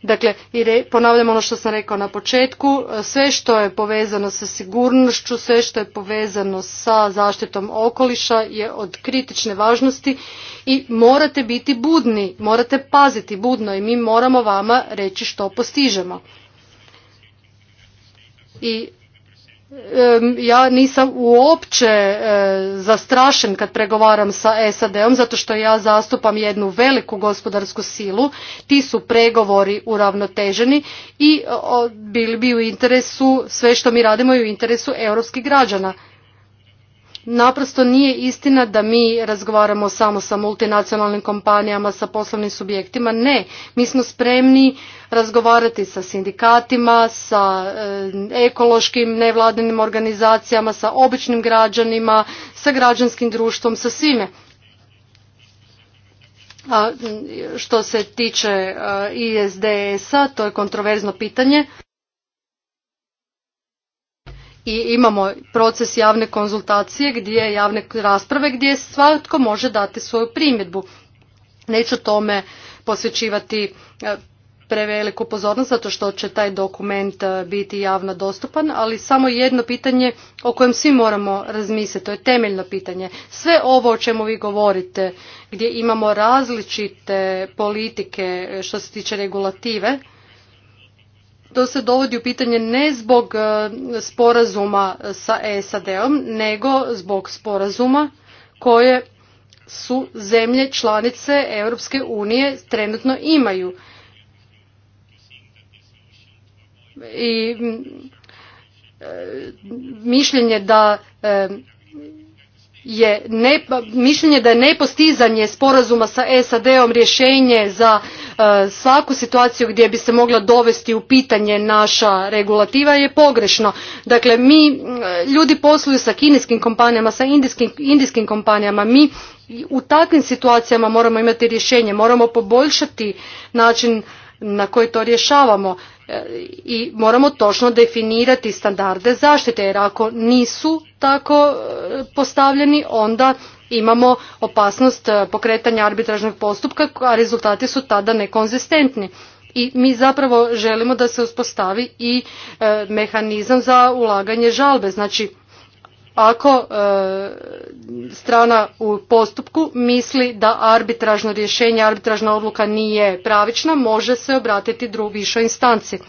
Dakle, i ponavljam ono što sam rekao na početku, sve što je povezano sa sigurnošću, sve što je povezano sa zaštitom okoliša je od kritične važnosti i morate biti budni, morate paziti budno i mi moramo vama reći što postižemo. I ja nisam uopće e, zastrašen kad pregovaram sa SAD-om zato što ja zastupam jednu veliku gospodarsku silu, ti su pregovori uravnoteženi i bili bi u interesu, sve što mi radimo je u interesu europskih građana. Naprosto nije istina da mi razgovaramo samo sa multinacionalnim kompanijama, sa poslovnim subjektima. Ne, mi smo spremni razgovarati sa sindikatima, sa eh, ekološkim nevladinim organizacijama, sa običnim građanima, sa građanskim društvom, sa svime. A što se tiče eh, ISDS-a, e to je kontroverzno pitanje i imamo proces javne konzultacije gdje javne rasprave gdje svatko može dati svoju primjedbu. Neću tome posvećivati e, preveliku pozornost zato što će taj dokument e, biti javno dostupan, ali samo jedno pitanje o kojem svi moramo razmisliti, to je temeljno pitanje. Sve ovo o čemu vi govorite, gdje imamo različite politike e, što se tiče regulative, to se dovodi u pitanje ne zbog e, sporazuma sa e SAD-om, nego zbog sporazuma koje su zemlje članice Europske unije trenutno imaju. I mm, e, mišljenje da je mišljenje da je nepostizanje sporazuma sa SAD-om rješenje za e, svaku situaciju gdje bi se mogla dovesti u pitanje naša regulativa je pogrešno. Dakle, mi ljudi posluju sa kineskim kompanijama, sa indijskim kompanijama, mi u takvim situacijama moramo imati rješenje, moramo poboljšati način na koji to rješavamo E, i moramo točno definirati standarde zaštite jer ako nisu tako e, postavljeni onda imamo opasnost e, pokretanja arbitražnog postupka a rezultati su tada nekonzistentni i mi zapravo želimo da se uspostavi i mehanizam za ulaganje žalbe znači ako e, strana u postupku misli da arbitražno rješenje, arbitražna odluka nije pravična, može se obratiti višoj instanci.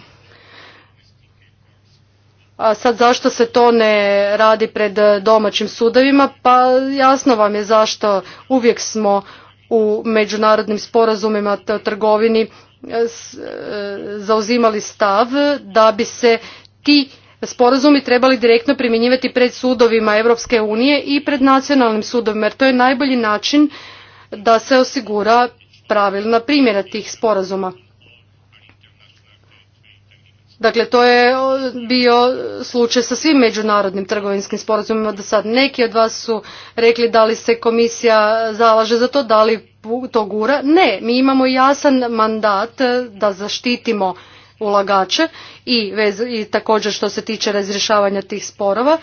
A sad zašto se to ne radi pred domaćim sudovima? Pa jasno vam je zašto uvijek smo u međunarodnim sporazumima trgovini e, e, zauzimali stav da bi se ti sporazumi trebali direktno primjenjivati pred sudovima Europske unije i pred nacionalnim sudovima jer to je najbolji način da se osigura pravilna primjena tih sporazuma. Dakle, to je bio slučaj sa svim međunarodnim trgovinskim sporazumima do sad. Neki od vas su rekli da li se komisija zalaže za to, da li to gura. Ne, mi imamo jasan mandat da zaštitimo ulagače i, i također što se tiče razrješavanja tih sporova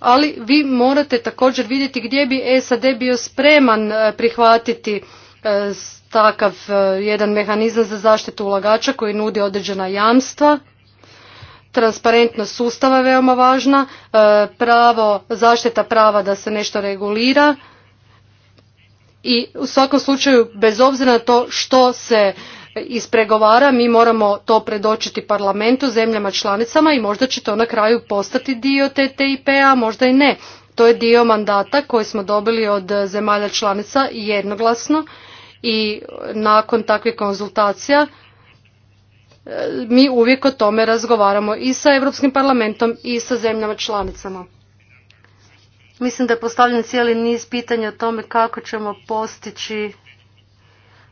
ali vi morate također vidjeti gdje bi SAD bio spreman e, prihvatiti e, takav e, jedan mehanizam za zaštitu ulagača koji nudi određena jamstva. Transparentnost sustava je veoma važna, pravo, zaštita prava da se nešto regulira i u svakom slučaju bez obzira na to što se ispregovara, mi moramo to predočiti parlamentu, zemljama članicama i možda će to na kraju postati dio TTIP-a, možda i ne. To je dio mandata koji smo dobili od zemalja članica jednoglasno i nakon takvih konzultacija e, mi uvijek o tome razgovaramo i sa Europskim parlamentom i sa zemljama članicama. Mislim da je postavljen cijeli niz pitanja o tome kako ćemo postići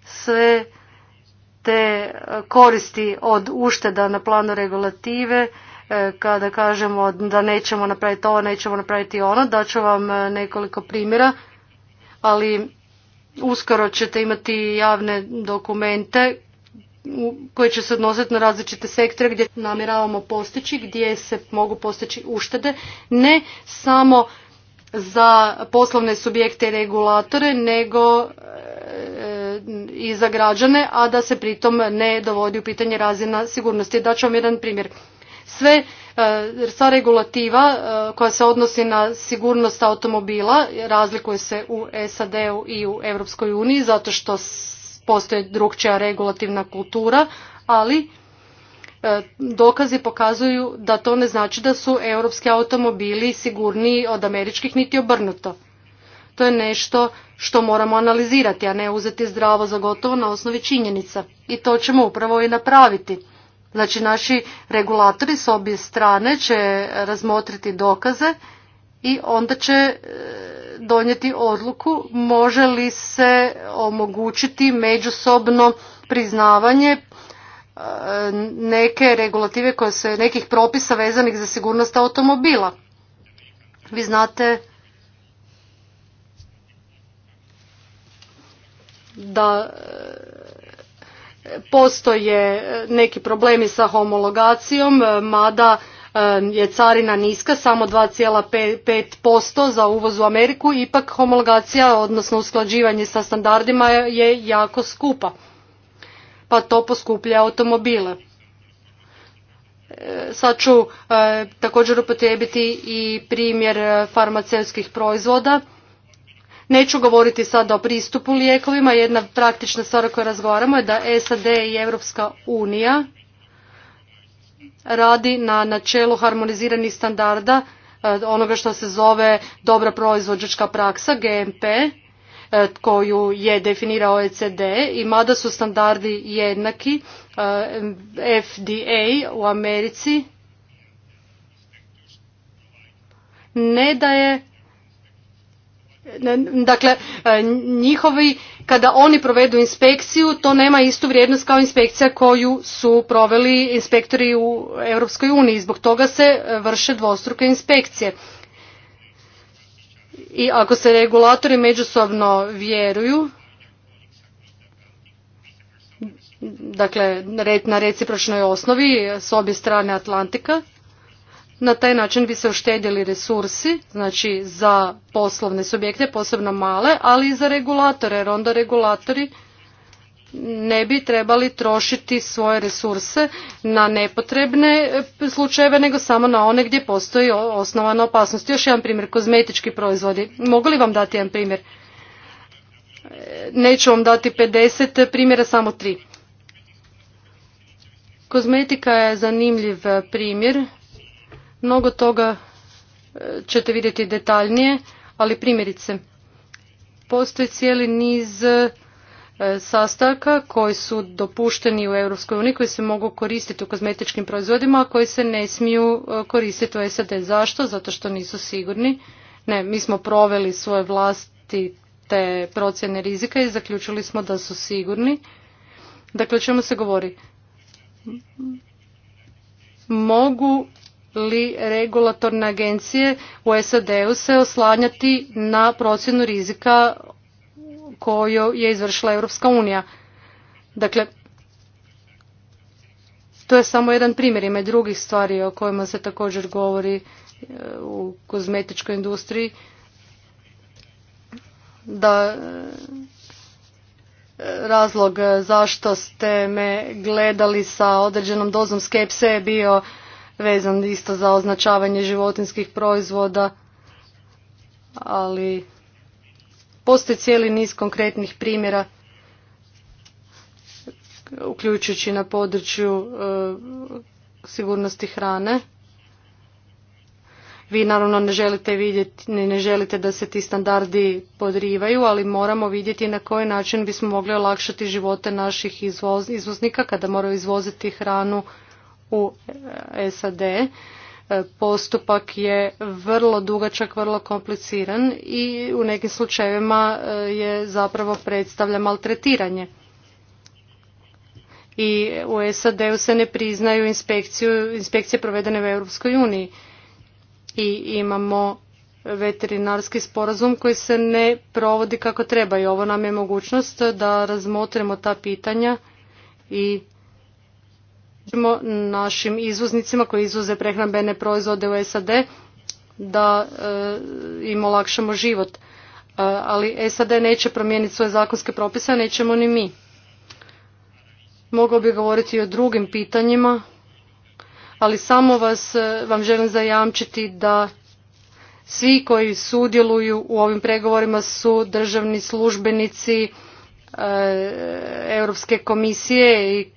sve te e, koristi od ušteda na planu regulative e, kada kažemo da nećemo napraviti ovo, nećemo napraviti ono, ću vam e, nekoliko primjera, ali uskoro ćete imati javne dokumente koje će se odnositi na različite sektore gdje namjeravamo postići, gdje se mogu postići uštede, ne samo za poslovne subjekte i regulatore, nego i za građane, a da se pritom ne dovodi u pitanje razina sigurnosti. Daću vam jedan primjer. Sve e, sa regulativa e, koja se odnosi na sigurnost automobila razlikuje se u SAD-u i u Europskoj uniji zato što postoji drugčija regulativna kultura, ali e, dokazi pokazuju da to ne znači da su europski automobili sigurniji od američkih niti obrnuto to je nešto što moramo analizirati, a ne uzeti zdravo za gotovo na osnovi činjenica. I to ćemo upravo i napraviti. Znači naši regulatori s obje strane će razmotriti dokaze i onda će e, donijeti odluku može li se omogućiti međusobno priznavanje e, neke regulative koje se nekih propisa vezanih za sigurnost automobila. Vi znate da e, postoje neki problemi sa homologacijom, e, mada e, je carina niska, samo 2,5% za uvoz u Ameriku, ipak homologacija, odnosno usklađivanje sa standardima je jako skupa. Pa to poskuplja automobile. Sad ću također upotrijebiti i primjer farmaceutskih proizvoda Neću govoriti sada o pristupu lijekovima, jedna praktična stvar o kojoj razgovaramo je da SAD i Europska unija radi na načelu harmoniziranih standarda eh, onoga što se zove dobra proizvođačka praksa, GMP, eh, koju je definirao OECD i mada su standardi jednaki, eh, FDA u Americi ne daje dakle e, njihovi kada oni provedu inspekciju to nema istu vrijednost kao inspekcija koju su proveli inspektori u Europskoj uniji zbog toga se e, vrše dvostruke inspekcije i ako se regulatori međusobno vjeruju dakle na recipročnoj osnovi s obje strane Atlantika na taj način bi se uštedjeli resursi, znači za poslovne subjekte, posebno male, ali i za regulatore, jer onda regulatori ne bi trebali trošiti svoje resurse na nepotrebne slučajeve, nego samo na one gdje postoji osnovana opasnost. Još jedan primjer, kozmetički proizvodi. Mogu li vam dati jedan primjer? E, neću vam dati 50 primjera, samo tri. Kozmetika je zanimljiv primjer Mnogo toga e, ćete vidjeti detaljnije, ali primjerice, postoji cijeli niz e, sastavka koji su dopušteni u EU koji se mogu koristiti u kozmetičkim proizvodima, a koji se ne smiju e, koristiti u SAD. Zašto? Zato što nisu sigurni. Ne, mi smo proveli svoje vlasti te procjene rizika i zaključili smo da su sigurni. Dakle, čemu se govori? Mogu li regulatorne agencije u SAD-u se oslanjati na procjenu rizika koju je izvršila Europska unija. Dakle, to je samo jedan primjer, ima i drugih stvari o kojima se također govori e, u kozmetičkoj industriji. Da e, razlog zašto ste me gledali sa određenom dozom skepse je bio vezan isto za označavanje životinskih proizvoda, ali postoji cijeli niz konkretnih primjera uključujući na području e, sigurnosti hrane. Vi naravno ne želite vidjeti, ne želite da se ti standardi podrivaju, ali moramo vidjeti na koji način bismo mogli olakšati živote naših izvoznika kada moraju izvoziti hranu u SAD e, postupak je vrlo dugačak, vrlo kompliciran i u nekim slučajevima e, je zapravo predstavlja maltretiranje. I u SAD-u se ne priznaju inspekciju, inspekcije provedene u Europskoj uniji. I imamo veterinarski sporazum koji se ne provodi kako treba i ovo nam je mogućnost da razmotrimo ta pitanja i ćemo našim izvoznicima koji izvoze prehrambene proizvode u SAD da e, im olakšamo život. E, ali SAD neće promijeniti svoje zakonske propise, a nećemo ni mi. Mogao bih govoriti i o drugim pitanjima, ali samo vas, e, vam želim zajamčiti da svi koji sudjeluju u ovim pregovorima su državni službenici Europske komisije i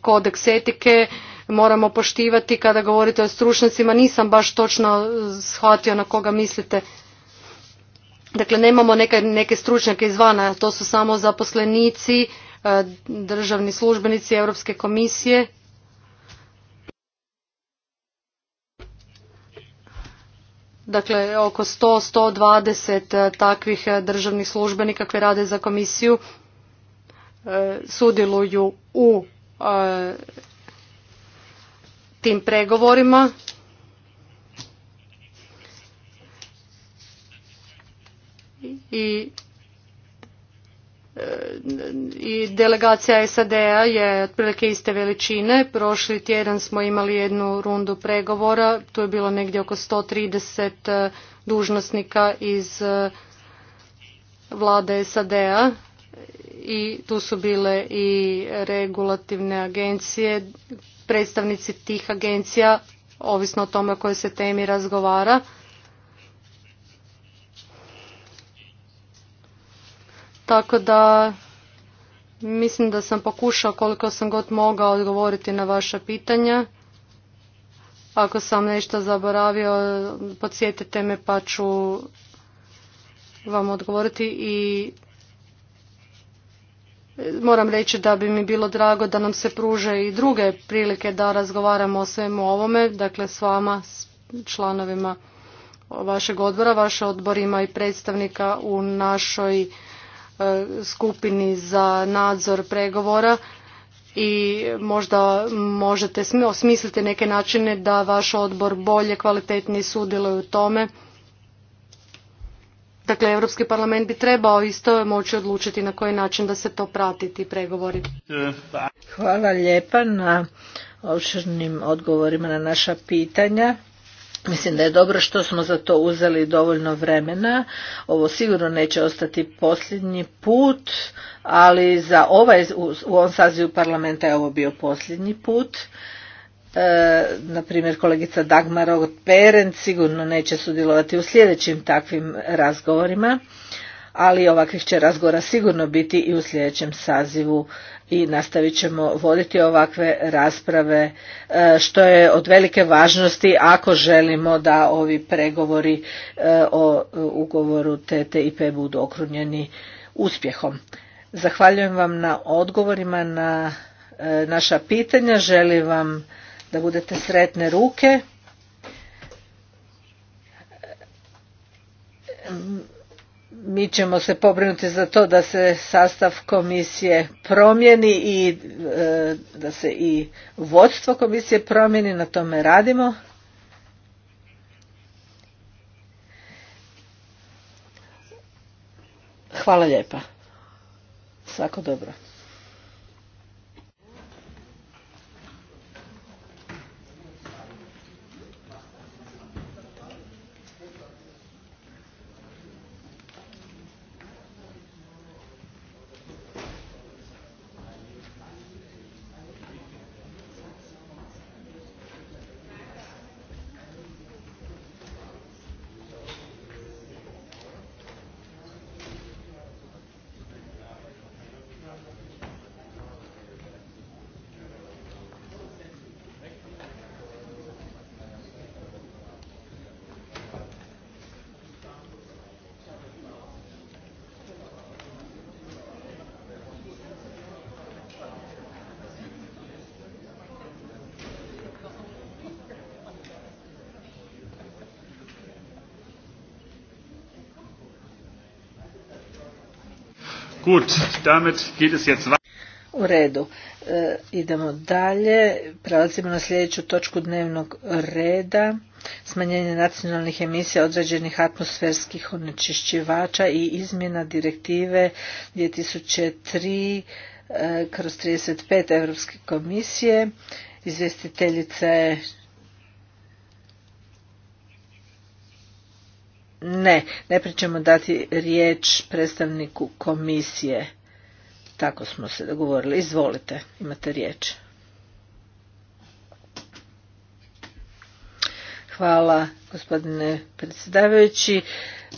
kodeks etike moramo poštivati kada govorite o stručnjacima. Nisam baš točno shvatio na koga mislite. Dakle, nemamo neke, neke stručnjake izvana, to su samo zaposlenici, e, državni službenici Europske komisije. Dakle, oko 100-120 e, takvih e, državnih službenika koji rade za komisiju sudjeluju u E, tim pregovorima i e, i delegacija SAD-a je otprilike iste veličine. Prošli tjedan smo imali jednu rundu pregovora, tu je bilo negdje oko 130 e, dužnosnika iz vlade SAD-a i tu su bile i regulativne agencije, predstavnici tih agencija, ovisno o tome koje kojoj se temi razgovara. Tako da mislim da sam pokušao koliko sam god mogao odgovoriti na vaša pitanja. Ako sam nešto zaboravio, podsjetite me pa ću vam odgovoriti i Moram reći da bi mi bilo drago da nam se pruže i druge prilike da razgovaramo o svemu ovome, dakle s vama, članovima vašeg odbora. Vaš odbor ima i predstavnika u našoj e, skupini za nadzor pregovora i možda možete osmisliti neke načine da vaš odbor bolje, kvalitetnije sudjeluje u tome Dakle, Europski parlament bi trebao isto moći odlučiti na koji način da se to prati ti pregovori. Hvala lijepa na opširnim odgovorima na naša pitanja. Mislim da je dobro što smo za to uzeli dovoljno vremena. Ovo sigurno neće ostati posljednji put, ali za ovaj, u ovom sazivu parlamenta je ovo bio posljednji put. E, na primjer kolegica Dagmar Peren sigurno neće sudjelovati u sljedećim takvim razgovorima, ali ovakvih će razgovora sigurno biti i u sljedećem sazivu i nastavit ćemo voditi ovakve rasprave e, što je od velike važnosti ako želimo da ovi pregovori e, o ugovoru TTIP budu okrunjeni uspjehom. Zahvaljujem vam na odgovorima na e, naša pitanja. Želim vam da budete sretne ruke. Mi ćemo se pobrinuti za to da se sastav komisije promijeni i e, da se i vodstvo komisije promijeni, na tome radimo. Hvala lijepa. Svako dobro. u redu. E, idemo dalje. Prelazimo na sljedeću točku dnevnog reda. Smanjenje nacionalnih emisija određenih atmosferskih onečišćivača i izmjena direktive 2003 e, kroz 35 Europske komisije. Izvjestiteljica je Ne, ne ćemo dati riječ predstavniku komisije. Tako smo se dogovorili. Izvolite, imate riječ. Hvala gospodine predsjedavajući.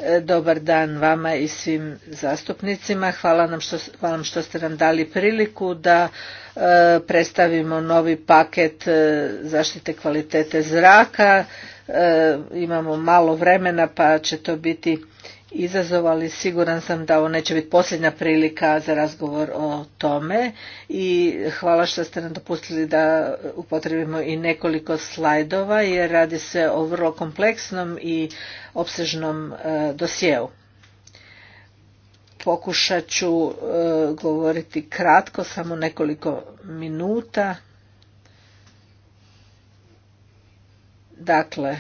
E, dobar dan vama i svim zastupnicima. Hvala nam što, hvala što ste nam dali priliku da e, predstavimo novi paket e, zaštite kvalitete zraka E, imamo malo vremena pa će to biti izazov, ali siguran sam da ovo neće biti posljednja prilika za razgovor o tome i hvala što ste nam dopustili da upotrebimo i nekoliko slajdova jer radi se o vrlo kompleksnom i opsežnom e, dosjeu. Pokušat ću e, govoriti kratko, samo nekoliko minuta. Dakle,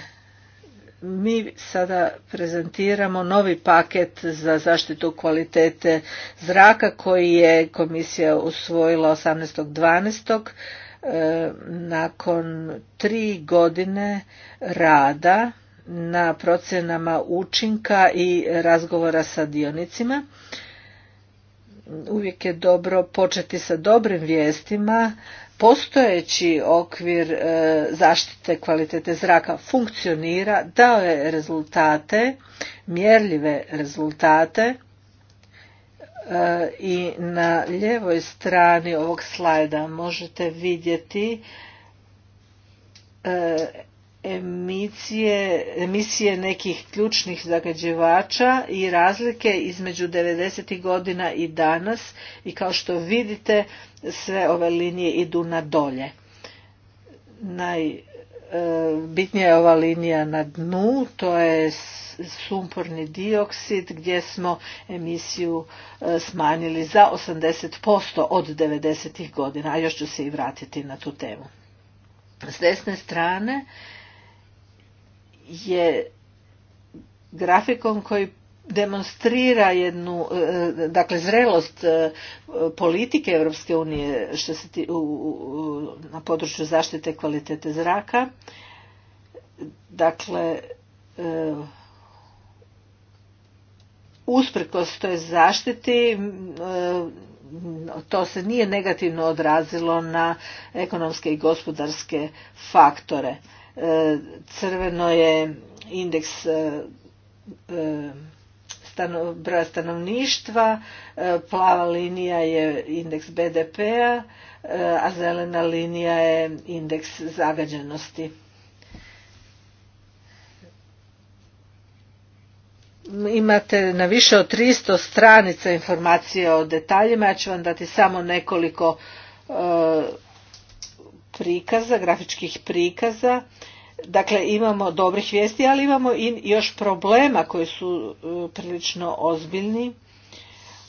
mi sada prezentiramo novi paket za zaštitu kvalitete zraka koji je komisija usvojila 18.12. E, nakon tri godine rada na procjenama učinka i razgovora sa dionicima. Uvijek je dobro početi sa dobrim vijestima postojeći okvir e, zaštite kvalitete zraka funkcionira, dao je rezultate, mjerljive rezultate e, i na ljevoj strani ovog slajda možete vidjeti e, emisije, emisije nekih ključnih zagađivača i razlike između 90. godina i danas i kao što vidite sve ove linije idu na dolje. Najbitnija e, je ova linija na dnu, to je sumporni dioksid gdje smo emisiju e, smanjili za 80% od 90. godina, a još ću se i vratiti na tu temu. S desne strane je grafikom koji demonstrira jednu e, dakle zrelost e, politike Europske unije što se ti, na području zaštite kvalitete zraka dakle e, usprkos toj zaštiti to se nije negativno odrazilo na ekonomske i gospodarske faktore E, crveno je indeks e, e, broja stanovništva, plava linija je indeks BDP-a, a zelena linija je indeks zagađenosti. Imate na više od 300 stranica informacija o detaljima, ja ću vam dati samo nekoliko prikaza, grafičkih prikaza. Dakle, imamo dobrih vijesti, ali imamo i još problema koji su e, prilično ozbiljni.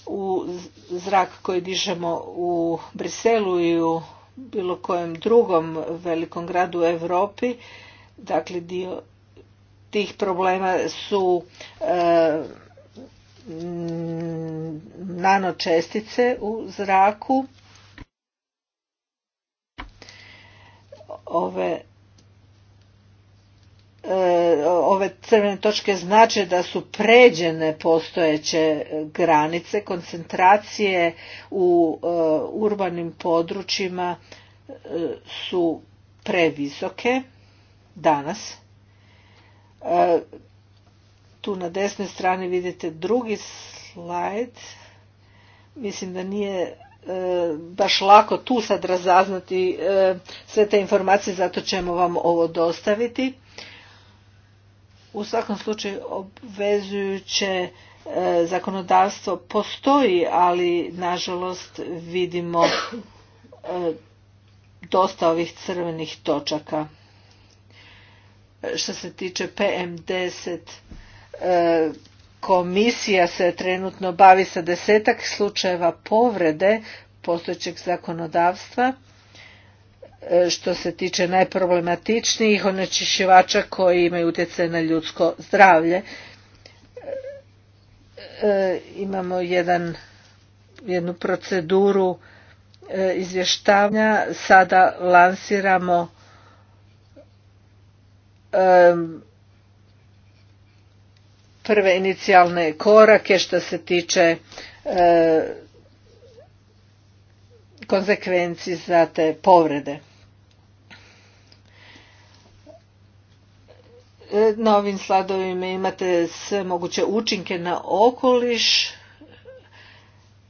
U zrak koji dižemo u Briselu i u bilo kojem drugom velikom gradu u Europi, dakle dio tih problema su e, nanočestice u zraku ove e, ove crvene točke znače da su pređene postojeće granice koncentracije u e, urbanim područjima e, su previsoke danas tu na desnoj strani vidite drugi slajd mislim da nije baš lako tu sad razaznati e, sve te informacije, zato ćemo vam ovo dostaviti. U svakom slučaju obvezujuće e, zakonodavstvo postoji, ali nažalost vidimo e, dosta ovih crvenih točaka. Što se tiče PM10, komisija se trenutno bavi sa desetak slučajeva povrede postojećeg zakonodavstva e, što se tiče najproblematičnijih onečišćivača koji imaju utjecaj na ljudsko zdravlje. E, e, imamo jedan, jednu proceduru izvještavanja. Sada lansiramo prve inicijalne korake što se tiče e, konsekvenci za te povrede. E, na ovim sladovima imate sve moguće učinke na okoliš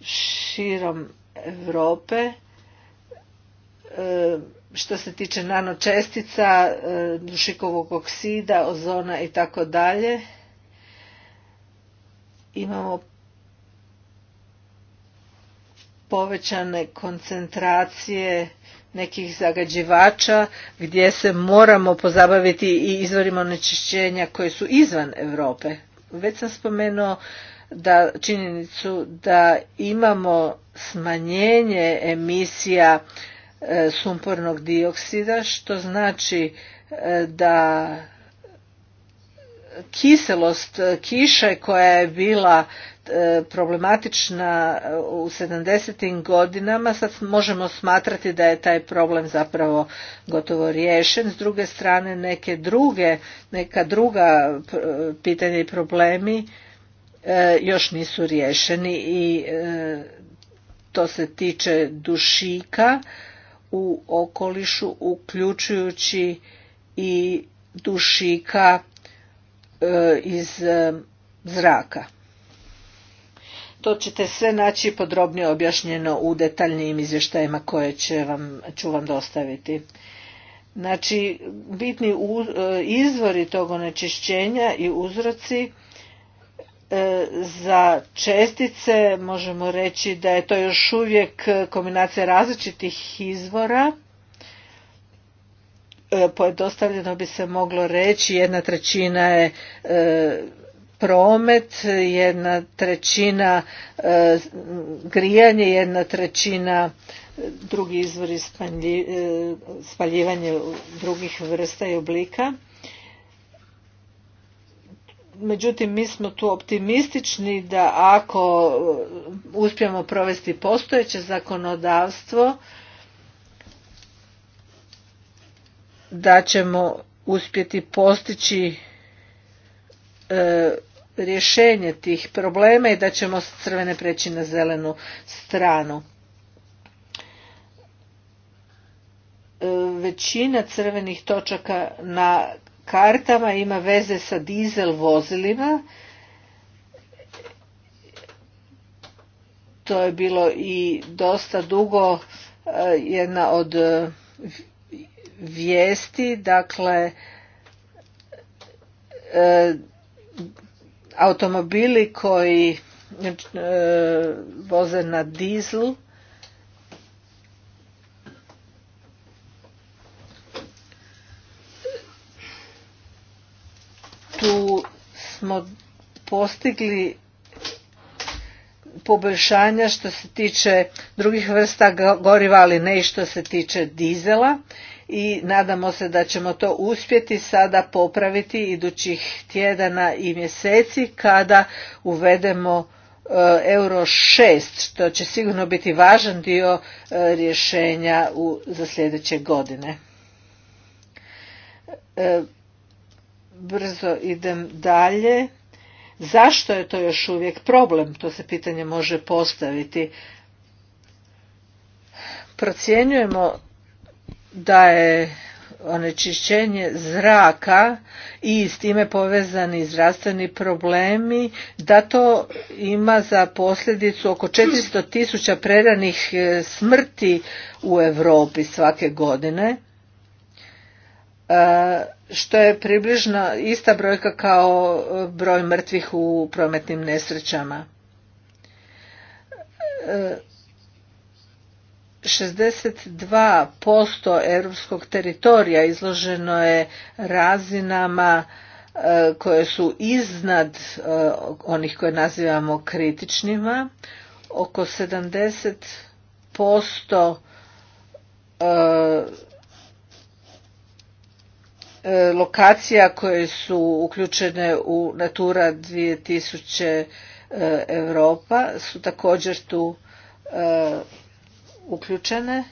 širom Europe. E, što se tiče nanočestica, e, dušikovog oksida, ozona i tako dalje imamo povećane koncentracije nekih zagađivača gdje se moramo pozabaviti i izvorima onečišćenja koje su izvan Europe. Već sam spomenuo da činjenicu da imamo smanjenje emisija e, sumpornog dioksida što znači e, da kiselost kiše koja je bila e, problematična e, u 70. godinama, sad možemo smatrati da je taj problem zapravo gotovo riješen. S druge strane neke druge, neka druga e, pitanja i problemi još nisu riješeni i to se tiče dušika u okolišu uključujući i dušika E, iz e, zraka. To ćete sve naći podrobnije objašnjeno u detaljnim izvještajima koje vam, ću vam dostaviti. Znači, bitni e, izvori tog onečišćenja i uzroci za čestice možemo reći da je to još uvijek kombinacija različitih izvora E, pojednostavljeno bi se moglo reći jedna trećina je e, promet, jedna trećina e, grijanje, jedna trećina drugi izvori spaljivanje drugih vrsta i oblika. Međutim, mi smo tu optimistični da ako uspijemo provesti postojeće zakonodavstvo, da ćemo uspjeti postići e, rješenje tih problema i da ćemo s crvene preći na zelenu stranu. E, većina crvenih točaka na kartama ima veze sa dizel vozilima. To je bilo i dosta dugo e, jedna od vijesti, dakle e, automobili koji e, voze na dizel tu smo postigli poboljšanja što se tiče drugih vrsta goriva, ali ne i što se tiče dizela i nadamo se da ćemo to uspjeti sada popraviti idućih tjedana i mjeseci kada uvedemo e, euro 6 što će sigurno biti važan dio e, rješenja u, za sljedeće godine. E, brzo idem dalje. Zašto je to još uvijek problem? To se pitanje može postaviti. Procjenjujemo da je onečišćenje zraka i s time povezani zdravstveni problemi, da to ima za posljedicu oko 400 tisuća preranih e, smrti u Europi svake godine, e, što je približno ista brojka kao e, broj mrtvih u prometnim nesrećama 62% europskog teritorija izloženo je razinama e, koje su iznad e, onih koje nazivamo kritičnima. Oko 70% e, lokacija koje su uključene u Natura 2000 Europa su također tu uključene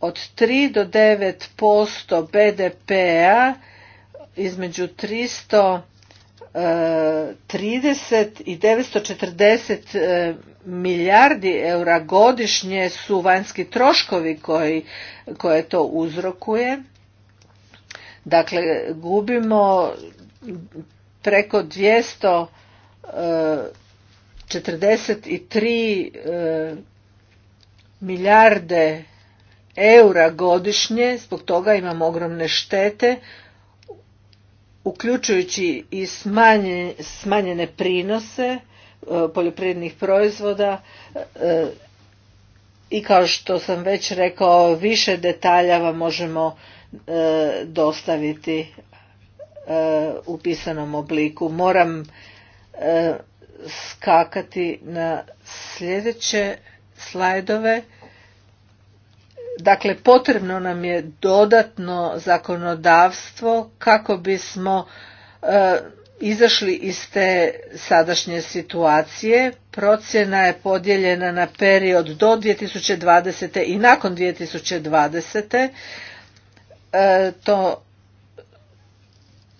od 3 do 9% posto BDP-a između 330 e, i 940 e, milijardi eura godišnje su vanjski troškovi koji, koje to uzrokuje. Dakle, gubimo preko 243 milijarde eura godišnje, zbog toga imamo ogromne štete, uključujući i smanjene prinose e, poljoprivrednih proizvoda e, i kao što sam već rekao više detalja vam možemo e, dostaviti u pisanom obliku. Moram skakati na sljedeće slajdove. Dakle, potrebno nam je dodatno zakonodavstvo kako bismo e, izašli iz te sadašnje situacije. Procjena je podijeljena na period do 2020. i nakon 2020. E, to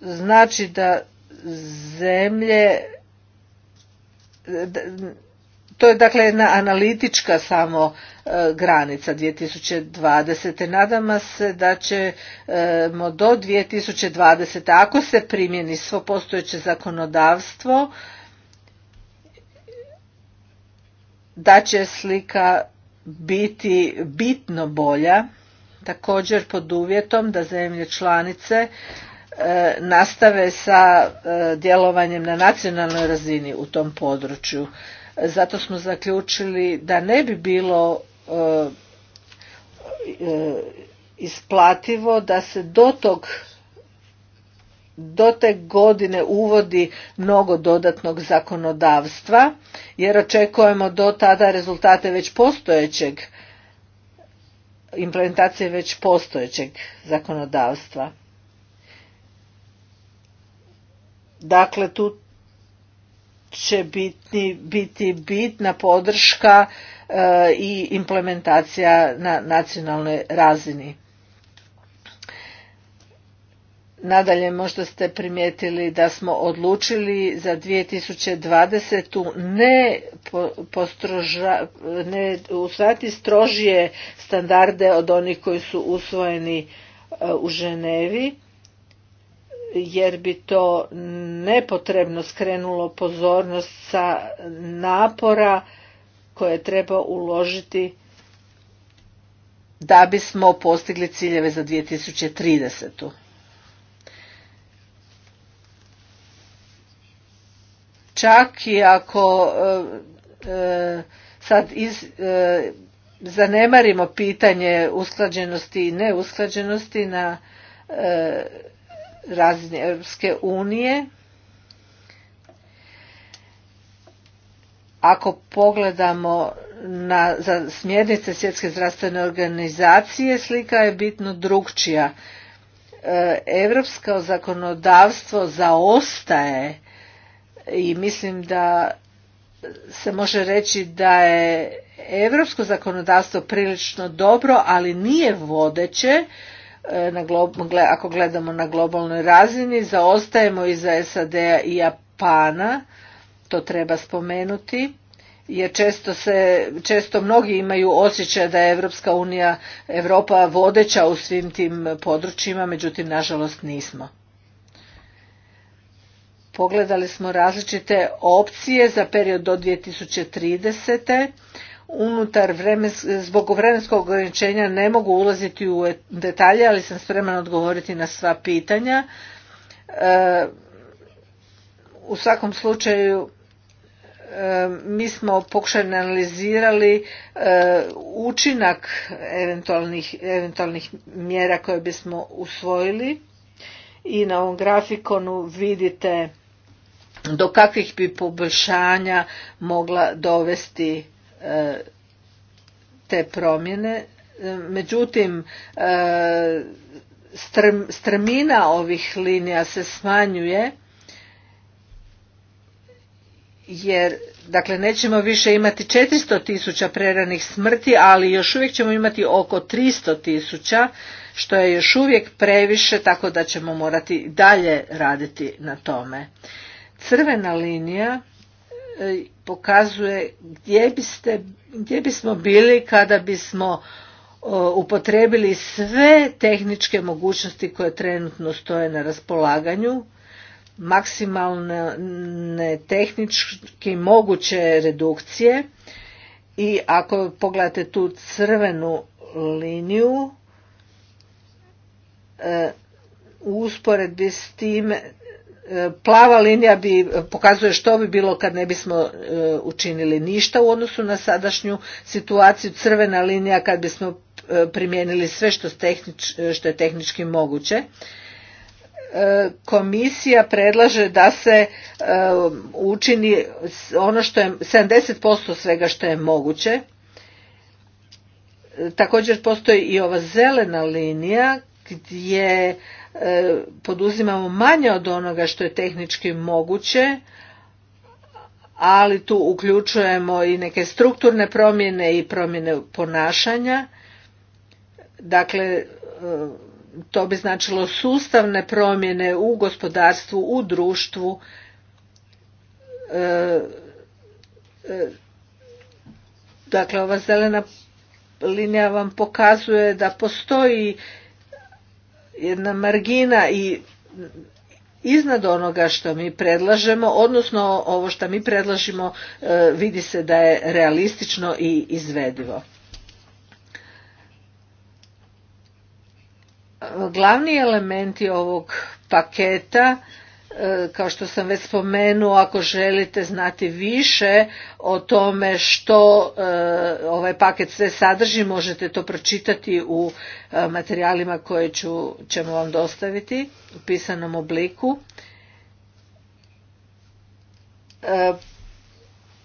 znači da zemlje to je dakle jedna analitička samo e, granica 2020. Nadamo se da ćemo do 2020. ako se primjeni svo postojeće zakonodavstvo da će slika biti bitno bolja također pod uvjetom da zemlje članice e, nastave sa e, djelovanjem na nacionalnoj razini u tom području zato smo zaključili da ne bi bilo e, e, isplativo da se do tog do te godine uvodi mnogo dodatnog zakonodavstva jer očekujemo do tada rezultate već postojećeg implementacije već postojećeg zakonodavstva. Dakle, tu će biti, biti bitna podrška e, i implementacija na nacionalnoj razini. Nadalje možda ste primijetili da smo odlučili za 2020. ne, postroža, ne usvajati strožije standarde od onih koji su usvojeni e, u Ženevi jer bi to nepotrebno skrenulo pozornost sa napora koje treba uložiti da bismo postigli ciljeve za 2030. Čak i ako e, e, sad e, zanemarimo pitanje usklađenosti i neusklađenosti na razini Europske unije. Ako pogledamo na, za smjernice svjetske zdravstvene organizacije, slika je bitno drugčija. Europsko zakonodavstvo zaostaje i mislim da se može reći da je europsko zakonodavstvo prilično dobro, ali nije vodeće E, na ako gledamo na globalnoj razini, zaostajemo iza SAD-a i Japana, to treba spomenuti, jer često, se, često mnogi imaju osjećaj da je Evropska unija, Europa vodeća u svim tim područjima, međutim, nažalost, nismo. Pogledali smo različite opcije za period do 2030 unutar zbog vremenskog ograničenja ne mogu ulaziti u detalje, ali sam spreman odgovoriti na sva pitanja. E, u svakom slučaju e, mi smo pokušali analizirali e, učinak eventualnih, eventualnih mjera koje bismo usvojili i na ovom grafikonu vidite do kakvih bi poboljšanja mogla dovesti te promjene. Međutim, e, strmina ovih linija se smanjuje jer dakle nećemo više imati 400 tisuća preranih smrti, ali još uvijek ćemo imati oko 300 tisuća, što je još uvijek previše, tako da ćemo morati dalje raditi na tome. Crvena linija E, pokazuje gdje, biste, gdje bismo bili kada bismo e, upotrebili sve tehničke mogućnosti koje trenutno stoje na raspolaganju, maksimalne tehnički moguće redukcije i ako pogledate tu crvenu liniju e, u usporedbi s tim E, plava linija bi e, pokazuje što bi bilo kad ne bismo e, učinili ništa u odnosu na sadašnju situaciju crvena linija kad bismo primijenili sve što, je tehnički moguće komisija predlaže da se učini ono što je 70% svega što je moguće također postoji i ova zelena linija gdje E, poduzimamo manje od onoga što je tehnički moguće, ali tu uključujemo i neke strukturne promjene i promjene ponašanja. Dakle, e, to bi značilo sustavne promjene u gospodarstvu, u društvu, e, dakle ova zelena linija vam pokazuje da postoji jedna margina i iznad onoga što mi predlažemo, odnosno ovo što mi predlažimo, e, vidi se da je realistično i izvedivo. Glavni elementi ovog paketa E, kao što sam već spomenuo, ako želite znati više o tome što e, ovaj paket sve sadrži, možete to pročitati u e, materijalima koje ću, ćemo vam dostaviti u pisanom obliku.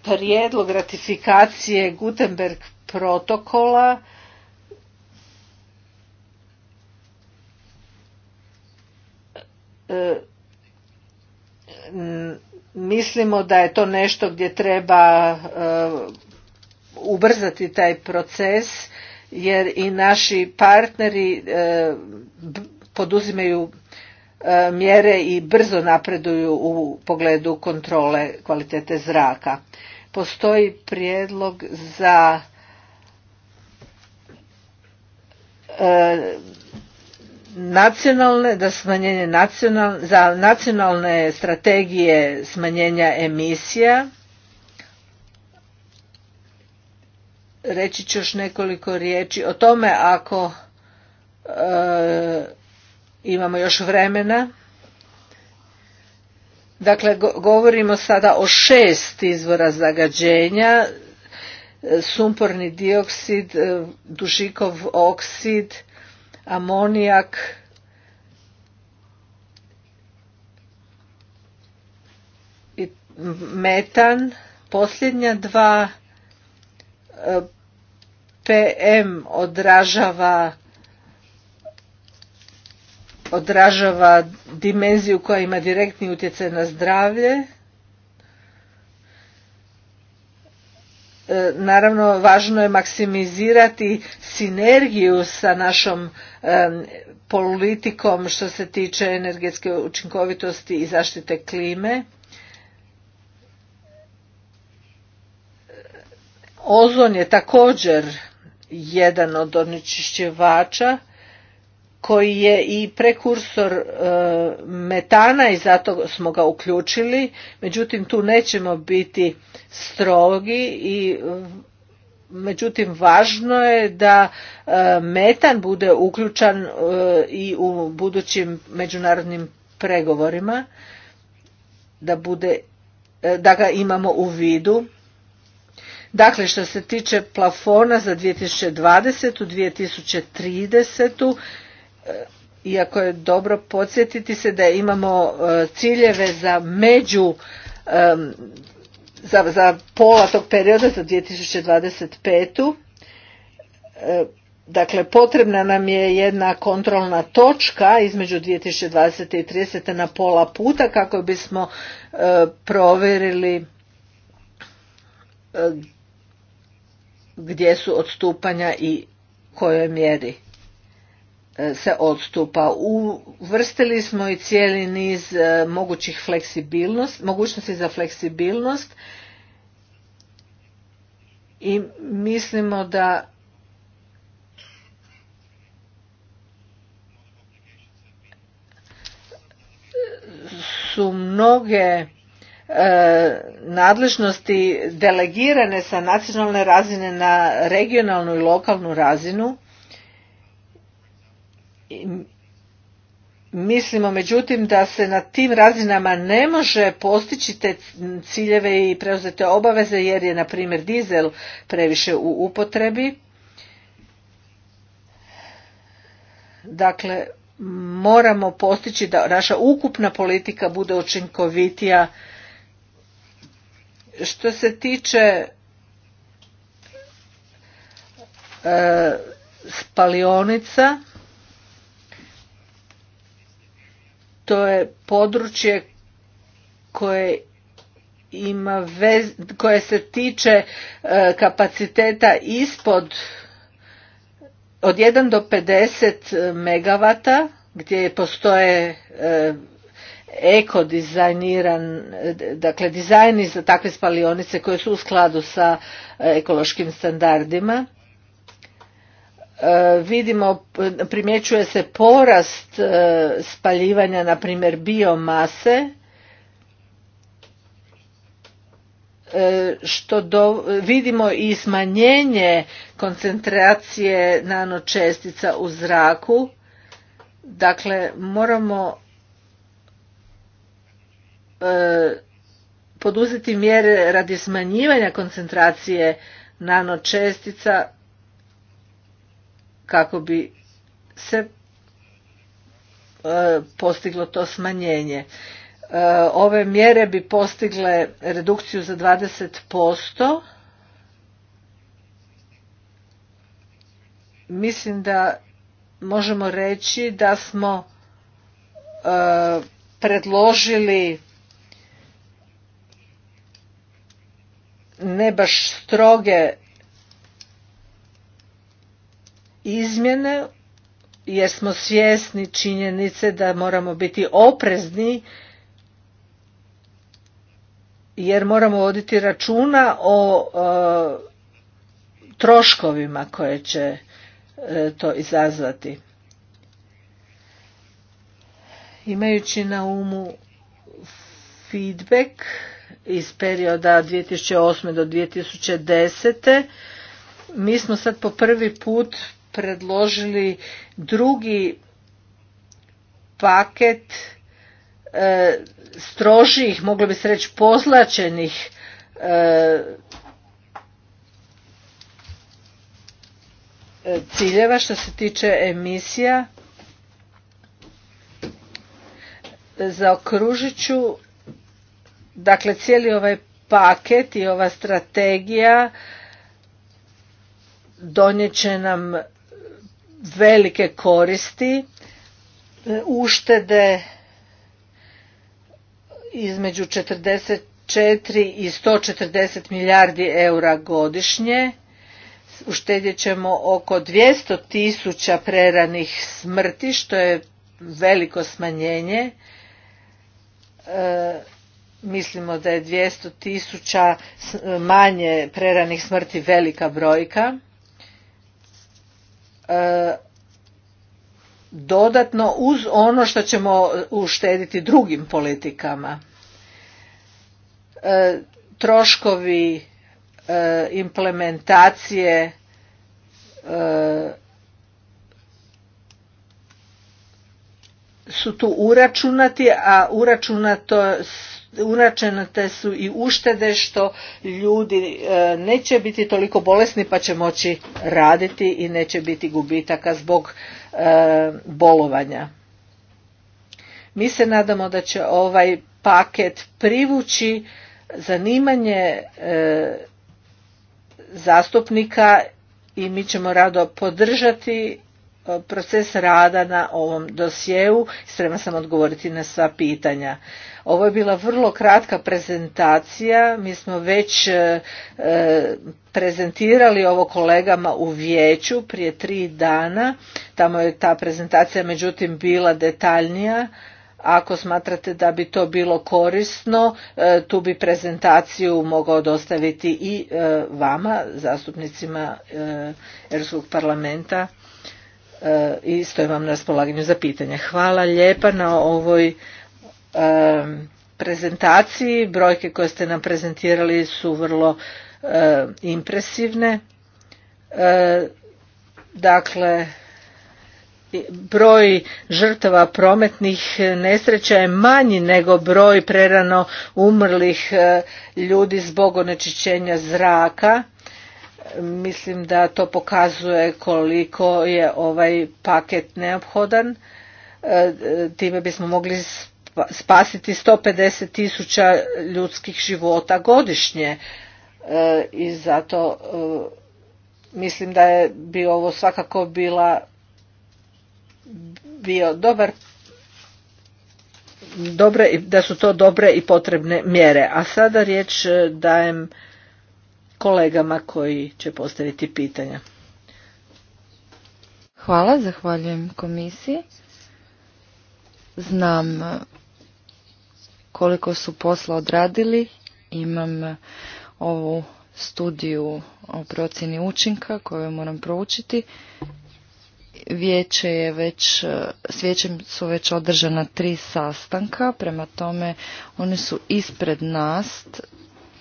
Prijedlog ratifikacije Gutenberg protokola mislimo da je to nešto gdje treba e, ubrzati taj proces jer i naši partneri e, poduzimaju e, mjere i brzo napreduju u pogledu kontrole kvalitete zraka. Postoji prijedlog za nacionalne, da smanjenje nacional, za nacionalne strategije smanjenja emisija. Reći ću još nekoliko riječi o tome ako e, imamo još vremena. Dakle, govorimo sada o šest izvora zagađenja, e, sumporni dioksid, e, dušikov oksid, amonijak, i metan, posljednja dva e, PM odražava odražava dimenziju koja ima direktni utjecaj na zdravlje E, naravno važno je maksimizirati sinergiju sa našom e, politikom što se tiče energetske učinkovitosti i zaštite klime. Ozon je također jedan od onečišćivača koji je i prekursor e, metana i zato smo ga uključili. Međutim, tu nećemo biti strogi i e, međutim važno je da e, metan bude uključan i u budućim međunarodnim pregovorima da bude da ga imamo u vidu. Dakle, što se tiče plafona za 2020. 2030 iako je dobro podsjetiti se da imamo e, ciljeve za među za, za pola tog perioda za 2025. E, dakle, potrebna nam je jedna kontrolna točka između 2020. i 30. na pola puta kako bismo e, provjerili gdje su odstupanja i kojoj mjeri. E, se odstupa. Uvrstili smo i cijeli niz e, mogućih fleksibilnost, mogućnosti za fleksibilnost i mislimo da su mnoge e, nadležnosti delegirane sa nacionalne razine na regionalnu i lokalnu razinu Mislimo međutim da se na tim razinama ne može postići te ciljeve i preuzete obaveze jer je na primjer dizel previše u upotrebi. Dakle, moramo postići da naša ukupna politika bude učinkovitija. Što se tiče e, spalionica, to je područje koje ima vez, koje se tiče e, kapaciteta ispod od 1 do 50 e, megavata gdje postoje e, eko dizajniran, dakle dizajni za takve spalionice koje su u skladu sa ekološkim standardima. E, vidimo, primjećuje se porast e, spaljivanja, na primjer, biomase, e, što vidimo i smanjenje koncentracije nanočestica u zraku. Dakle, moramo poduzeti mjere radi smanjivanja koncentracije nanočestica kako bi se e, postiglo to smanjenje. E, ove mjere bi postigle redukciju za 20%. Mislim da možemo reći da smo e, predložili ne baš stroge izmjene jer smo svjesni činjenice da moramo biti oprezni jer moramo voditi računa o e, troškovima koje će e, to izazvati. Imajući na umu feedback iz perioda 2008. do 2010. mi smo sad po prvi put predložili drugi paket e, strožih, moglo bi se reći pozlačenih e, e, ciljeva što se tiče emisija. Zaokružit ću dakle cijeli ovaj paket i ova strategija donijet će nam velike koristi, e, uštede između 44 i 140 milijardi eura godišnje, uštedjet ćemo oko 200 tisuća preranih smrti, što je veliko smanjenje. E, mislimo da je 200 tisuća e, manje preranih smrti velika brojka dodatno uz ono što ćemo uštediti drugim politikama. E, troškovi e, implementacije e, su tu uračunati, a uračunato uračunate su i uštede što ljudi e, neće biti toliko bolesni pa će moći raditi i neće biti gubitaka zbog e, bolovanja. Mi se nadamo da će ovaj paket privući zanimanje e, zastupnika i mi ćemo rado podržati proces rada na ovom dosjeu. sprema sam odgovoriti na sva pitanja. Ovo je bila vrlo kratka prezentacija. Mi smo već e, e, prezentirali ovo kolegama u vijeću prije tri dana. Tamo je ta prezentacija međutim bila detaljnija. Ako smatrate da bi to bilo korisno, e, tu bi prezentaciju mogao dostaviti i vama, zastupnicima Europskog parlamenta i stojim vam na raspolaganju za pitanje. Hvala lijepa na ovoj prezentaciji. Brojke koje ste nam prezentirali su vrlo impresivne. Dakle, broj žrtava prometnih nesreća je manji nego broj prerano umrlih ljudi zbog onečišćenja zraka mislim da to pokazuje koliko je ovaj paket neophodan. E, time bismo mogli spasiti 150 tisuća ljudskih života godišnje e, i zato e, mislim da je bi ovo svakako bila bio dobar dobre, da su to dobre i potrebne mjere. A sada riječ dajem kolegama koji će postaviti pitanja. Hvala, zahvaljujem komisiji. Znam e, koliko su posla odradili. Imam e, ovu studiju o procjeni učinka koju moram proučiti. Vijeće je već, e, s vijećem su već održana tri sastanka, prema tome oni su ispred nas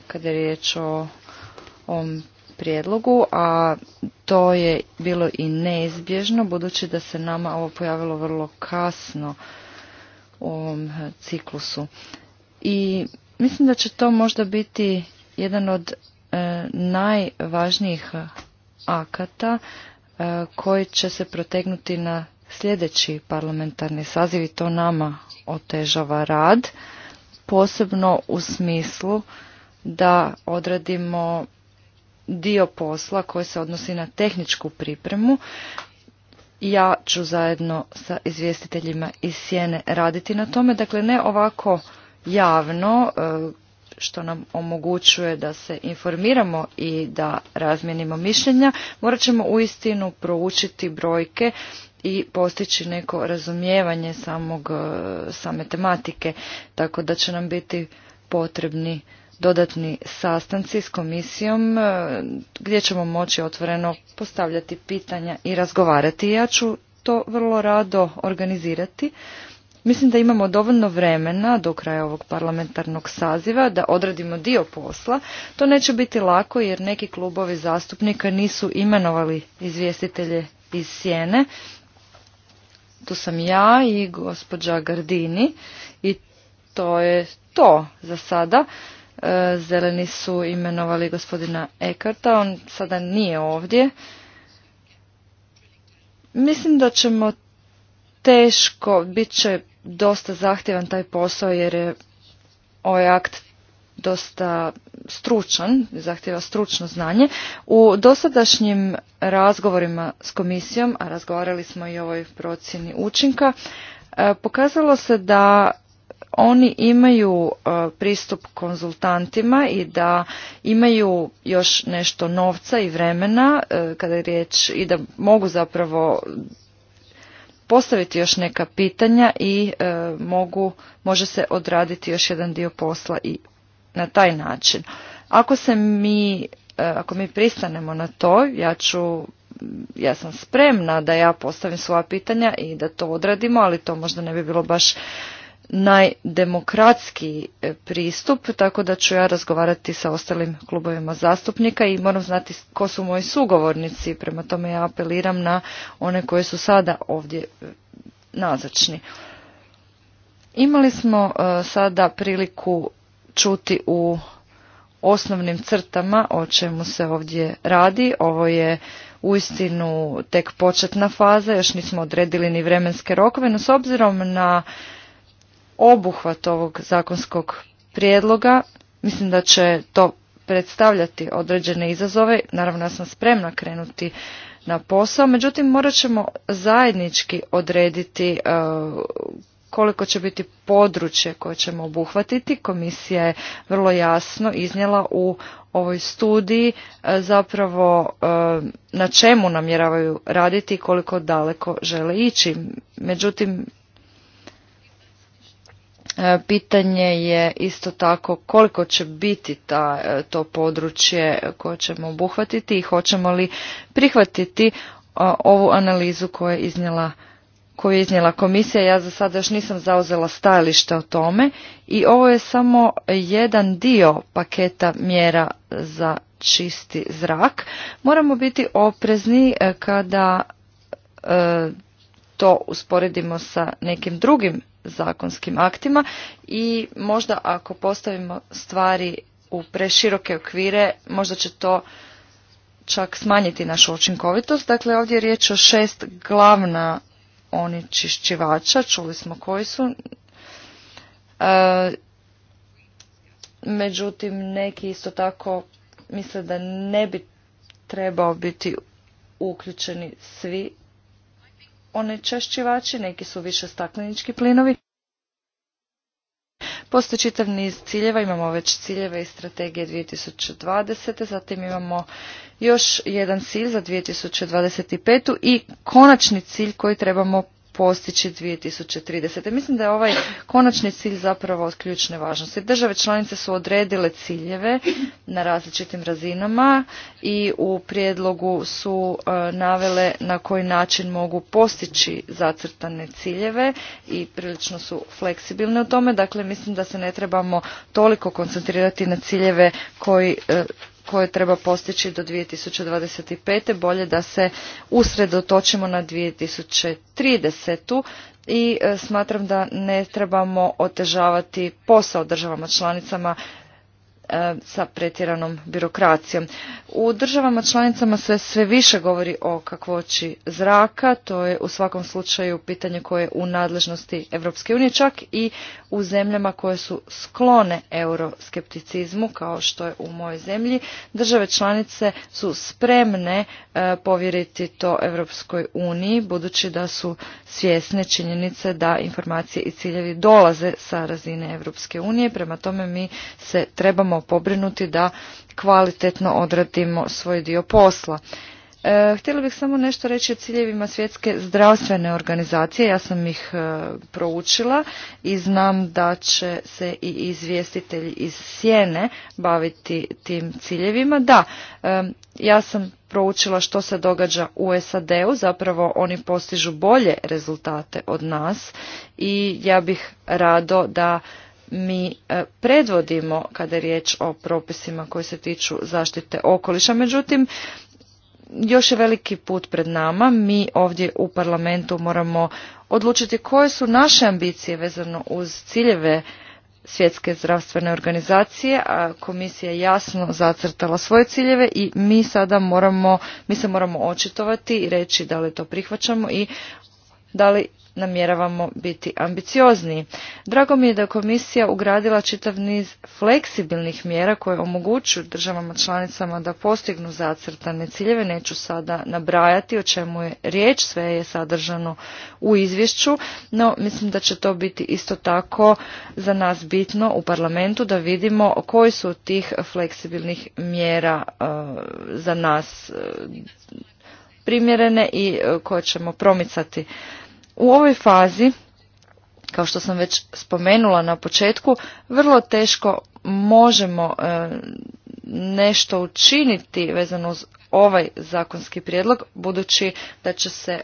kada je riječ o ovom prijedlogu, a to je bilo i neizbježno budući da se nama ovo pojavilo vrlo kasno u ovom ciklusu. I mislim da će to možda biti jedan od e, najvažnijih akata e, koji će se protegnuti na sljedeći parlamentarni saziv i to nama otežava rad, posebno u smislu da odradimo dio posla koji se odnosi na tehničku pripremu. Ja ću zajedno sa izvjestiteljima iz Sjene raditi na tome, dakle ne ovako javno e, što nam omogućuje da se informiramo i da razmijenimo mišljenja, morat ćemo uistinu proučiti brojke i postići neko razumijevanje samog, e, same tematike, tako da će nam biti potrebni dodatni sastanci s komisijom e, gdje ćemo moći otvoreno postavljati pitanja i razgovarati. Ja ću to vrlo rado organizirati. Mislim da imamo dovoljno vremena do kraja ovog parlamentarnog saziva da odradimo dio posla. To neće biti lako jer neki klubovi zastupnika nisu imenovali izvjestitelje iz sjene. Tu sam ja i gospođa Gardini i to je to za sada. E, zeleni su imenovali gospodina Ekarta, on sada nije ovdje. Mislim da ćemo teško, bit će dosta zahtjevan taj posao jer je ovaj akt dosta stručan, zahtjeva stručno znanje. U dosadašnjim razgovorima s komisijom, a razgovarali smo i o ovoj procjeni učinka, e, pokazalo se da oni imaju e, pristup konzultantima i da imaju još nešto novca i vremena e, kada je riječ i da mogu zapravo postaviti još neka pitanja i e, mogu može se odraditi još jedan dio posla i na taj način. Ako se mi ako mi pristanemo na to, ja ću ja sam spremna da ja postavim svoja pitanja i da to odradimo, ali to možda ne bi bilo baš najdemokratski e, pristup, tako da ću ja razgovarati sa ostalim klubovima zastupnika i moram znati ko su moji sugovornici, prema tome ja apeliram na one koji su sada ovdje e, nazočni. Imali smo e, sada priliku čuti u osnovnim crtama o čemu se ovdje radi. Ovo je uistinu tek početna faza, još nismo odredili ni vremenske rokove, no s obzirom na obuhvat ovog zakonskog prijedloga. Mislim da će to predstavljati određene izazove. Naravno, ja sam spremna krenuti na posao, međutim morat ćemo zajednički odrediti e, koliko će biti područje koje ćemo obuhvatiti. Komisija je vrlo jasno iznijela u ovoj studiji e, zapravo e, na čemu namjeravaju raditi i koliko daleko žele ići. Međutim, E, pitanje je isto tako koliko će biti ta, e, to područje koje ćemo obuhvatiti i hoćemo li prihvatiti e, ovu analizu koju je iznijela komisija, ja za sada još nisam zauzela stajalište o tome i ovo je samo jedan dio paketa mjera za čisti zrak. Moramo biti oprezni kada to usporedimo sa nekim drugim zakonskim aktima i možda ako postavimo stvari u preširoke okvire, možda će to čak smanjiti našu učinkovitost. Dakle, ovdje je riječ o šest glavna onečišćivača, čuli smo koji su. E, međutim, neki isto tako misle da ne bi trebao biti uključeni svi onečašćivači, neki su više staklenički plinovi. Postoji čitav niz ciljeva, imamo već ciljeve i strategije 2020. Zatim imamo još jedan cilj za 2025. i konačni cilj koji trebamo postići 2030. Mislim da je ovaj konačni cilj zapravo od ključne važnosti. Države članice su odredile ciljeve na različitim razinama i u prijedlogu su e, navele na koji način mogu postići zacrtane ciljeve i prilično su fleksibilne u tome. Dakle, mislim da se ne trebamo toliko koncentrirati na ciljeve koji e, koje treba postići do 2025. Bolje da se usredotočimo na 2030. I e, smatram da ne trebamo otežavati posao državama članicama E, sa pretjeranom birokracijom. U državama članicama se sve više govori o kakvoći zraka, to je u svakom slučaju pitanje koje je u nadležnosti Evropske unije, čak i u zemljama koje su sklone euroskepticizmu, kao što je u mojoj zemlji. Države članice su spremne e, povjeriti to Europskoj uniji, budući da su svjesne činjenice da informacije i ciljevi dolaze sa razine Europske unije, prema tome mi se trebamo pobrinuti da kvalitetno odradimo svoj dio posla. E, htjela bih samo nešto reći o ciljevima svjetske zdravstvene organizacije. Ja sam ih e, proučila i znam da će se i izvjestitelji iz Sjene baviti tim ciljevima. Da, e, ja sam proučila što se događa u SAD-u, zapravo oni postižu bolje rezultate od nas i ja bih rado da mi e, predvodimo kada je riječ o propisima koji se tiču zaštite okoliša. Međutim, još je veliki put pred nama. Mi ovdje u parlamentu moramo odlučiti koje su naše ambicije vezano uz ciljeve svjetske zdravstvene organizacije, a komisija je jasno zacrtala svoje ciljeve i mi sada moramo, mi se moramo očitovati i reći da li to prihvaćamo i da li namjeravamo biti ambiciozniji. Drago mi je da je komisija ugradila čitav niz fleksibilnih mjera koje omogućuju državama članicama da postignu zacrtane ciljeve. Neću sada nabrajati o čemu je riječ, sve je sadržano u izvješću, no mislim da će to biti isto tako za nas bitno u parlamentu da vidimo koji su tih fleksibilnih mjera e, za nas e, primjerene i e, koje ćemo promicati. U ovoj fazi, kao što sam već spomenula na početku, vrlo teško možemo e, nešto učiniti vezano uz ovaj zakonski prijedlog, budući da će se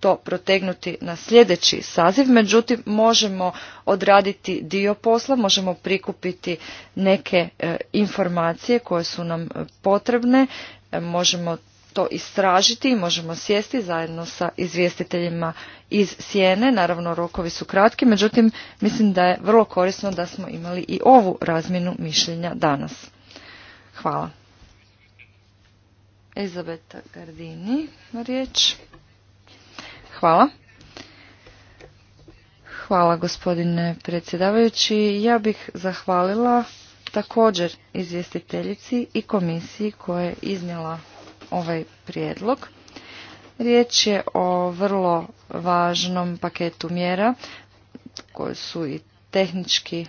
to protegnuti na sljedeći saziv, međutim možemo odraditi dio posla, možemo prikupiti neke e, informacije koje su nam potrebne, e, možemo to istražiti i možemo sjesti zajedno sa izvjestiteljima iz Sjene. Naravno, rokovi su kratki, međutim, mislim da je vrlo korisno da smo imali i ovu razminu mišljenja danas. Hvala. Elizabeta Gardini na riječ. Hvala. Hvala gospodine predsjedavajući. Ja bih zahvalila također izvjestiteljici i komisiji koja je iznijela ovaj prijedlog. Riječ je o vrlo važnom paketu mjera koje su i tehnički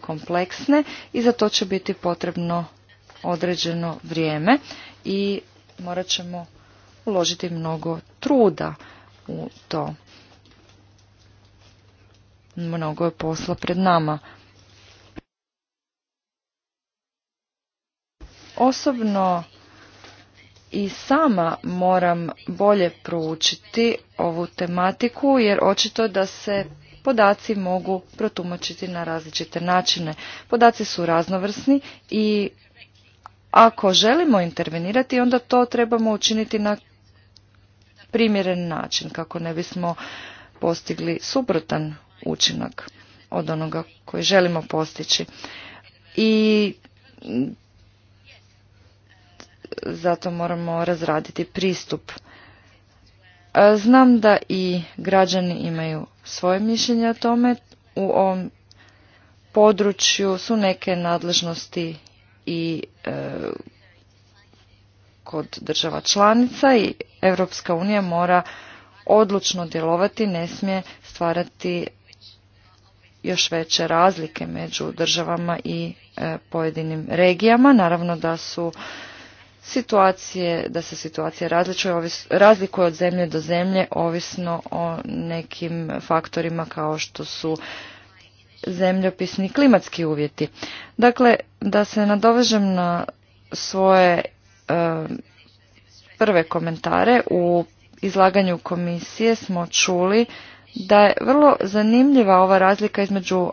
kompleksne i za to će biti potrebno određeno vrijeme i morat ćemo uložiti mnogo truda u to. Mnogo je posla pred nama. Osobno i sama moram bolje proučiti ovu tematiku jer očito da se podaci mogu protumačiti na različite načine. Podaci su raznovrsni i ako želimo intervenirati onda to trebamo učiniti na primjeren način kako ne bismo postigli suprotan učinak od onoga koji želimo postići. I zato moramo razraditi pristup. E, znam da i građani imaju svoje mišljenje o tome. U ovom području su neke nadležnosti i e, kod država članica i Europska unija mora odlučno djelovati, ne smije stvarati još veće razlike među državama i e, pojedinim regijama. Naravno da su situacije, da se situacija razlikuje od zemlje do zemlje ovisno o nekim faktorima kao što su zemljopisni klimatski uvjeti. Dakle, da se nadovežem na svoje prve komentare u izlaganju komisije smo čuli da je vrlo zanimljiva ova razlika između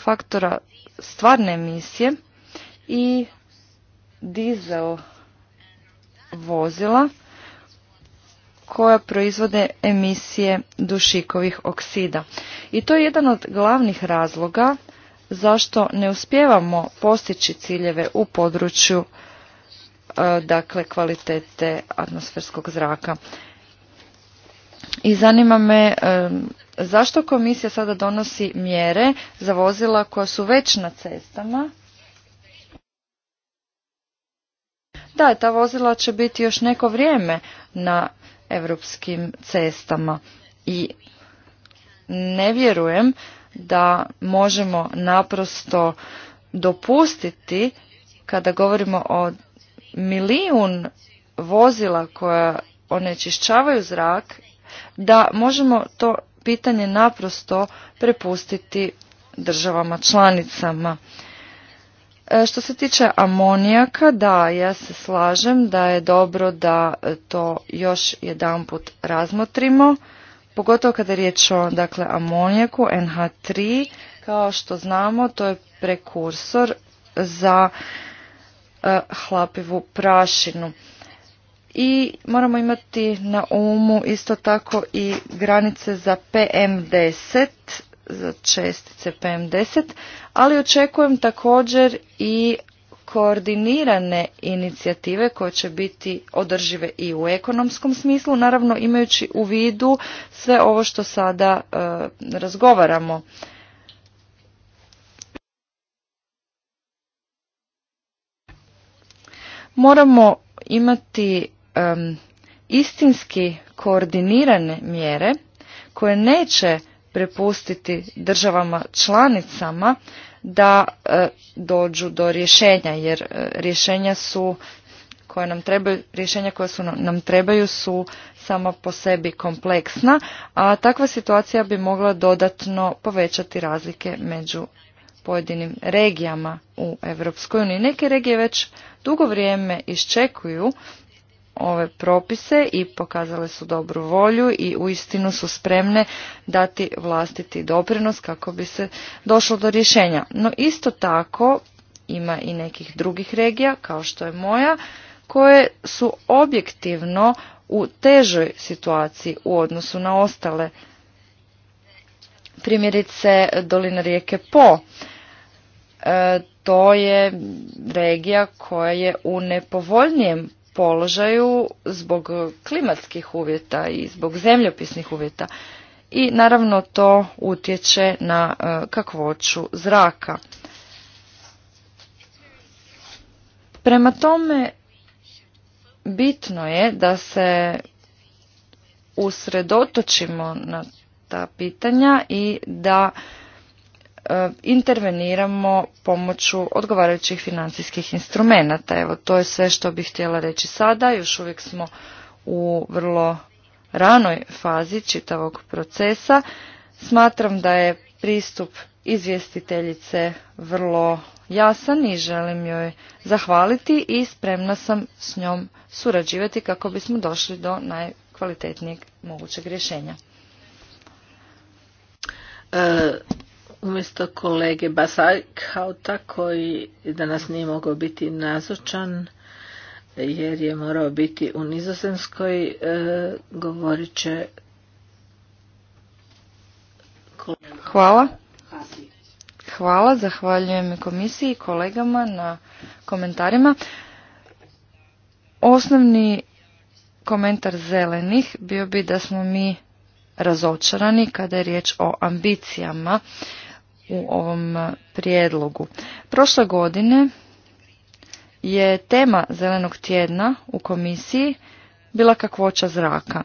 faktora stvarne emisije i dizel vozila koja proizvode emisije dušikovih oksida. I to je jedan od glavnih razloga zašto ne uspijevamo postići ciljeve u području e, dakle kvalitete atmosferskog zraka. I zanima me e, zašto komisija sada donosi mjere za vozila koja su već na cestama Da, ta vozila će biti još neko vrijeme na europskim cestama i ne vjerujem da možemo naprosto dopustiti kada govorimo o milijun vozila koja onečišćavaju zrak da možemo to pitanje naprosto prepustiti državama članicama E, što se tiče amonijaka, da, ja se slažem da je dobro da e, to još jedanput razmotrimo, pogotovo kada je riječ o dakle, amonijaku NH3, kao što znamo to je prekursor za e, hlapivu prašinu. I moramo imati na umu isto tako i granice za PM10 za čestice PM10, ali očekujem također i koordinirane inicijative koje će biti održive i u ekonomskom smislu, naravno imajući u vidu sve ovo što sada e, razgovaramo. Moramo imati istinski koordinirane mjere koje neće prepustiti državama članicama da e, dođu do rješenja jer e, rješenja su koja nam trebaju, rješenja koja su nam trebaju su sama po sebi kompleksna, a takva situacija bi mogla dodatno povećati razlike među pojedinim regijama u Europskoj uniji. Neke regije već dugo vrijeme iščekuju ove propise i pokazale su dobru volju i uistinu su spremne dati vlastiti doprinos kako bi se došlo do rješenja. No isto tako ima i nekih drugih regija kao što je moja koje su objektivno u težoj situaciji u odnosu na ostale. Primjerice dolina rijeke Po. E, to je regija koja je u nepovoljnijem položaju zbog klimatskih uvjeta i zbog zemljopisnih uvjeta i naravno to utječe na e, kakvoću zraka. Prema tome bitno je da se usredotočimo na ta pitanja i da E, interveniramo pomoću odgovarajućih financijskih instrumenata. Evo, to je sve što bih htjela reći sada. Još uvijek smo u vrlo ranoj fazi čitavog procesa. Smatram da je pristup izvjestiteljice vrlo jasan i želim joj zahvaliti i spremna sam s njom surađivati kako bismo došli do najkvalitetnijeg mogućeg rješenja. E, Umjesto kolege Basajkauta, koji danas nije mogao biti nazočan jer je morao biti u Nizozemskoj, e, govorit će Hvala. Hvala, zahvaljujem komisiji i kolegama na komentarima. Osnovni komentar zelenih bio bi da smo mi razočarani kada je riječ o ambicijama u ovom prijedlogu. Prošle godine je tema zelenog tjedna u komisiji bila kakvoća zraka.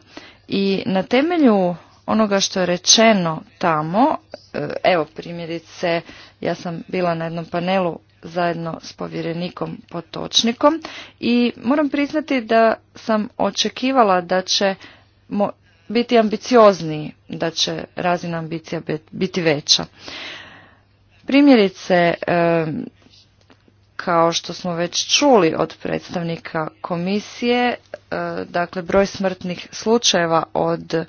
I na temelju onoga što je rečeno tamo, e, evo primjerice, ja sam bila na jednom panelu zajedno s povjerenikom Potočnikom i moram priznati da sam očekivala da će biti ambiciozniji, da će razina ambicija biti veća. Primjerice, kao što smo već čuli od predstavnika komisije, e, dakle broj smrtnih slučajeva od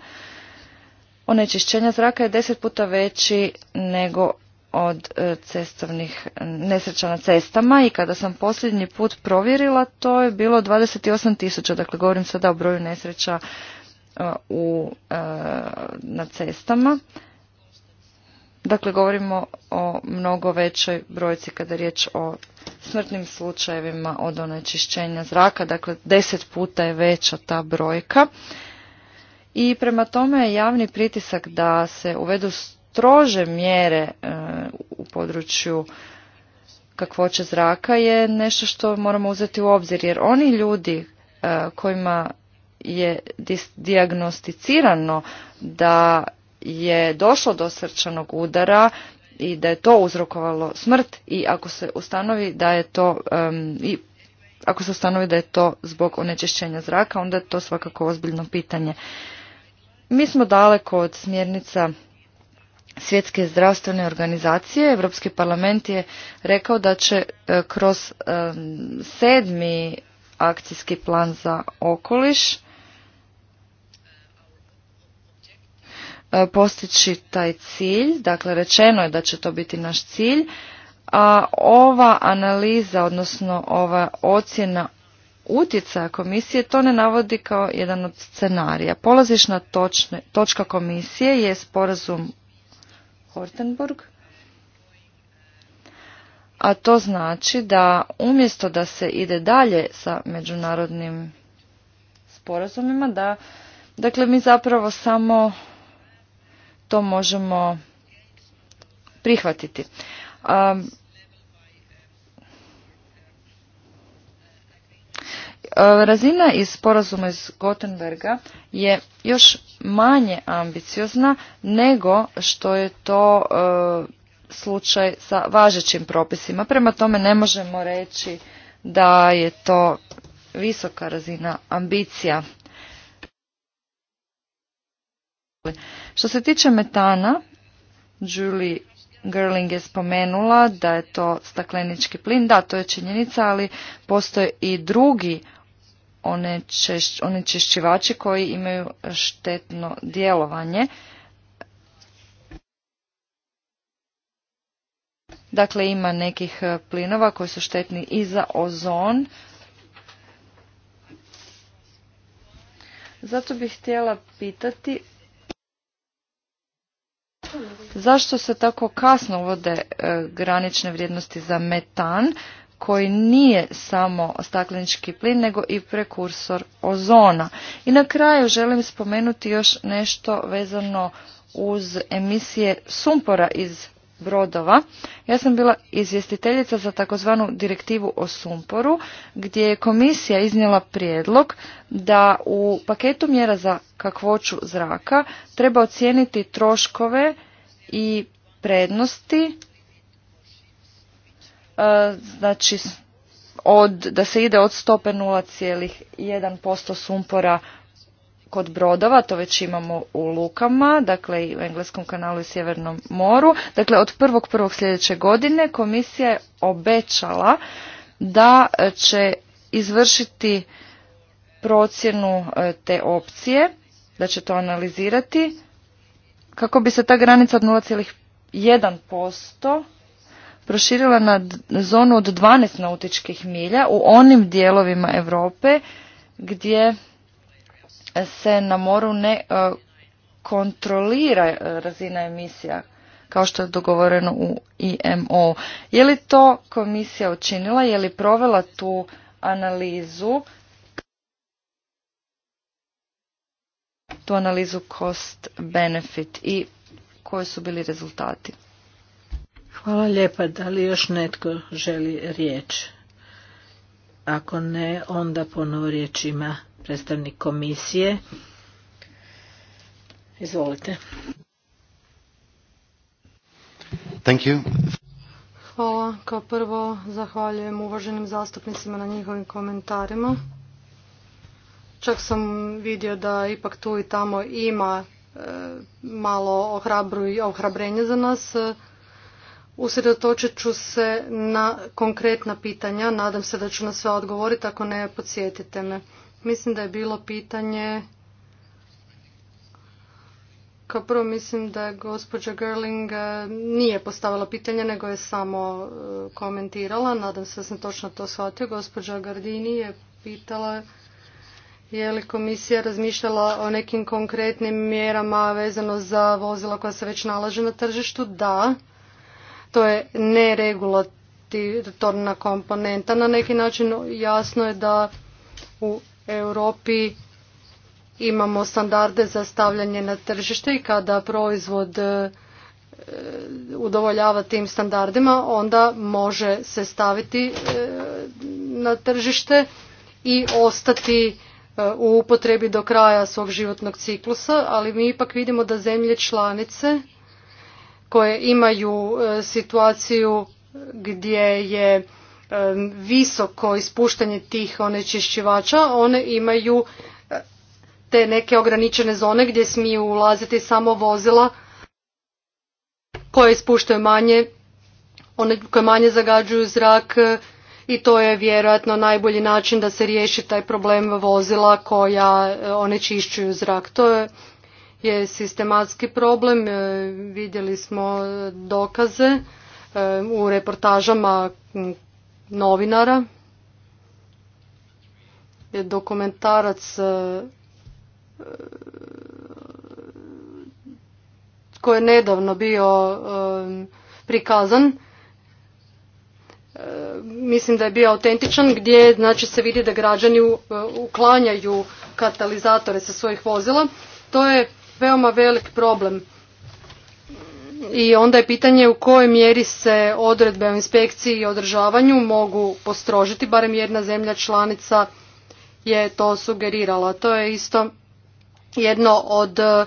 onečišćenja zraka je deset puta veći nego od e, cestovnih nesreća na cestama i kada sam posljednji put provjerila to je bilo 28 tisuća, dakle govorim sada o broju nesreća e, u, na cestama. Dakle, govorimo o mnogo većoj brojci kada je riječ o smrtnim slučajevima od onečišćenja zraka. Dakle, deset puta je veća ta brojka. I prema tome je javni pritisak da se uvedu strože mjere e, u području kakvoće zraka je nešto što moramo uzeti u obzir. Jer oni ljudi e, kojima je dijagnosticirano da je došlo do srčanog udara i da je to uzrokovalo smrt i ako se ustanovi da je to i ako se ustanovi da je to zbog onečišćenja zraka, onda je to svakako ozbiljno pitanje. Mi smo daleko od smjernica Svjetske zdravstvene organizacije. Europski parlament je rekao da će e, kroz sedmi akcijski plan za okoliš E, postići taj cilj, dakle rečeno je da će to biti naš cilj, a ova analiza, odnosno ova ocjena utjecaja komisije to ne navodi kao jedan od scenarija. Polazišna točka komisije je sporazum Hortenburg, a to znači da umjesto da se ide dalje sa međunarodnim sporazumima, da, dakle mi zapravo samo to možemo prihvatiti. E, razina iz sporazuma iz Gotenberga je još manje ambiciozna nego što je to e, slučaj sa važećim propisima. Prema tome ne možemo reći da je to visoka razina ambicija Dakle, što se tiče metana, Julie Gerling je spomenula da je to staklenički plin, da, to je činjenica, ali postoje i drugi onečišćivači koji imaju štetno djelovanje. Dakle, ima nekih e, plinova koji su štetni i za ozon. Zato bih htjela pitati zašto se tako kasno uvode e, granične vrijednosti za metan koji nije samo staklenički plin nego i prekursor ozona. I na kraju želim spomenuti još nešto vezano uz emisije sumpora iz brodova. Ja sam bila izvjestiteljica za takozvanu direktivu o sumporu gdje je komisija iznijela prijedlog da u paketu mjera za kakvoću zraka treba ocijeniti troškove i prednosti e, znači od, da se ide od stope 0,1% sumpora kod brodova, to već imamo u lukama, dakle i u Engleskom kanalu i Sjevernom moru. Dakle, od 1.1. sljedeće godine komisija je obećala da će izvršiti procjenu e, te opcije, da će to analizirati, kako bi se ta granica od 0,1% proširila na zonu od 12 nautičkih milja u onim dijelovima Europe gdje se na moru ne e, kontrolira e, razina emisija kao što je dogovoreno u IMO. Je li to komisija učinila, je li provela tu analizu, tu analizu cost benefit i koji su bili rezultati? Hvala lijepa. Da li još netko želi riječ? Ako ne, onda ponovo riječ ima predstavnik komisije. Izvolite. Thank you. Hvala. Kao prvo zahvaljujem uvaženim zastupnicima na njihovim komentarima. Čak sam vidio da ipak tu i tamo ima e, malo ohrabru i ohrabrenje za nas. Usredotočit ću se na konkretna pitanja. Nadam se da ću na sve odgovoriti, ako ne, podsjetite me. Mislim da je bilo pitanje... Kao prvo mislim da gospođa Gerling e, nije postavila pitanje, nego je samo e, komentirala. Nadam se da sam točno to shvatio. Gospođa Gardini je pitala je li komisija razmišljala o nekim konkretnim mjerama vezano za vozila koja se već nalaže na tržištu? Da. To je neregulatorna komponenta. Na neki način jasno je da u Europi imamo standarde za stavljanje na tržište i kada proizvod e, udovoljava tim standardima onda može se staviti e, na tržište i ostati e, u upotrebi do kraja svog životnog ciklusa, ali mi ipak vidimo da zemlje članice koje imaju situaciju gdje je visoko ispuštanje tih onečišćivača, one imaju e, te neke ograničene zone gdje smiju ulaziti samo vozila koje ispuštaju manje, one koje manje zagađuju zrak i to je vjerojatno najbolji način da se riješi taj problem vozila koja e, onečišćuju zrak. To je, je sistematski problem, e, vidjeli smo dokaze u reportažama novinara, je dokumentarac e, e, koji je nedavno bio e, prikazan. Mislim da je bio autentičan gdje znači, se vidi da građani uklanjaju katalizatore sa svojih vozila. To je veoma velik problem i onda je pitanje u kojoj mjeri se odredbe o inspekciji i održavanju mogu postrožiti, barem jedna zemlja članica je to sugerirala. To je isto jedno od e,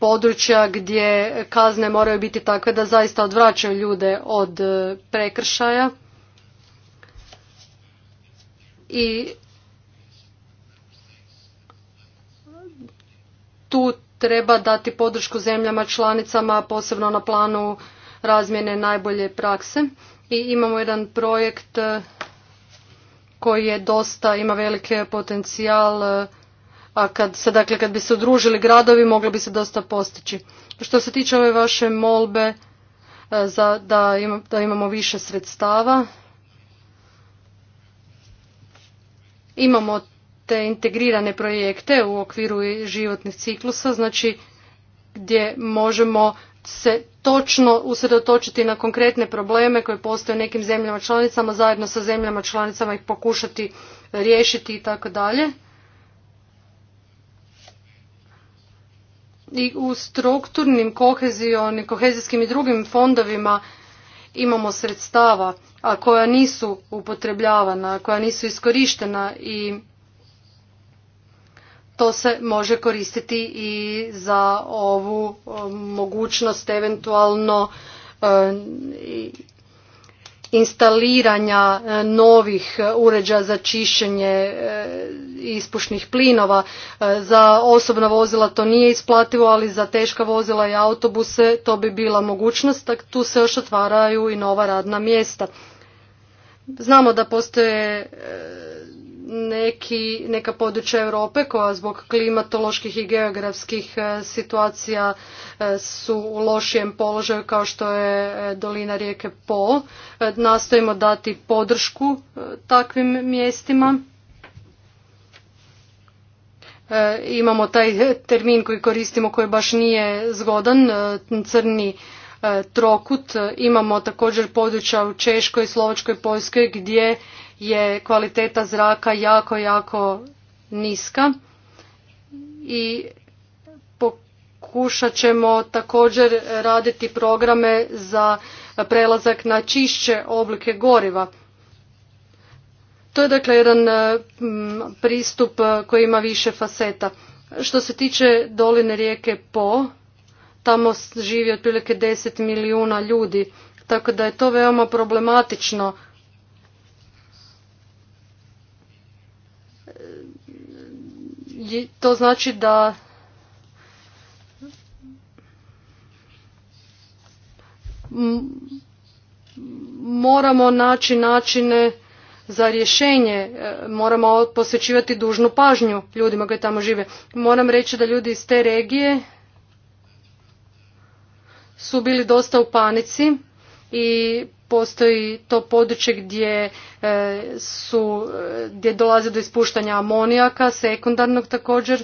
područja gdje kazne moraju biti takve da zaista odvraćaju ljude od e, prekršaja. I tu treba dati podršku zemljama članicama, posebno na planu razmjene najbolje prakse. I imamo jedan projekt eh, koji je dosta, ima velike potencijal, eh, a kad se, dakle, kad bi se udružili gradovi, moglo bi se dosta postići. Što se tiče ove vaše molbe eh, za, da, da imamo više sredstava, imamo te integrirane projekte u okviru životnih ciklusa, znači gdje možemo se točno usredotočiti na konkretne probleme koje postoje u nekim zemljama članicama, zajedno sa zemljama članicama ih pokušati riješiti i tako dalje. I u strukturnim kohezijskim i drugim fondovima imamo sredstava a koja nisu upotrebljavana, koja nisu iskorištena i to se može koristiti i za ovu e, mogućnost eventualno e, instaliranja e, novih uređaja za čišćenje ispušnih plinova. Za osobna vozila to nije isplativo, ali za teška vozila i autobuse to bi bila mogućnost, tu se još otvaraju i nova radna mjesta. Znamo da postoje neka područja Europe koja zbog klimatoloških i geografskih e, situacija e, su u lošijem položaju kao što je e, dolina rijeke Po. Nastojimo dati podršku takvim mjestima. Imamo taj termin koji koristimo koji baš nije zgodan, crni E, trokut. E, imamo također područja u Češkoj, Slovačkoj, Poljskoj gdje je kvaliteta zraka jako, jako niska i pokušat ćemo također raditi programe za prelazak na čišće oblike goriva. To je dakle jedan e, pristup koji ima više faseta. Što se tiče doline rijeke Po, Tamo živi otprilike 10 milijuna ljudi, tako da je to veoma problematično. To znači da moramo naći načine za rješenje, e, moramo posvećivati dužnu pažnju ljudima koji tamo žive. Moram reći da ljudi iz te regije su bili dosta u panici i postoji to područje gdje e, su gdje dolaze do ispuštanja amonijaka sekundarnog također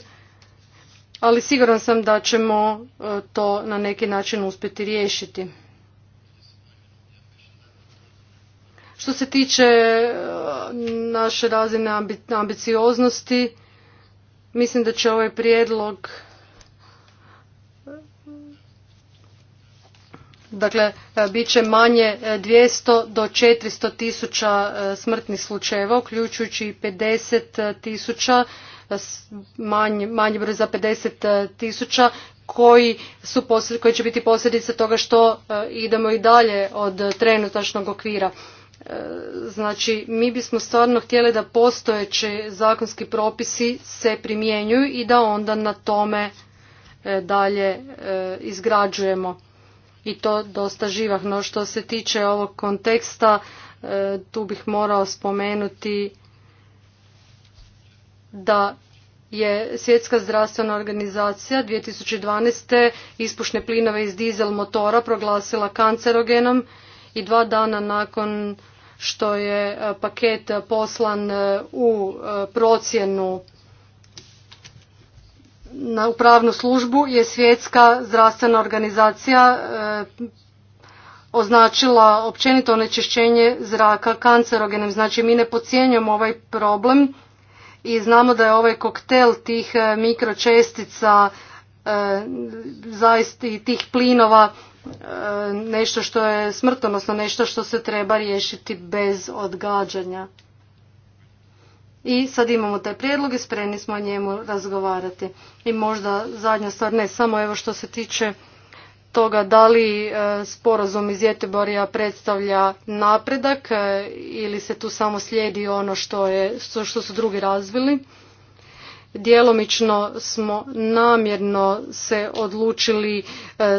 ali siguran sam da ćemo e, to na neki način uspjeti riješiti što se tiče e, naše razine ambicioznosti mislim da će ovaj prijedlog Dakle, e, bit će manje 200 e, do 400 tisuća e, smrtnih slučajeva, uključujući i 50 tisuća, manji, broj za 50 tisuća koji, su koji će biti posljedice toga što idemo i dalje od trenutačnog okvira. Znači, mi bismo stvarno htjeli da postojeći zakonski propisi se primjenjuju i da onda na tome dalje izgrađujemo i to dosta živahno. Što se tiče ovog konteksta, e, tu bih morao spomenuti da je Svjetska zdravstvena organizacija 2012. ispušne plinove iz dizel motora proglasila kancerogenom i dva dana nakon što je e, paket poslan e, u procjenu na upravnu službu je svjetska zdravstvena organizacija e, označila općenito onečišćenje zraka kancerogenim. Znači mi ne podcjenjujemo ovaj problem i znamo da je ovaj koktel tih e, mikročestica e, zaista i tih plinova nešto što je smrtonosno, nešto što se treba riješiti bez odgađanja. I sad imamo taj prijedlog i spremni smo o njemu razgovarati. I možda zadnja stvar, ne samo evo što se tiče toga da li e, sporazum iz Jeteborija predstavlja napredak e, ili se tu samo slijedi ono što, je, što su drugi razvili djelomično smo namjerno se odlučili e,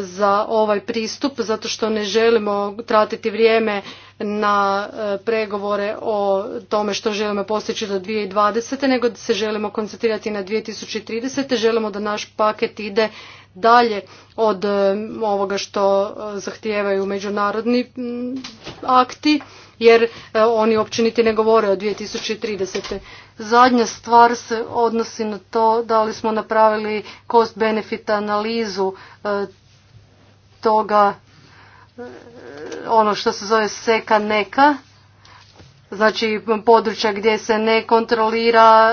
za ovaj pristup zato što ne želimo tratiti vrijeme na e, pregovore o tome što želimo postići do 2020. nego da se želimo koncentrirati na 2030. Želimo da naš paket ide dalje od e, ovoga što zahtijevaju međunarodni akti jer e, oni uopće niti ne govore o 2030. Zadnja stvar se odnosi na to da li smo napravili cost benefit analizu e, toga e, ono što se zove seka neka znači područja gdje se ne kontrolira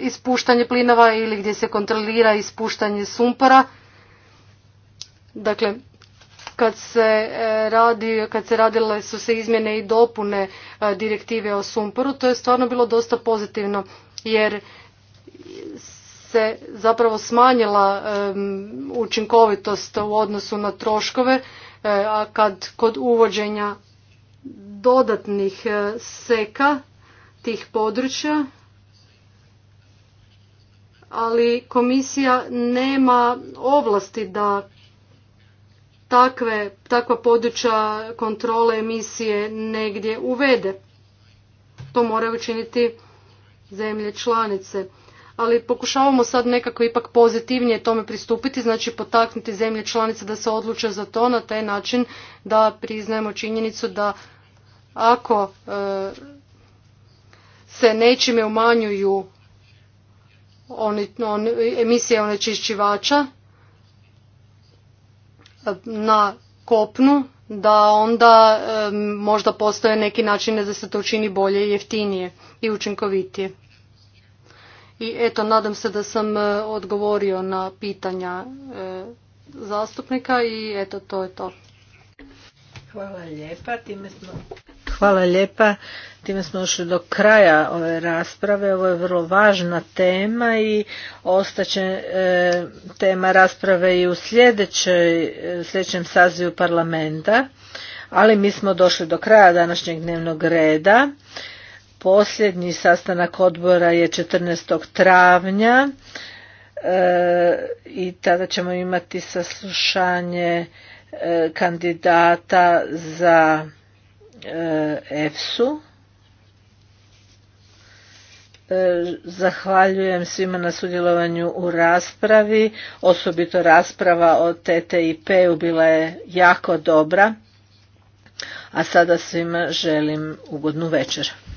ispuštanje plinova ili gdje se kontrolira ispuštanje sumpora. Dakle, kad se e, radi, kad se radile su se izmjene i dopune e, direktive o sumporu, to je stvarno bilo dosta pozitivno jer se zapravo smanjila učinkovitost u odnosu na troškove, e, a kad kod uvođenja dodatnih seka tih područja, ali komisija nema ovlasti da takva područja kontrole emisije negdje uvede. To moraju učiniti zemlje članice. Ali pokušavamo sad nekako ipak pozitivnije tome pristupiti, znači potaknuti zemlje članice da se odluče za to na taj način da priznajemo činjenicu da ako e, se nečime umanjuju emisije onečišćivača, na kopnu, da onda možda postoje neki način da se to učini bolje i jeftinije i učinkovitije. I eto, nadam se da sam e, odgovorio na pitanja e, zastupnika i eto, to je to. Hvala lijepa. Time smo... Hvala došli do kraja ove rasprave. Ovo je vrlo važna tema i ostaće e, tema rasprave i u e, sljedećem sazivu parlamenta. Ali mi smo došli do kraja današnjeg dnevnog reda. Posljednji sastanak odbora je 14. travnja e, i tada ćemo imati saslušanje E, kandidata za e, EFSU. E, zahvaljujem svima na sudjelovanju u raspravi, osobito rasprava o TTIP-u bila je jako dobra, a sada svima želim ugodnu večer.